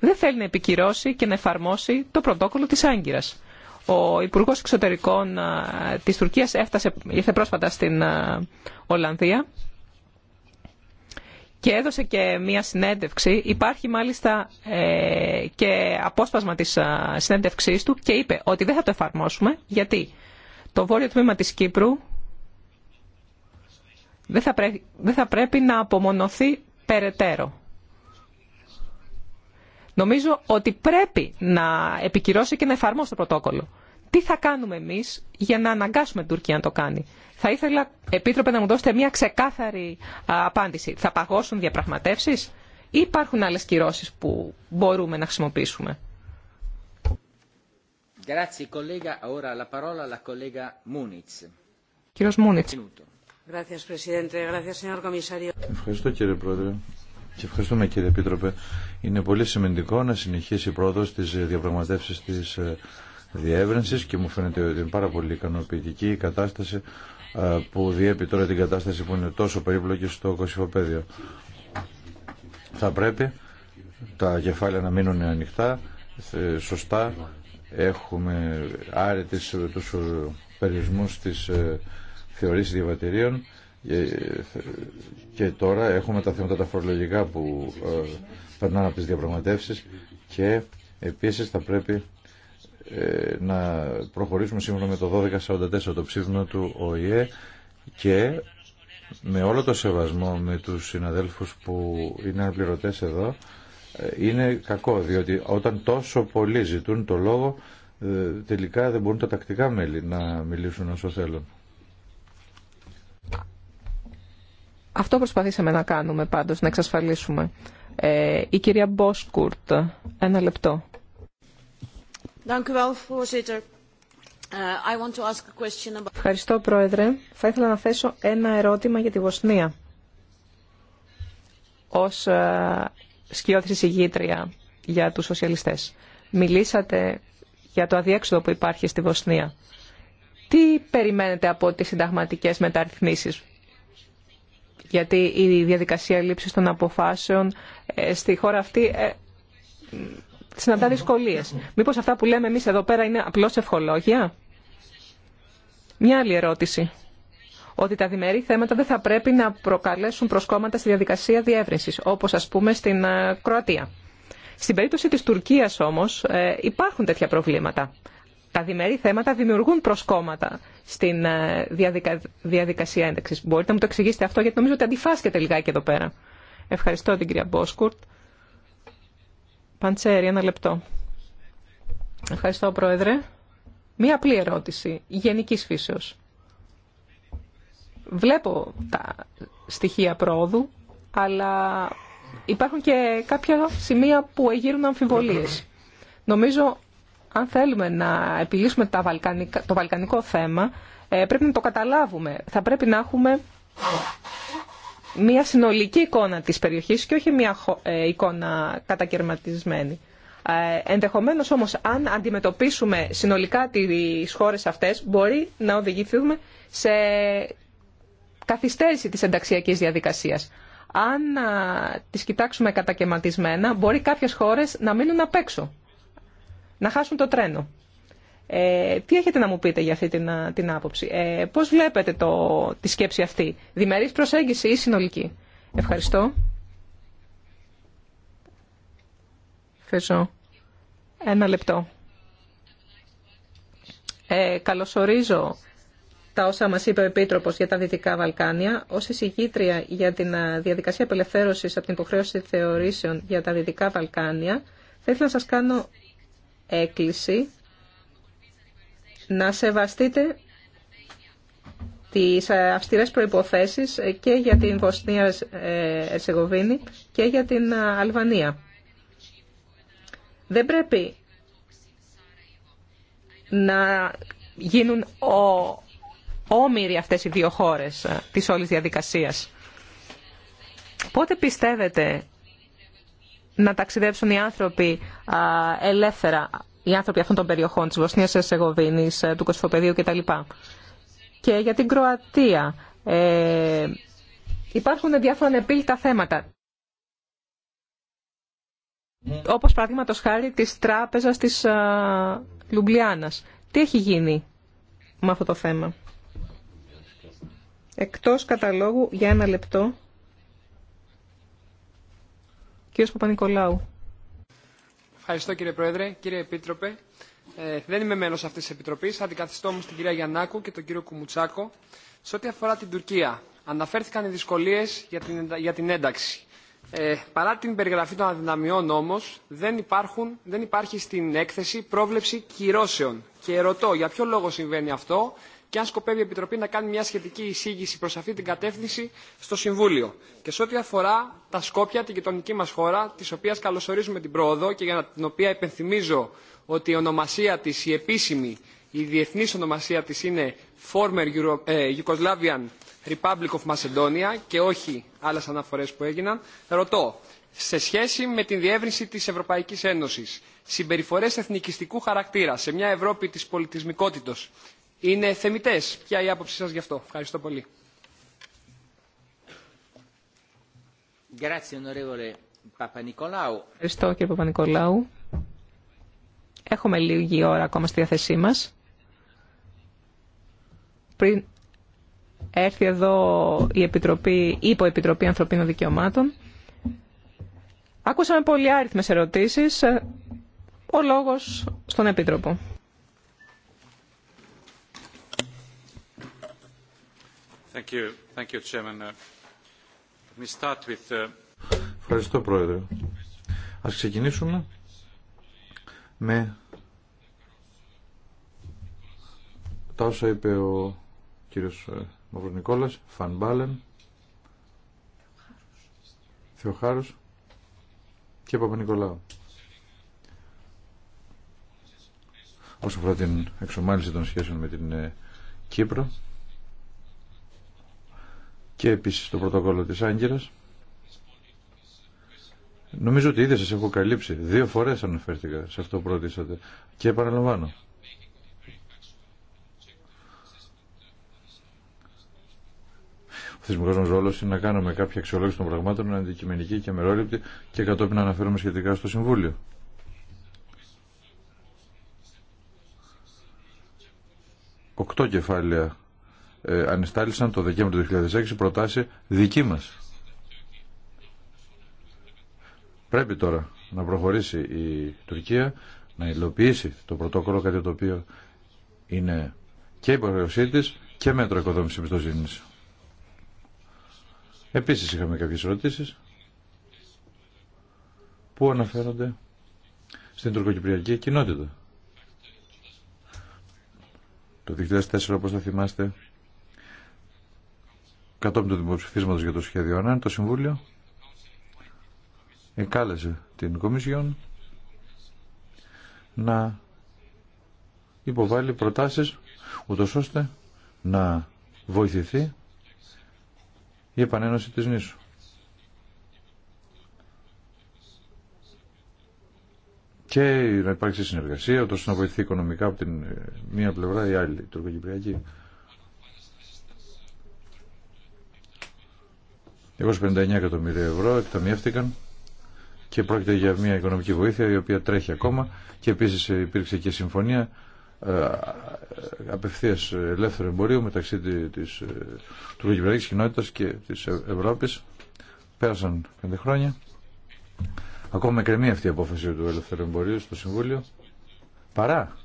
δεν θέλει να επικυρώσει και να εφαρμόσει το πρωτόκολλο της Άγκυρας. Ο Υπουργός Εξωτερικών της Τουρκίας έφτασε, ήρθε πρόσφατα στην Ολλανδία και έδωσε και μία συνέντευξη. Υπάρχει μάλιστα ε, και απόσπασμα της συνέντευξής του και είπε ότι δεν θα το εφαρμόσουμε γιατί το βόρειο τμήμα της Κύπρου δεν θα, πρέπει, να απομονωθεί περαιτέρω. Νομίζω ότι πρέπει να επικυρώσει και να εφαρμόσει το πρωτόκολλο. Τι θα κάνουμε εμεί για να αναγκάσουμε την Τουρκία να το κάνει. Θα ήθελα, Επίτροπε, να μου δώσετε μια ξεκάθαρη απάντηση. Θα παγώσουν διαπραγματεύσει ή υπάρχουν άλλε κυρώσει που μπορούμε να χρησιμοποιήσουμε. Κύριος Μούνιτς. Ευχαριστώ κύριε Πρόεδρε και ευχαριστούμε κύριε Επίτροπε. Είναι πολύ σημαντικό να συνεχίσει η πρόοδο τη ε, διαπραγματεύσει τη ε, διεύρυνση και μου φαίνεται ότι είναι πάρα πολύ ικανοποιητική η κατάσταση ε, που διέπει τώρα την κατάσταση που είναι τόσο περίπλοκη στο κοσυφοπαίδιο. Θα πρέπει τα κεφάλαια να μείνουν ανοιχτά, σωστά, έχουμε άρετες τους περιορισμούς της θεωρήσει διαβατηρίων και τώρα έχουμε τα θέματα τα φορολογικά που ε, περνάνε από τις διαπραγματεύσεις και επίσης θα πρέπει ε, να προχωρήσουμε σύμφωνα με το 1244 το ψήφισμα του ΟΗΕ και με όλο το σεβασμό με τους συναδέλφους που είναι αναπληρωτές εδώ ε, είναι κακό διότι όταν τόσο πολλοί ζητούν το λόγο τελικά δεν μπορούν τα τακτικά μέλη να μιλήσουν όσο θέλουν. Αυτό προσπαθήσαμε να κάνουμε πάντως, να εξασφαλίσουμε. Ε, η κυρία Μπόσκουρτ, ένα λεπτό. Ευχαριστώ, Πρόεδρε. Θα ήθελα να θέσω ένα ερώτημα για τη Βοσνία. Ως ε, σκιώθηση γήτρια για τους σοσιαλιστές. Μιλήσατε για το αδιέξοδο που υπάρχει στη Βοσνία. Τι περιμένετε από τις συνταγματικές μεταρρυθμίσεις γιατί η διαδικασία λήψης των αποφάσεων ε, στη χώρα αυτή ε, συναντά δυσκολίε. Μήπως αυτά που λέμε εμείς εδώ πέρα είναι απλώς ευχολόγια. Μια άλλη ερώτηση. Ότι τα διμερεί θέματα δεν θα πρέπει να προκαλέσουν προσκόμματα στη διαδικασία διεύρυνσης, όπως ας πούμε στην ε, Κροατία. Στην περίπτωση της Τουρκίας όμως υπάρχουν τέτοια προβλήματα. Τα διμερεί θέματα δημιουργούν προσκόμματα στην ε, διαδικασία ένταξη. Μπορείτε να μου το εξηγήσετε αυτό, γιατί νομίζω ότι αντιφάσκεται λιγάκι εδώ πέρα. Ευχαριστώ την κυρία Μπόσκουρτ. Παντσέρη, ένα λεπτό. Ευχαριστώ, Πρόεδρε. Μία απλή ερώτηση, γενική φύσεω. Βλέπω τα στοιχεία πρόοδου, αλλά υπάρχουν και κάποια σημεία που εγείρουν αμφιβολίες. Νομίζω αν θέλουμε να επιλύσουμε το βαλκανικό θέμα, ε, πρέπει να το καταλάβουμε. Θα πρέπει να έχουμε μια συνολική εικόνα της περιοχής και όχι μια ε, εικόνα κατακαιρματισμένη. Ε, ενδεχομένως όμως αν αντιμετωπίσουμε συνολικά τις χώρες αυτές μπορεί να οδηγηθούμε σε καθυστέρηση της ενταξιακής διαδικασίας. Αν α, τις κοιτάξουμε κατακαιρματισμένα μπορεί κάποιες χώρες να μείνουν απ' έξω να χάσουν το τρένο. Ε, τι έχετε να μου πείτε για αυτή την, την άποψη. Ε, πώς βλέπετε το, τη σκέψη αυτή. Διμερής προσέγγιση ή συνολική. Ευχαριστώ. Φεζό. Ένα λεπτό. Ε, καλωσορίζω τα όσα μας είπε ο Επίτροπος για τα Δυτικά Βαλκάνια. Ως εισηγήτρια για την διαδικασία απελευθέρωσης από την υποχρέωση θεωρήσεων για τα Δυτικά Βαλκάνια, θα ήθελα να σας κάνω έκκληση να σεβαστείτε τις αυστηρές προϋποθέσεις και για την Βοσνία ε, Ερσεγοβίνη και για την Αλβανία. Δεν πρέπει να γίνουν ο... όμοιροι αυτές οι δύο χώρες ε, της όλης διαδικασίας. Πότε πιστεύετε να ταξιδέψουν οι άνθρωποι ελεύθερα, οι άνθρωποι αυτών των περιοχών, της Βοσνίας, εσεγοβίνης ε, του Κοσφοπεδίου κτλ. Και για την Κροατία ε, υπάρχουν διάφορα ανεπίλητα θέματα. Όπως παραδείγματο χάρη της τράπεζας της α, Λουμπλιάνας. Τι έχει γίνει με αυτό το θέμα. Εκτός καταλόγου, για ένα λεπτό, Κύριος Παπα-Νικολάου. Ευχαριστώ κύριε Πρόεδρε, κύριε Επίτροπε. Ε, δεν είμαι μέλος αυτής της Επιτροπής, αντικαθιστώ όμως την κυρία Γιαννάκου και τον κύριο Κουμουτσάκο. Σε ό,τι αφορά την Τουρκία, αναφέρθηκαν οι δυσκολίες για την, για την ένταξη. Ε, παρά την περιγραφή των αδυναμιών όμως, δεν, υπάρχουν, δεν υπάρχει στην έκθεση πρόβλεψη κυρώσεων. Και ρωτώ για ποιο λόγο συμβαίνει αυτό και αν σκοπεύει η Επιτροπή να κάνει μια σχετική εισήγηση προ αυτή την κατεύθυνση στο Συμβούλιο. Και σε ό,τι αφορά τα Σκόπια, την γειτονική μα χώρα, τη οποία καλωσορίζουμε την πρόοδο και για την οποία υπενθυμίζω ότι η ονομασία τη, η επίσημη, η διεθνή ονομασία τη είναι Former Euro, ε, Yugoslavian Republic of Macedonia και όχι άλλε αναφορέ που έγιναν, ρωτώ σε σχέση με την διεύρυνση της Ευρωπαϊκής Ένωσης, συμπεριφορές εθνικιστικού χαρακτήρα σε μια Ευρώπη της πολιτισμικότητος είναι θεμητές. Ποια η άποψή σας γι' αυτό. Ευχαριστώ πολύ. Ευχαριστώ κύριε Παπα-Νικολάου. Έχουμε λίγη ώρα ακόμα στη διάθεσή μας. Πριν έρθει εδώ η Επιτροπή, Υποεπιτροπή Ανθρωπίνων Δικαιωμάτων, άκουσαμε πολλοί άριθμες ερωτήσεις. Ο λόγος στον Επίτροπο. Ευχαριστώ, Πρόεδρε. Ας ξεκινήσουμε με τα όσα είπε ο κύριος ε, Μαυρονικόλας, Φαν Μπάλεν, Θεοχάρος και Παπα-Νικολάου. Όσο αφορά την εξομάλυνση των σχέσεων με την ε, Κύπρο, και επίσης το πρωτόκολλο της Άγκυρας. Νομίζω ότι ήδη σας έχω καλύψει. Δύο φορές αναφέρθηκα σε αυτό που ρωτήσατε. Και επαναλαμβάνω. Ο θεσμικός μας ρόλος είναι να κάνουμε κάποια αξιολόγηση των πραγμάτων αντικειμενική και μερόληπτη και κατόπιν να αναφέρουμε σχετικά στο Συμβούλιο. Οκτώ κεφάλαια ε, ανεστάλησαν το Δεκέμβριο του 2006 προτάσει δική μας. Πρέπει τώρα να προχωρήσει η Τουρκία να υλοποιήσει το πρωτόκολλο κάτι το οποίο είναι και υποχρεωσή τη και μέτρο οικοδόμηση εμπιστοσύνη. Επίση είχαμε κάποιε ερωτήσει που αναφέρονται στην τουρκοκυπριακή κοινότητα. Το 2004, όπως θα θυμάστε, κατόπιν του δημοψηφίσματος για το σχέδιο ΑΝΑΝ, το Συμβούλιο εκάλεσε την Κομισιόν να υποβάλει προτάσεις ούτως ώστε να βοηθηθεί η επανένωση της νήσου. Και να υπάρξει συνεργασία, ώστε να βοηθεί οικονομικά από την μία πλευρά η άλλη, η τουρκοκυπριακή. 259 εκατομμύρια ευρώ εκταμιεύτηκαν και πρόκειται για μια οικονομική βοήθεια η οποία τρέχει ακόμα και επίσης υπήρξε και συμφωνία ε, απευθείας ελεύθερου εμπορίου μεταξύ της ε, τουρκική κοινότητας και της ε- Ευρώπης πέρασαν πέντε χρόνια ακόμα εκκρεμεί αυτή η απόφαση του ελεύθερου εμπορίου στο Συμβούλιο παρά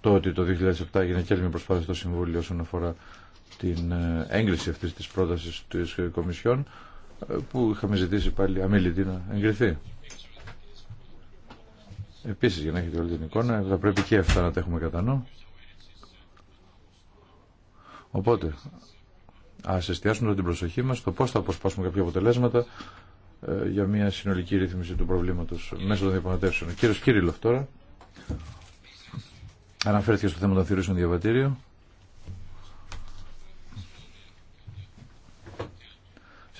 το ότι το 2007 έγινε και προσπάθεια στο Συμβούλιο όσον αφορά την ε, έγκριση αυτή της πρότασης της Κομισιόν ε, που είχαμε ζητήσει πάλι αμήλυτη να εγκριθεί. Επίσης για να έχετε όλη την εικόνα θα πρέπει και αυτά να τα έχουμε κατά νου. Οπότε ας εστιάσουμε την προσοχή μας στο πώς θα αποσπάσουμε κάποια αποτελέσματα ε, για μια συνολική ρύθμιση του προβλήματος μέσω των διαπραγματεύσεων. Κύριο Κύριλοφ τώρα αναφέρθηκε στο θέμα των θηρήσεων διαβατήριων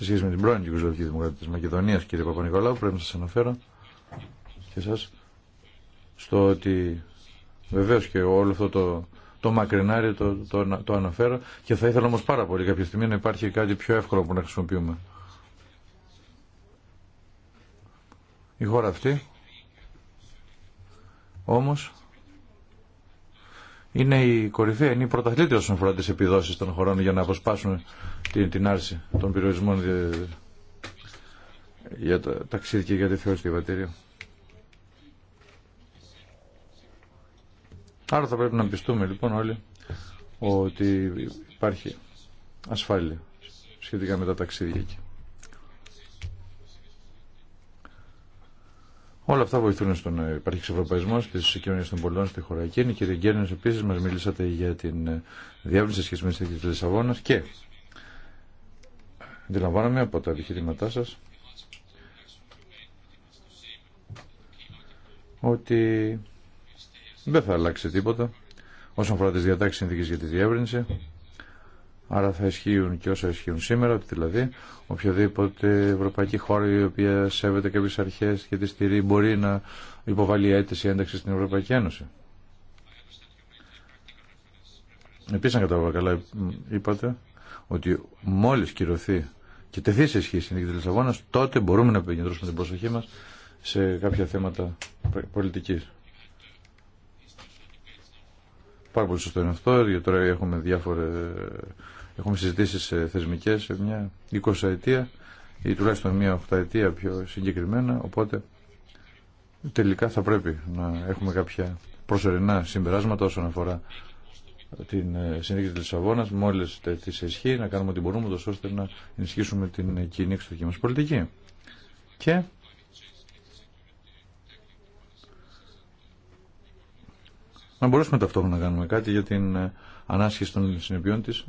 σε σχέση με την πρώην Ιουγκοσλαβική Δημοκρατία της Μακεδονίας, κύριε Παπα-Νικολάου, πρέπει να σας αναφέρω και σας στο ότι βεβαίω και όλο αυτό το, το μακρινάρι το, το, το αναφέρω και θα ήθελα όμω πάρα πολύ κάποια στιγμή να υπάρχει κάτι πιο εύκολο που να χρησιμοποιούμε. Η χώρα αυτή όμως είναι η κορυφαία, είναι η πρωταθλήτρια όσον αφορά τι επιδόσει των χωρών για να αποσπάσουν την, την άρση των περιορισμών για τα ταξίδια και για τη θεώρηση Άρα θα πρέπει να πιστούμε λοιπόν όλοι ότι υπάρχει ασφάλεια σχετικά με τα ταξίδια εκεί. Όλα αυτά βοηθούν στον να υπάρχει και τη κοινωνία των πολιτών στη χώρα εκείνη. Κύριε Γκέρνε, επίση μα μιλήσατε για την ε, διάβριση σχέση με τη τη Λισαβόνα και αντιλαμβάνομαι από τα επιχειρήματά σα ότι δεν θα αλλάξει τίποτα όσον αφορά τι διατάξει συνθήκε για τη διεύρυνση Άρα θα ισχύουν και όσα ισχύουν σήμερα, ότι δηλαδή οποιαδήποτε ευρωπαϊκή χώρα η οποία σέβεται καποιε αρχέ και τη στηρεί μπορεί να υποβάλει αίτηση ένταξη στην Ευρωπαϊκή Ένωση. Επίση, αν κατάλαβα καλά, είπατε ότι μόλι κυρωθεί και τεθεί σε ισχύ η συνθήκη τη Λισαβόνα, τότε μπορούμε να επικεντρώσουμε την προσοχή μα σε κάποια θέματα πολιτική. Πάρα πολύ σωστό είναι αυτό, γιατί τώρα έχουμε διάφορε. Έχουμε συζητήσει σε θεσμικέ σε μια 20 ετία ή τουλάχιστον μια 8 ετία πιο συγκεκριμένα. Οπότε τελικά θα πρέπει να έχουμε κάποια προσωρινά συμπεράσματα όσον αφορά την ε, συνθήκη τη Λισαβόνα Μόλι τη ισχύει, να κάνουμε ό,τι μπορούμε ώστε να ενισχύσουμε την κοινή εξωτερική μα πολιτική. Και να μπορέσουμε ταυτόχρονα να κάνουμε κάτι για την ε, ανάσχεση των συνεπειών της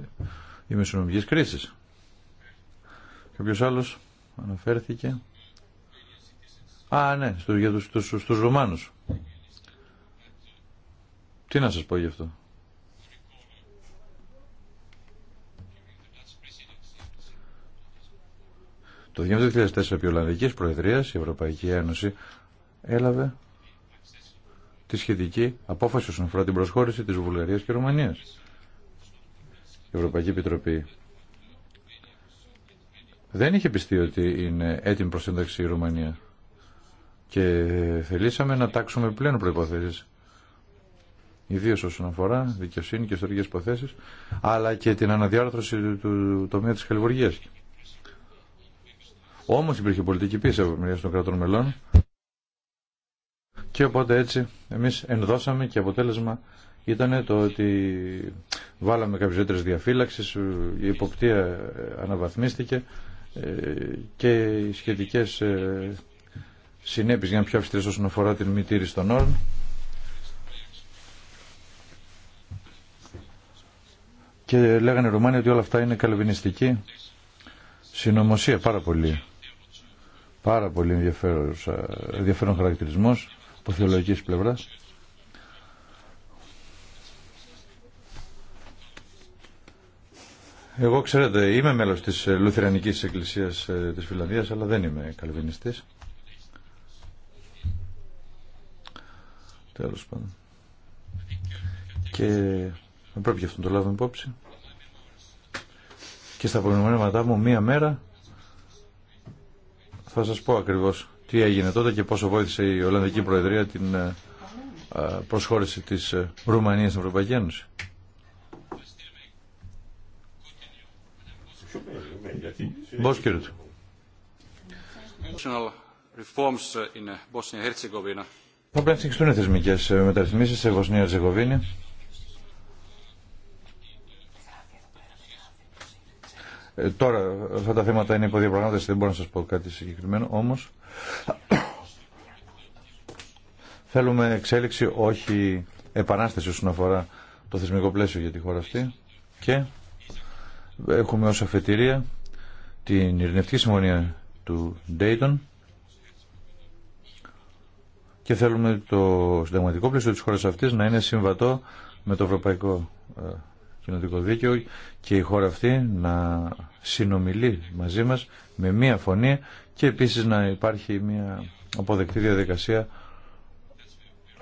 οι μεσονομικές κρίση. Κάποιος άλλο αναφέρθηκε. Α, ναι, στους, για Ρωμάνους. Τι να σας πω γι' αυτό. Το 2004 επί Ολλανδικής Προεδρίας η Ευρωπαϊκή Ένωση έλαβε τη σχετική απόφαση όσον αφορά την προσχώρηση της Βουλγαρίας και Ρουμανίας η Ευρωπαϊκή Επιτροπή δεν είχε πιστεί ότι είναι έτοιμη προς η Ρουμανία και θελήσαμε να τάξουμε πλέον προϋποθέσεις ιδίω όσον αφορά δικαιοσύνη και ιστορικές υποθέσεις αλλά και την αναδιάρθρωση του τομέα της Χαλιβουργίας όμως υπήρχε πολιτική πίεση από μεριά των κρατών μελών και οπότε έτσι εμείς ενδώσαμε και αποτέλεσμα ήταν το ότι βάλαμε κάποιες έντρες διαφύλαξεις, ε, η υποπτία ε, αναβαθμίστηκε ε, και οι σχετικές συνέπειες για να πιο αυστηρές όσον αφορά την μη τήρηση των όρων. Και λέγανε οι Ρουμάνοι ότι όλα αυτά είναι καλβινιστική συνωμοσία. Πάρα πολύ. Πάρα πολύ ενδιαφέρον χαρακτηρισμός από θεολογικής πλευράς. Εγώ, ξέρετε, είμαι μέλος της ε, Λουθερανικής Εκκλησίας ε, της Φιλανδίας, αλλά δεν είμαι καλβινιστής. Τέλος πάντων. Και πρέπει και αυτό να το λάβουμε υπόψη. Και στα απομονήματά μου μία μέρα θα σας πω ακριβώς τι έγινε τότε και πόσο βοήθησε η Ολλανδική Προεδρία την ε, προσχώρηση της Ρουμανίας στην Ευρωπαϊκή Ένωση. Θα πρέπει να οι θεσμικέ μεταρρυθμίσει σε Βοσνία Ζεγοβίνη. Ε, τώρα αυτά τα θέματα είναι υποδιαπραγμάτευση, δεν μπορώ να σα πω κάτι συγκεκριμένο. Όμω θέλουμε εξέλιξη, όχι επανάσταση όσον αφορά το θεσμικό πλαίσιο για τη χώρα αυτή. Και έχουμε ω αφετηρία την ειρηνευτική συμφωνία του Dayton και θέλουμε το συνταγματικό πλαίσιο της χώρας αυτής να είναι συμβατό με το Ευρωπαϊκό ε, Κοινοτικό Δίκαιο και η χώρα αυτή να συνομιλεί μαζί μας με μία φωνή και επίσης να υπάρχει μία αποδεκτή διαδικασία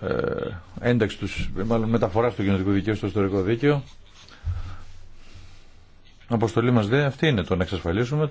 ε, ένταξη τους, μάλλον μεταφοράς του κοινοτικού δικαίου στο ιστορικό δίκαιο. Αποστολή μας δε αυτή είναι το να εξασφαλίσουμε